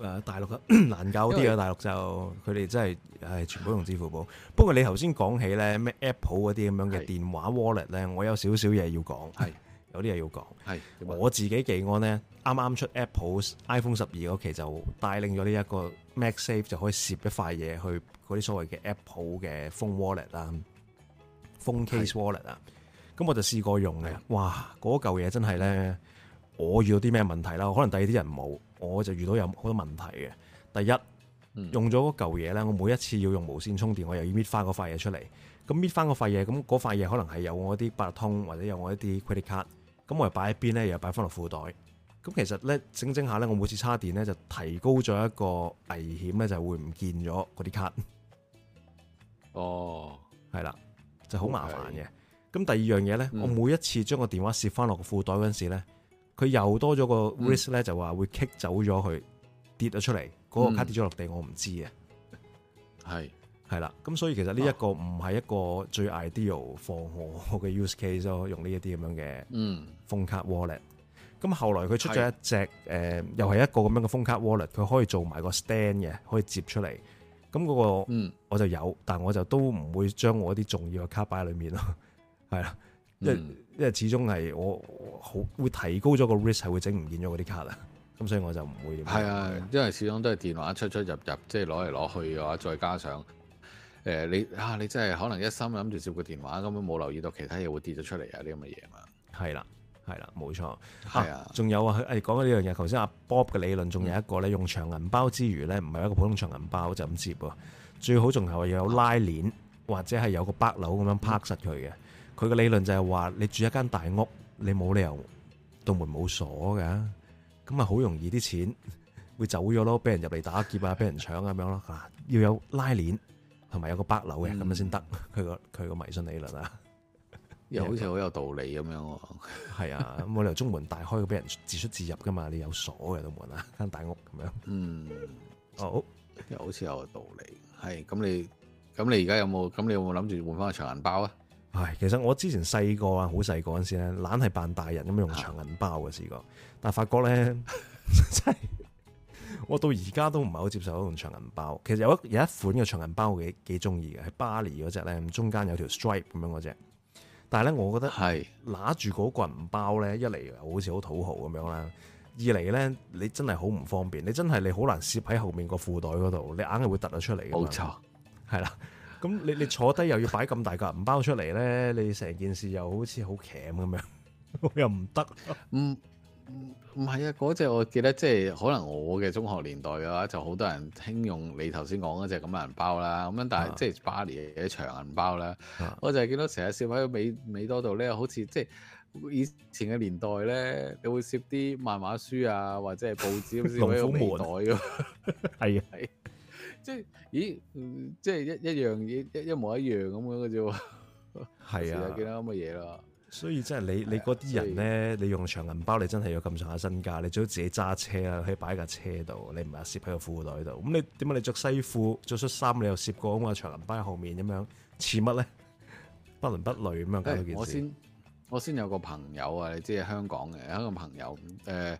Speaker 2: 誒，大陸嘅難搞啲啊！大陸就佢哋真係係全部用支付寶。
Speaker 1: 不過你頭先講起咧，咩 Apple 嗰啲咁樣嘅電話 Wallet 咧，我有少少嘢要講，係有啲嘢要講。係我自己寄安咧，啱啱出 Apple iPhone 十二嗰期就帶領咗呢一個 MagSafe 就可以攝一塊嘢去嗰啲所謂嘅 Apple 嘅 Phone Wallet 啦，Phone Case Wallet 啊，咁我就試過用嘅，哇！嗰嚿嘢真係咧～我遇到啲咩問題啦？可能第二啲人冇，我就遇到有好多問題嘅。第一，用咗嗰嚿嘢咧，我每一次要用無線充電，我又要搣翻嗰塊嘢出嚟。咁搣翻嗰塊嘢，咁嗰塊嘢可能係有我啲八達通或者有我一啲 credit card。咁我又擺喺邊咧，又擺翻落褲袋。咁其實咧，整整下咧，我每次插電咧，就提高咗一個危險咧、oh, *laughs* 就係會唔見咗嗰啲卡。哦，係啦，就好麻煩嘅。咁 okay. 第二樣嘢咧，mm. 我每一次將個電話攝翻落褲袋嗰陣時咧。佢又多咗個 risk 咧、嗯，就話會 kick 走咗佢跌咗出嚟，嗰、嗰個卡跌咗落地，嗯、我唔知嘅。係係啦，咁所以其實呢一個唔係一個最 ideal 放我嘅 use case 咯、嗯，用呢一啲咁樣嘅封卡 wallet。咁後來佢出咗一隻誒的、呃，又係一個咁樣嘅封卡 wallet，佢可以做埋個 stand 嘅，可以接出嚟。咁嗰個我就有，嗯、但係我就都唔會將我啲重要嘅卡擺喺裡面咯。係啦，嗯、因為因為始終係我好會提高咗個 risk，係會整唔見咗嗰啲卡啊！咁 *laughs* 所以我就唔會點。係啊，
Speaker 2: 因為始終都係電話出出入入，即係攞嚟攞去嘅話，再加上誒、呃、你啊，你真係可能一心諗住接個電話，根本冇留意到其他嘢會跌咗出嚟啊！啲咁嘅嘢嘛。係啦，係啦，冇錯。係啊，仲、啊、有啊，
Speaker 1: 佢誒講緊呢樣嘢。頭先阿 Bob 嘅理論，仲有一個咧，嗯、用長銀包之餘咧，唔係一個普通長銀包就咁接喎，最好仲係要有拉鏈、啊、或者係有個 buckle 咁樣拍實佢嘅。佢個理論就係話，你住一間大屋，你冇理由度門冇鎖噶，咁啊好容易啲錢會走咗咯，俾人入嚟打劫啊，俾人搶咁樣咯嚇， *laughs* 要有拉鏈同埋有個北樓嘅咁、嗯、樣先得。佢個佢個迷信理論啊，
Speaker 2: 又好似 *laughs* 好有道理咁樣喎。
Speaker 1: 係 *laughs* 啊，咁我哋由中門大開，會俾人自出自入噶嘛。你有鎖嘅度門啊， *laughs* 間大屋咁
Speaker 2: 樣。嗯，好、哦，又好似有道理。係，咁你咁你而家有冇咁你有冇諗住換翻個長銀包啊？唉，
Speaker 1: 其實我之前細個啊，好細個嗰陣時咧，懶係扮大人咁樣用長銀包嘅試過，但係發覺咧真係， *laughs* *laughs* 我到而家都唔係好接受用長銀包。其實有一有一款嘅長銀包我，我幾幾中意嘅，喺巴黎嗰隻咧，中間有條 stripe 咁樣嗰隻。但係咧，我覺得係揦住嗰個銀包咧，一嚟好似好土豪咁樣啦，二嚟咧，你真係好唔方便，你真係你好難攝喺後面個褲袋嗰度，你硬係會凸咗出嚟嘅。冇錯，係啦。咁你你坐低又要擺咁大個銀包出嚟咧？ *laughs* 你成件事又好似好働咁樣，又唔得。唔
Speaker 2: 唔唔係啊！嗰、那、隻、個、我記得，即係可能我嘅中學年代嘅話，就好多人興用你頭先講嗰隻咁嘅銀包啦。咁樣但係即係巴黎嘅長銀包啦。啊、我就係見到成日攝喺美美多度咧，好似即係以前嘅年代咧，你會攝啲漫畫書啊，或者係報紙好似，喺個皮袋。係啊係。 *laughs* 的 *laughs* 即係，咦？即係一一樣嘢，一一模一樣咁樣嘅啫喎。係 *laughs* 啊， *laughs* 見到咁嘅嘢咯。
Speaker 1: 所以真係你你嗰啲人咧， *laughs* 你用長銀包，你真係有咁上下身價。你最好自己揸車啊，可以擺架車度。你唔係攝喺個褲袋度。咁你點解你着西褲着恤衫，你又攝過咁嘅長銀包喺後面咁樣似乜咧？呢 *laughs* 不倫不類咁
Speaker 2: 樣。我先我先有個朋友啊，你知係香港嘅一個朋友。誒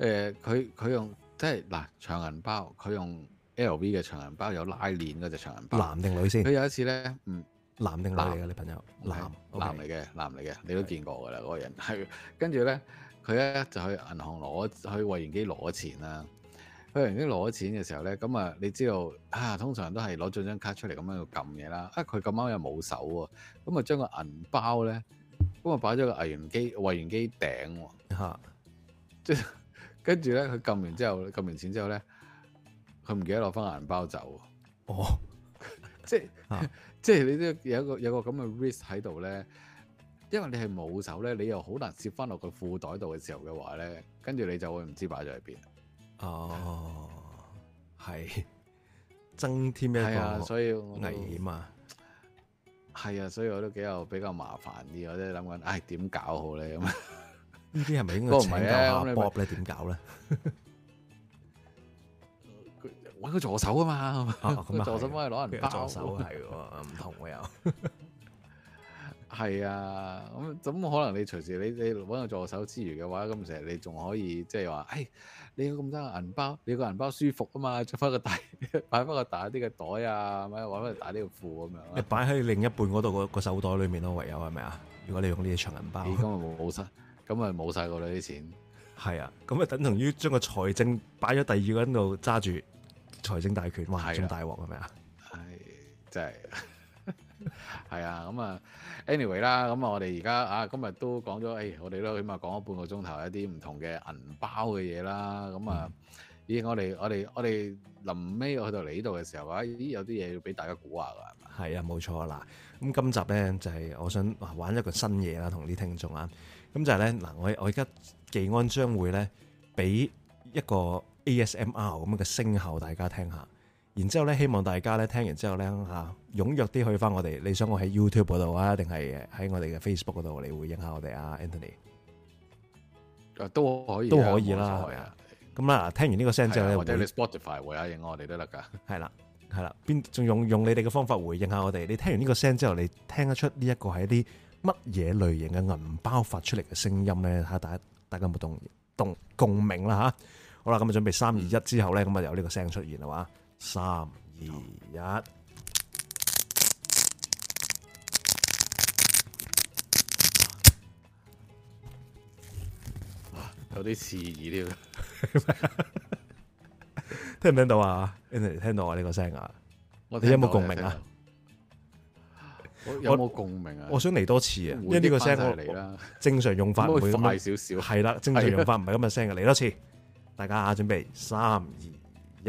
Speaker 2: 誒，佢佢用即係嗱長銀包，佢、呃呃呃呃、用。LV 嘅長銀包有拉鏈嗰隻長銀包，銀包男定女先？佢有一次咧，男，嗯，男定女嚟嘅呢朋友？男男嚟嘅，男嚟嘅，你都見過噶啦，嗰、那個人係。跟住咧，佢咧就去銀行攞，去櫃員機攞錢啦、啊。去喺櫃員機攞錢嘅時候咧，咁啊，你知道啊，通常都係攞咗張卡出嚟咁樣去撳嘢啦。啊，佢咁啱又冇手喎、啊，咁啊將個銀包咧，咁啊擺咗個櫃員機櫃員機頂喎、啊，即係跟住咧，佢撳完之後，撳完錢之後咧。佢唔記得攞翻銀包走，哦， *laughs* 即係、啊、即係你都有一個有一個咁嘅 risk 喺度咧，因為你係冇手咧，你又好難摺翻落個褲袋度嘅時候嘅話咧，跟住你就會唔知擺咗喺邊。哦，係
Speaker 1: 增添一個危險
Speaker 2: 啊！係、嗯、啊，所以我都幾有比較麻煩啲，我都諗緊，唉、哎，點搞好咧？咁呢啲係咪應該請你 Bob 點搞咧？ *laughs* 揾個助手啊嘛，咁、啊、助手可以攞人包，助手，係喎，唔同喎又，係啊，咁咁可能你隨時你你揾個助手之餘嘅話，咁成日你仲可以即係話，哎，你有咁多銀包，你個銀包舒服啊嘛，著翻個大擺翻個大啲嘅袋啊，咪揾翻大啲嘅褲咁樣，
Speaker 1: 擺喺另一半嗰度個手袋裏面咯，唯有係咪啊？如果你用呢啲長銀包，咁啊冇冇晒，咁咪冇曬嗰啲錢，係 *laughs* 啊，咁啊等同於將個財政擺咗第二個喺度揸住。財政大權，哇！仲大鑊係咪啊？係，
Speaker 2: 真係係啊！咁啊，anyway 啦，咁啊，我哋而家啊，今日都講咗，誒，我哋都起碼講咗半個鐘頭一啲唔同嘅銀包嘅嘢啦。咁啊，咦，我哋我哋我哋臨尾我去到嚟呢度嘅時候啊，咦，有啲嘢要俾大家估下
Speaker 1: 㗎。係啊，冇錯啦。咁今集咧就係我想玩一個新嘢啦，同啲聽眾啊。咁就係咧，嗱，我我而家記安將會咧俾一個 A.S.M.R. 咁樣嘅聲效，大家聽下。然之後咧，希望大家咧，聽完之後咧，吓踴躍啲，啊、去翻我哋。你想我喺 YouTube 嗰度啊，定係喺我哋嘅 Facebook 嗰度嚟回應下我哋啊，Anthony
Speaker 2: 啊。都可以、啊、都可以啦。
Speaker 1: 咁啦、啊，嗱、啊，聽完呢個聲之後咧，或者你、啊、
Speaker 2: Spotify 回應我哋都得噶。
Speaker 1: 係啦係啦，邊仲用用你哋嘅方法回應下我哋？你聽完呢個聲之後，你聽得出呢一個係一啲乜嘢類型嘅銀包發出嚟嘅聲音咧？睇下大家大家有冇同同共鳴啦吓。好啦，咁啊，準備三二一之後咧，咁啊，有呢個聲出現係嘛？三二一，
Speaker 2: 有啲刺耳呢。
Speaker 1: 聽唔聽到啊？聽到啊？呢個聲啊，我哋有冇共鳴啊？
Speaker 2: 有冇共鳴
Speaker 1: 啊？我想嚟多次啊，因為呢個聲我正常用法會咁，快少少係啦，正常用法唔係咁嘅聲嘅，嚟多次。大家啊，準備三二一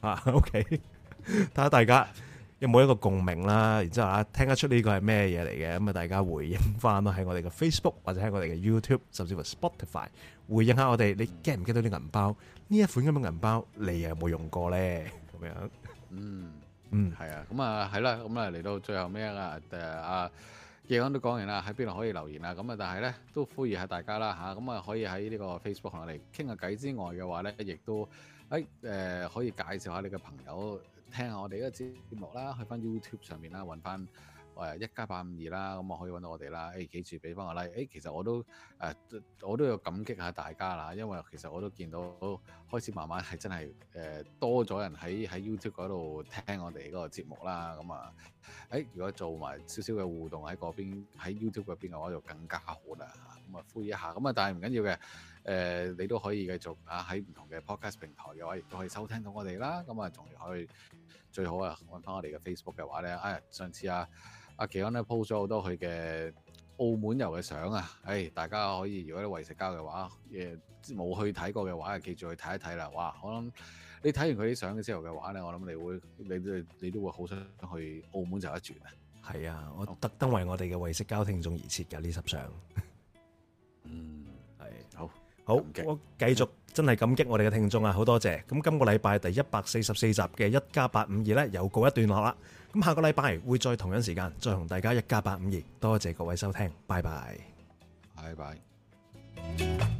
Speaker 1: 啊！OK，睇下大家有冇一個共鳴啦。然之後啊，聽得出呢個係咩嘢嚟嘅？咁啊，大家回應翻咯，喺我哋嘅 Facebook 或者喺我哋嘅 YouTube，甚至乎 Spotify 回應下我哋。你驚唔驚到啲銀包？呢一款咁嘅銀包，你又有冇用過咧？咁樣，嗯
Speaker 2: 嗯，係啊。咁啊，係啦。咁啊，嚟到最後咩啊誒啊。嘢我都講完啦，喺邊度可以留言啦，咁啊，但係咧都呼籲一下大家啦，咁啊、嗯、可以喺呢個 Facebook 同我哋傾下偈之外嘅話咧，亦都、哎呃、可以介紹下你嘅朋友聽下我哋呢個節目啦，去返 YouTube 上面啦，搵返。誒一加八五二啦，咁啊可以揾到我哋啦。誒記住俾翻個 like 我啦。誒、哎、其實我都誒、呃、我都有感激下大家啦，因為其實我都見到開始慢慢係真係誒、呃、多咗人喺喺 YouTube 嗰度聽我哋嗰個節目啦。咁啊誒如果做埋少少嘅互動喺嗰邊喺 YouTube 嗰邊嘅話，就更加好啦。咁啊呼籲一下。咁啊但係唔緊要嘅。誒、呃、你都可以繼續啊喺唔同嘅 Podcast 平台嘅話，亦都可以收聽到我哋啦。咁啊仲可以最好啊揾翻我哋嘅 Facebook 嘅話咧。啊、哎、上次啊～阿奇安咧，po 咗好多佢嘅澳門遊嘅相啊！唉，大家可以如果啲為食交嘅話，亦冇去睇過嘅話，記住去睇一睇啦！哇，我諗你睇完佢啲相嘅之後嘅話咧，我諗你會，你都你都會好想去澳門遊一轉啊！
Speaker 1: 係啊，我特登為我哋嘅為食交聽眾而設嘅呢輯相。嗯，係，好，好，我繼續，真係感激我哋嘅聽眾啊，好多謝！咁今個禮拜第一百四十四集嘅一加八五二咧，又告一段落啦。咁下個禮拜會再同樣時間再同大家一家852，52，多謝各位收聽，拜拜，拜
Speaker 2: 拜。